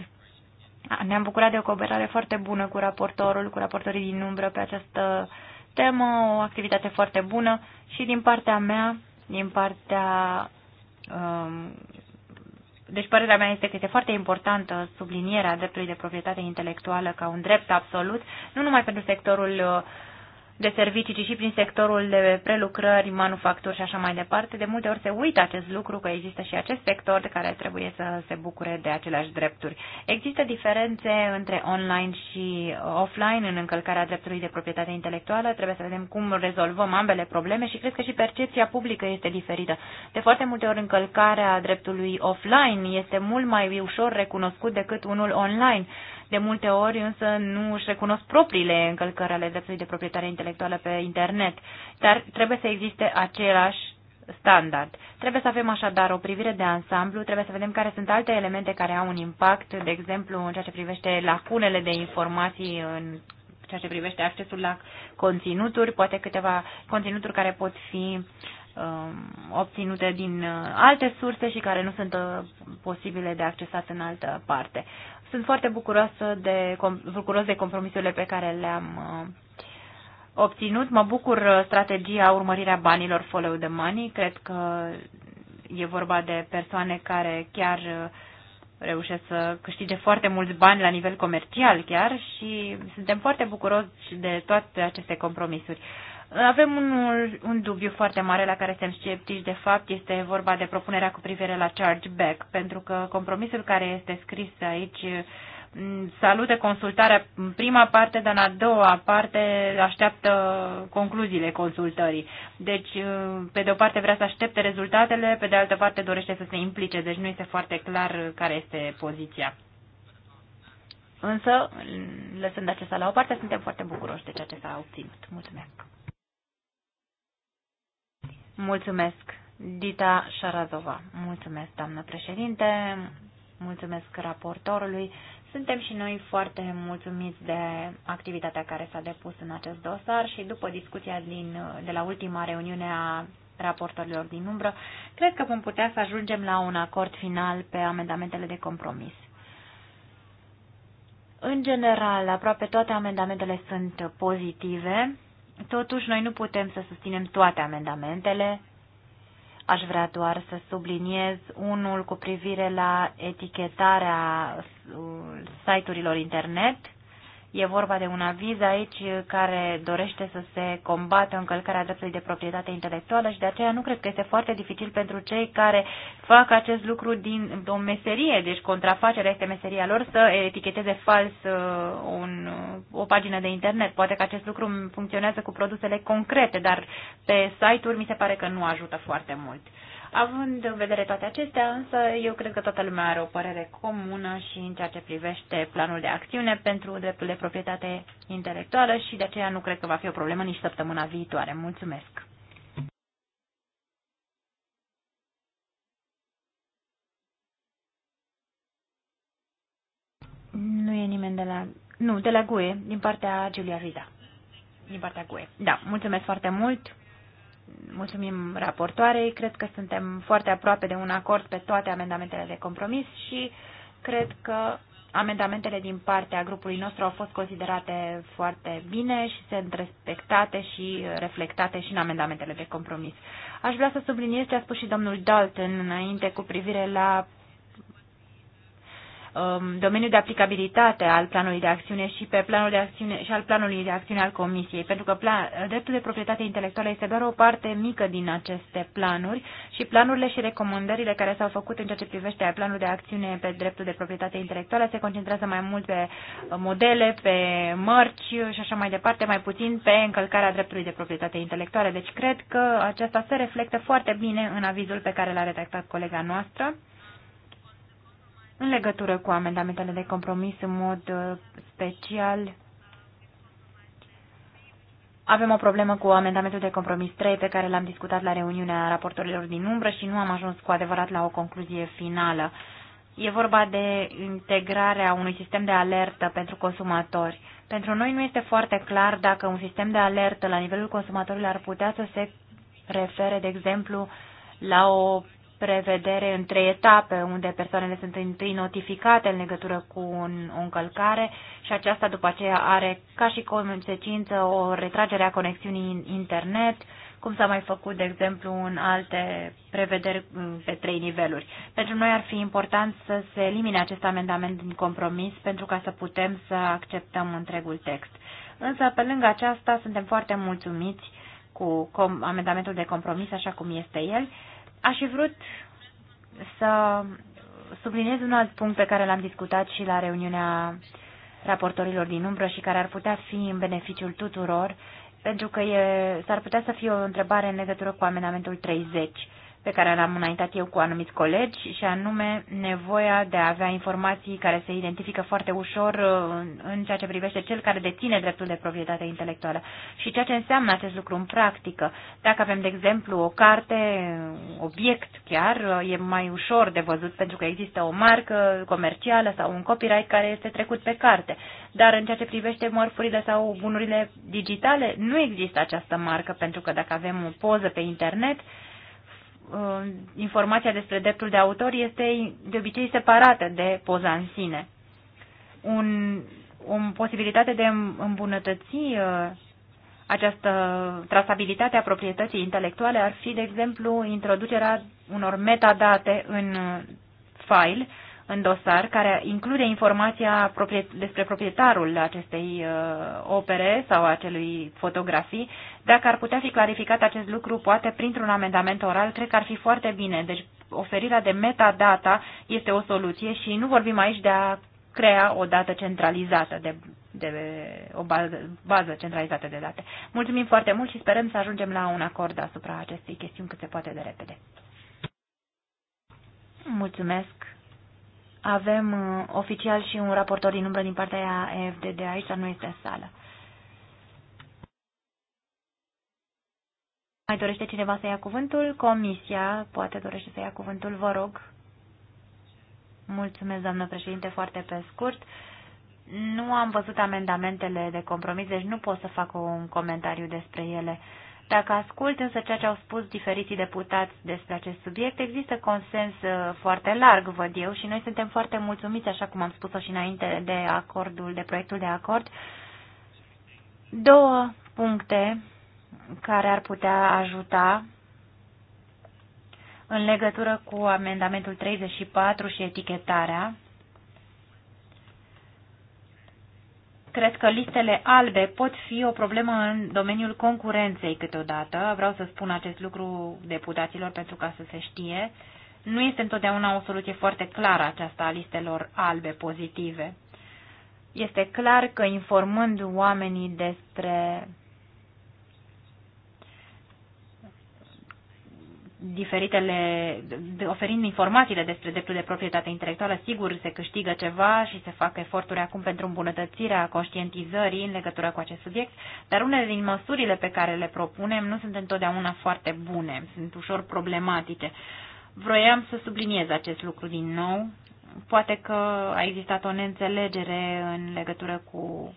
Speaker 4: Ne-am bucurat de o cooperare foarte bună cu raportorul, cu raportorii din umbră pe această temă, o activitate foarte bună și din partea mea, din partea um, deci părerea mea este că este foarte importantă sublinierea dreptului de proprietate intelectuală ca un drept absolut, nu numai pentru sectorul uh, de servicii, ci și prin sectorul de prelucrări, manufacturi și așa mai departe. De multe ori se uită acest lucru, că există și acest sector de care trebuie să se bucure de aceleași drepturi. Există diferențe între online și offline în încălcarea dreptului de proprietate intelectuală. Trebuie să vedem cum rezolvăm ambele probleme și cred că și percepția publică este diferită. De foarte multe ori încălcarea dreptului offline este mult mai ușor recunoscut decât unul online. De multe ori însă nu își recunosc propriile încălcări ale dreptului de proprietate intelectuală pe internet, dar trebuie să existe același standard. Trebuie să avem așadar o privire de ansamblu, trebuie să vedem care sunt alte elemente care au un impact, de exemplu în ceea ce privește lacunele de informații în ceea ce privește accesul la conținuturi, poate câteva conținuturi care pot fi um, obținute din uh, alte surse și care nu sunt uh, posibile de accesat în altă parte. Sunt foarte bucuroasă de, bucuros de compromisurile pe care le-am uh, obținut. Mă bucur uh, strategia urmărirea banilor follow the money. Cred că e vorba de persoane care chiar uh, reușesc să câștige foarte mulți bani la nivel comercial chiar și suntem foarte bucuroși de toate aceste compromisuri. Avem un, un dubiu foarte mare la care suntem sceptici, de fapt, este vorba de propunerea cu privire la chargeback, pentru că compromisul care este scris aici salută consultarea în prima parte, dar în a doua parte așteaptă concluziile consultării. Deci, pe de o parte vrea să aștepte rezultatele, pe de altă parte dorește să se implice, deci nu este foarte clar care este poziția. Însă, lăsând acesta la o parte, suntem foarte bucuroși de ceea ce s-a obținut. Mulțumesc! Mulțumesc, Dita Șarazova. Mulțumesc, doamnă președinte. Mulțumesc raportorului. Suntem și noi foarte mulțumiți de activitatea care s-a depus în acest dosar și după discuția din, de la ultima reuniune a raportorilor din umbră, cred că vom putea să ajungem la un acord final pe amendamentele de compromis. În general, aproape toate amendamentele sunt pozitive Totuși, noi nu putem să susținem toate amendamentele. Aș vrea doar să subliniez unul cu privire la etichetarea site-urilor internet E vorba de un aviz aici care dorește să se combată încălcarea dreptului de proprietate intelectuală și de aceea nu cred că este foarte dificil pentru cei care fac acest lucru din o meserie, deci contrafacerea este meseria lor, să eticheteze fals uh, un, uh, o pagină de internet. Poate că acest lucru funcționează cu produsele concrete, dar pe site-uri mi se pare că nu ajută foarte mult. Având în vedere toate acestea, însă, eu cred că toată lumea are o părere comună și în ceea ce privește planul de acțiune pentru dreptul de proprietate intelectuală și de aceea nu cred că va fi o problemă nici săptămâna viitoare. Mulțumesc! Nu e nimeni de la... Nu, de la GUE, din partea Giulia Riza. Din partea GUE. Da, mulțumesc foarte mult! mulțumim raportoarei. Cred că suntem foarte aproape de un acord pe toate amendamentele de compromis și cred că amendamentele din partea grupului nostru au fost considerate foarte bine și sunt respectate și reflectate și în amendamentele de compromis. Aș vrea să subliniez ce a spus și domnul Dalton înainte cu privire la Um, domeniul de aplicabilitate al planului de acțiune și pe planul de acțiune și al planului de acțiune al Comisiei, pentru că plan, dreptul de proprietate intelectuală este doar o parte mică din aceste planuri și planurile și recomandările care s-au făcut în ceea ce privește planul de acțiune pe dreptul de proprietate intelectuală se concentrează mai mult pe modele, pe mărci și așa mai departe, mai puțin pe încălcarea dreptului de proprietate intelectuală. Deci cred că aceasta se reflectă foarte bine în avizul pe care l-a redactat colega noastră. În legătură cu amendamentele de compromis, în mod uh, special, avem o problemă cu amendamentul de compromis 3 pe care l-am discutat la reuniunea raportorilor din umbră și nu am ajuns cu adevărat la o concluzie finală. E vorba de integrarea unui sistem de alertă pentru consumatori. Pentru noi nu este foarte clar dacă un sistem de alertă la nivelul consumatorilor ar putea să se refere, de exemplu, la o prevedere în trei etape, unde persoanele sunt întâi notificate în legătură cu un, o încălcare și aceasta după aceea are ca și consecință o retragere a conexiunii în internet, cum s-a mai făcut, de exemplu, în alte prevederi uh, pe trei niveluri. Pentru noi ar fi important să se elimine acest amendament din compromis pentru ca să putem să acceptăm întregul text. Însă, pe lângă aceasta, suntem foarte mulțumiți cu amendamentul de compromis așa cum este el Aș fi vrut să subliniez un alt punct pe care l-am discutat și la reuniunea raportorilor din umbră și care ar putea fi în beneficiul tuturor, pentru că s-ar putea să fie o întrebare în legătură cu amendamentul 30 pe care l-am înaintat eu cu anumiți colegi și anume nevoia de a avea informații care se identifică foarte ușor uh, în ceea ce privește cel care deține dreptul de proprietate intelectuală și ceea ce înseamnă acest lucru în practică. Dacă avem, de exemplu, o carte, obiect chiar, uh, e mai ușor de văzut pentru că există o marcă comercială sau un copyright care este trecut pe carte. Dar în ceea ce privește mărfurile sau bunurile digitale, nu există această marcă pentru că dacă avem o poză pe internet, Uh, informația despre dreptul de autor este de obicei separată de poza în sine. Un, o posibilitate de îmbunătăți uh, această trasabilitate a proprietății intelectuale ar fi, de exemplu, introducerea unor metadate în uh, file în dosar, care include informația despre proprietarul acestei uh, opere sau acelui fotografii. Dacă ar putea fi clarificat acest lucru, poate printr-un amendament oral, cred că ar fi foarte bine. Deci oferirea de metadata este o soluție și nu vorbim aici de a crea o dată centralizată, de, de o bază, bază centralizată de date. Mulțumim foarte mult și sperăm să ajungem la un acord asupra acestei chestiuni cât se poate de repede. Mulțumesc avem uh, oficial și un raportor din umbră din partea EFDD aici, dar nu este în sală. Mai dorește cineva să ia cuvântul? Comisia poate dorește să ia cuvântul, vă rog. Mulțumesc, doamnă președinte, foarte pe scurt. Nu am văzut amendamentele de compromis, deci nu pot să fac un comentariu despre ele. Dacă ascult însă ceea ce au spus diferiții deputați despre acest subiect, există consens uh, foarte larg, văd eu, și noi suntem foarte mulțumiți, așa cum am spus-o și înainte de acordul, de proiectul de acord. Două puncte care ar putea ajuta în legătură cu amendamentul 34 și etichetarea, Cred că listele albe pot fi o problemă în domeniul concurenței câteodată. Vreau să spun acest lucru deputaților pentru ca să se știe. Nu este întotdeauna o soluție foarte clară aceasta a listelor albe pozitive. Este clar că informând oamenii despre diferitele, oferind informațiile despre dreptul de proprietate intelectuală, sigur se câștigă ceva și se fac eforturi acum pentru îmbunătățirea conștientizării în legătură cu acest subiect, dar unele din măsurile pe care le propunem nu sunt întotdeauna foarte bune, sunt ușor problematice. Vroiam să subliniez acest lucru din nou. Poate că a existat o neînțelegere în legătură cu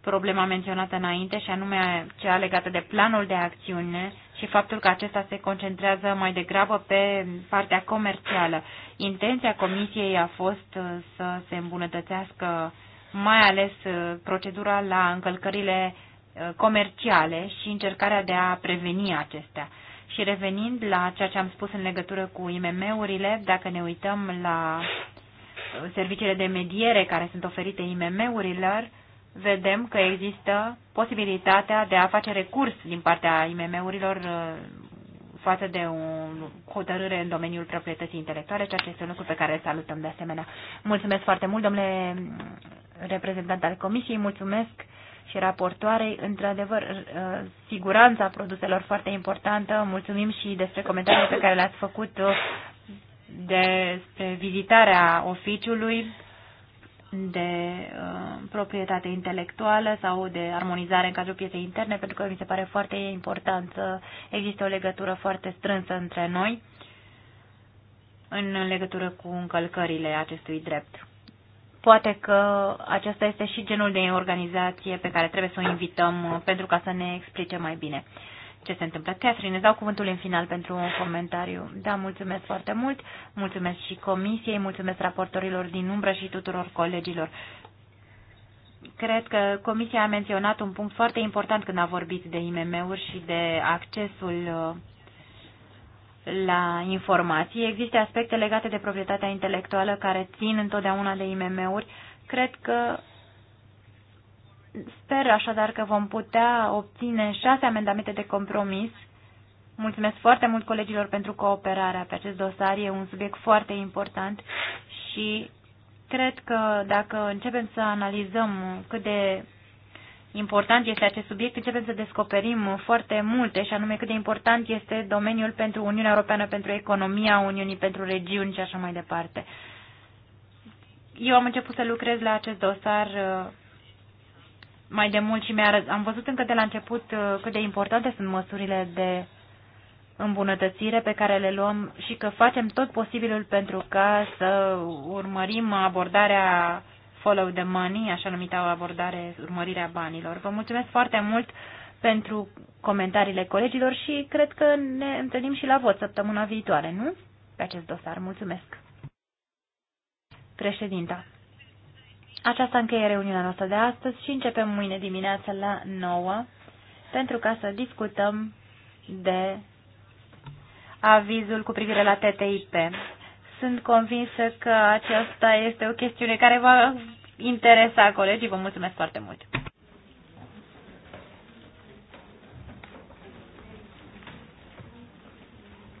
Speaker 4: problema menționată înainte, și anume cea legată de planul de acțiune și faptul că acesta se concentrează mai degrabă pe partea comercială. Intenția Comisiei a fost uh, să se îmbunătățească mai ales uh, procedura la încălcările uh, comerciale și încercarea de a preveni acestea. Și revenind la ceea ce am spus în legătură cu IMM-urile, dacă ne uităm la serviciile de mediere care sunt oferite IMM-urilor, vedem că există posibilitatea de a face recurs din partea IMM-urilor uh, față de o hotărâre în domeniul proprietății intelectuale, ceea ce este un lucru pe care îl salutăm de asemenea. Mulțumesc foarte mult, domnule reprezentant al Comisiei, mulțumesc și raportoarei. Într-adevăr, uh, siguranța produselor foarte importantă. Mulțumim și despre comentariile pe care le-ați făcut uh, despre vizitarea oficiului de uh, proprietate intelectuală sau de armonizare în cazul pieței interne, pentru că mi se pare foarte important să există o legătură foarte strânsă între noi în legătură cu încălcările acestui drept. Poate că acesta este și genul de organizație pe care trebuie să o invităm uh, pentru ca să ne explice mai bine ce se întâmplă. Catherine, îți dau cuvântul în final pentru un comentariu. Da, mulțumesc foarte mult, mulțumesc și comisiei, mulțumesc raportorilor din umbră și tuturor colegilor. Cred că comisia a menționat un punct foarte important când a vorbit de IMM-uri și de accesul uh, la informații. Există aspecte legate de proprietatea intelectuală care țin întotdeauna de IMM-uri. Cred că Sper așadar că vom putea obține șase amendamente de compromis. Mulțumesc foarte mult colegilor pentru cooperarea pe acest dosar. E un subiect foarte important și cred că dacă începem să analizăm cât de important este acest subiect, începem să descoperim foarte multe și anume cât de important este domeniul pentru Uniunea Europeană, pentru economia Uniunii, pentru regiuni și așa mai departe. Eu am început să lucrez la acest dosar mai de mult și mi-a, am văzut încă de la început uh, cât de importante sunt măsurile de îmbunătățire pe care le luăm și că facem tot posibilul pentru ca să urmărim abordarea follow the money, așa numită abordare, urmărirea banilor. Vă mulțumesc foarte mult pentru comentariile colegilor și cred că ne întâlnim și la vot săptămâna viitoare, nu? Pe acest dosar. Mulțumesc. Președinta. Aceasta încheie reuniunea noastră de astăzi și începem mâine dimineață la 9 pentru ca să discutăm de avizul cu privire la TTIP. Sunt convinsă că aceasta este o chestiune care va interesa colegii. Vă mulțumesc foarte mult!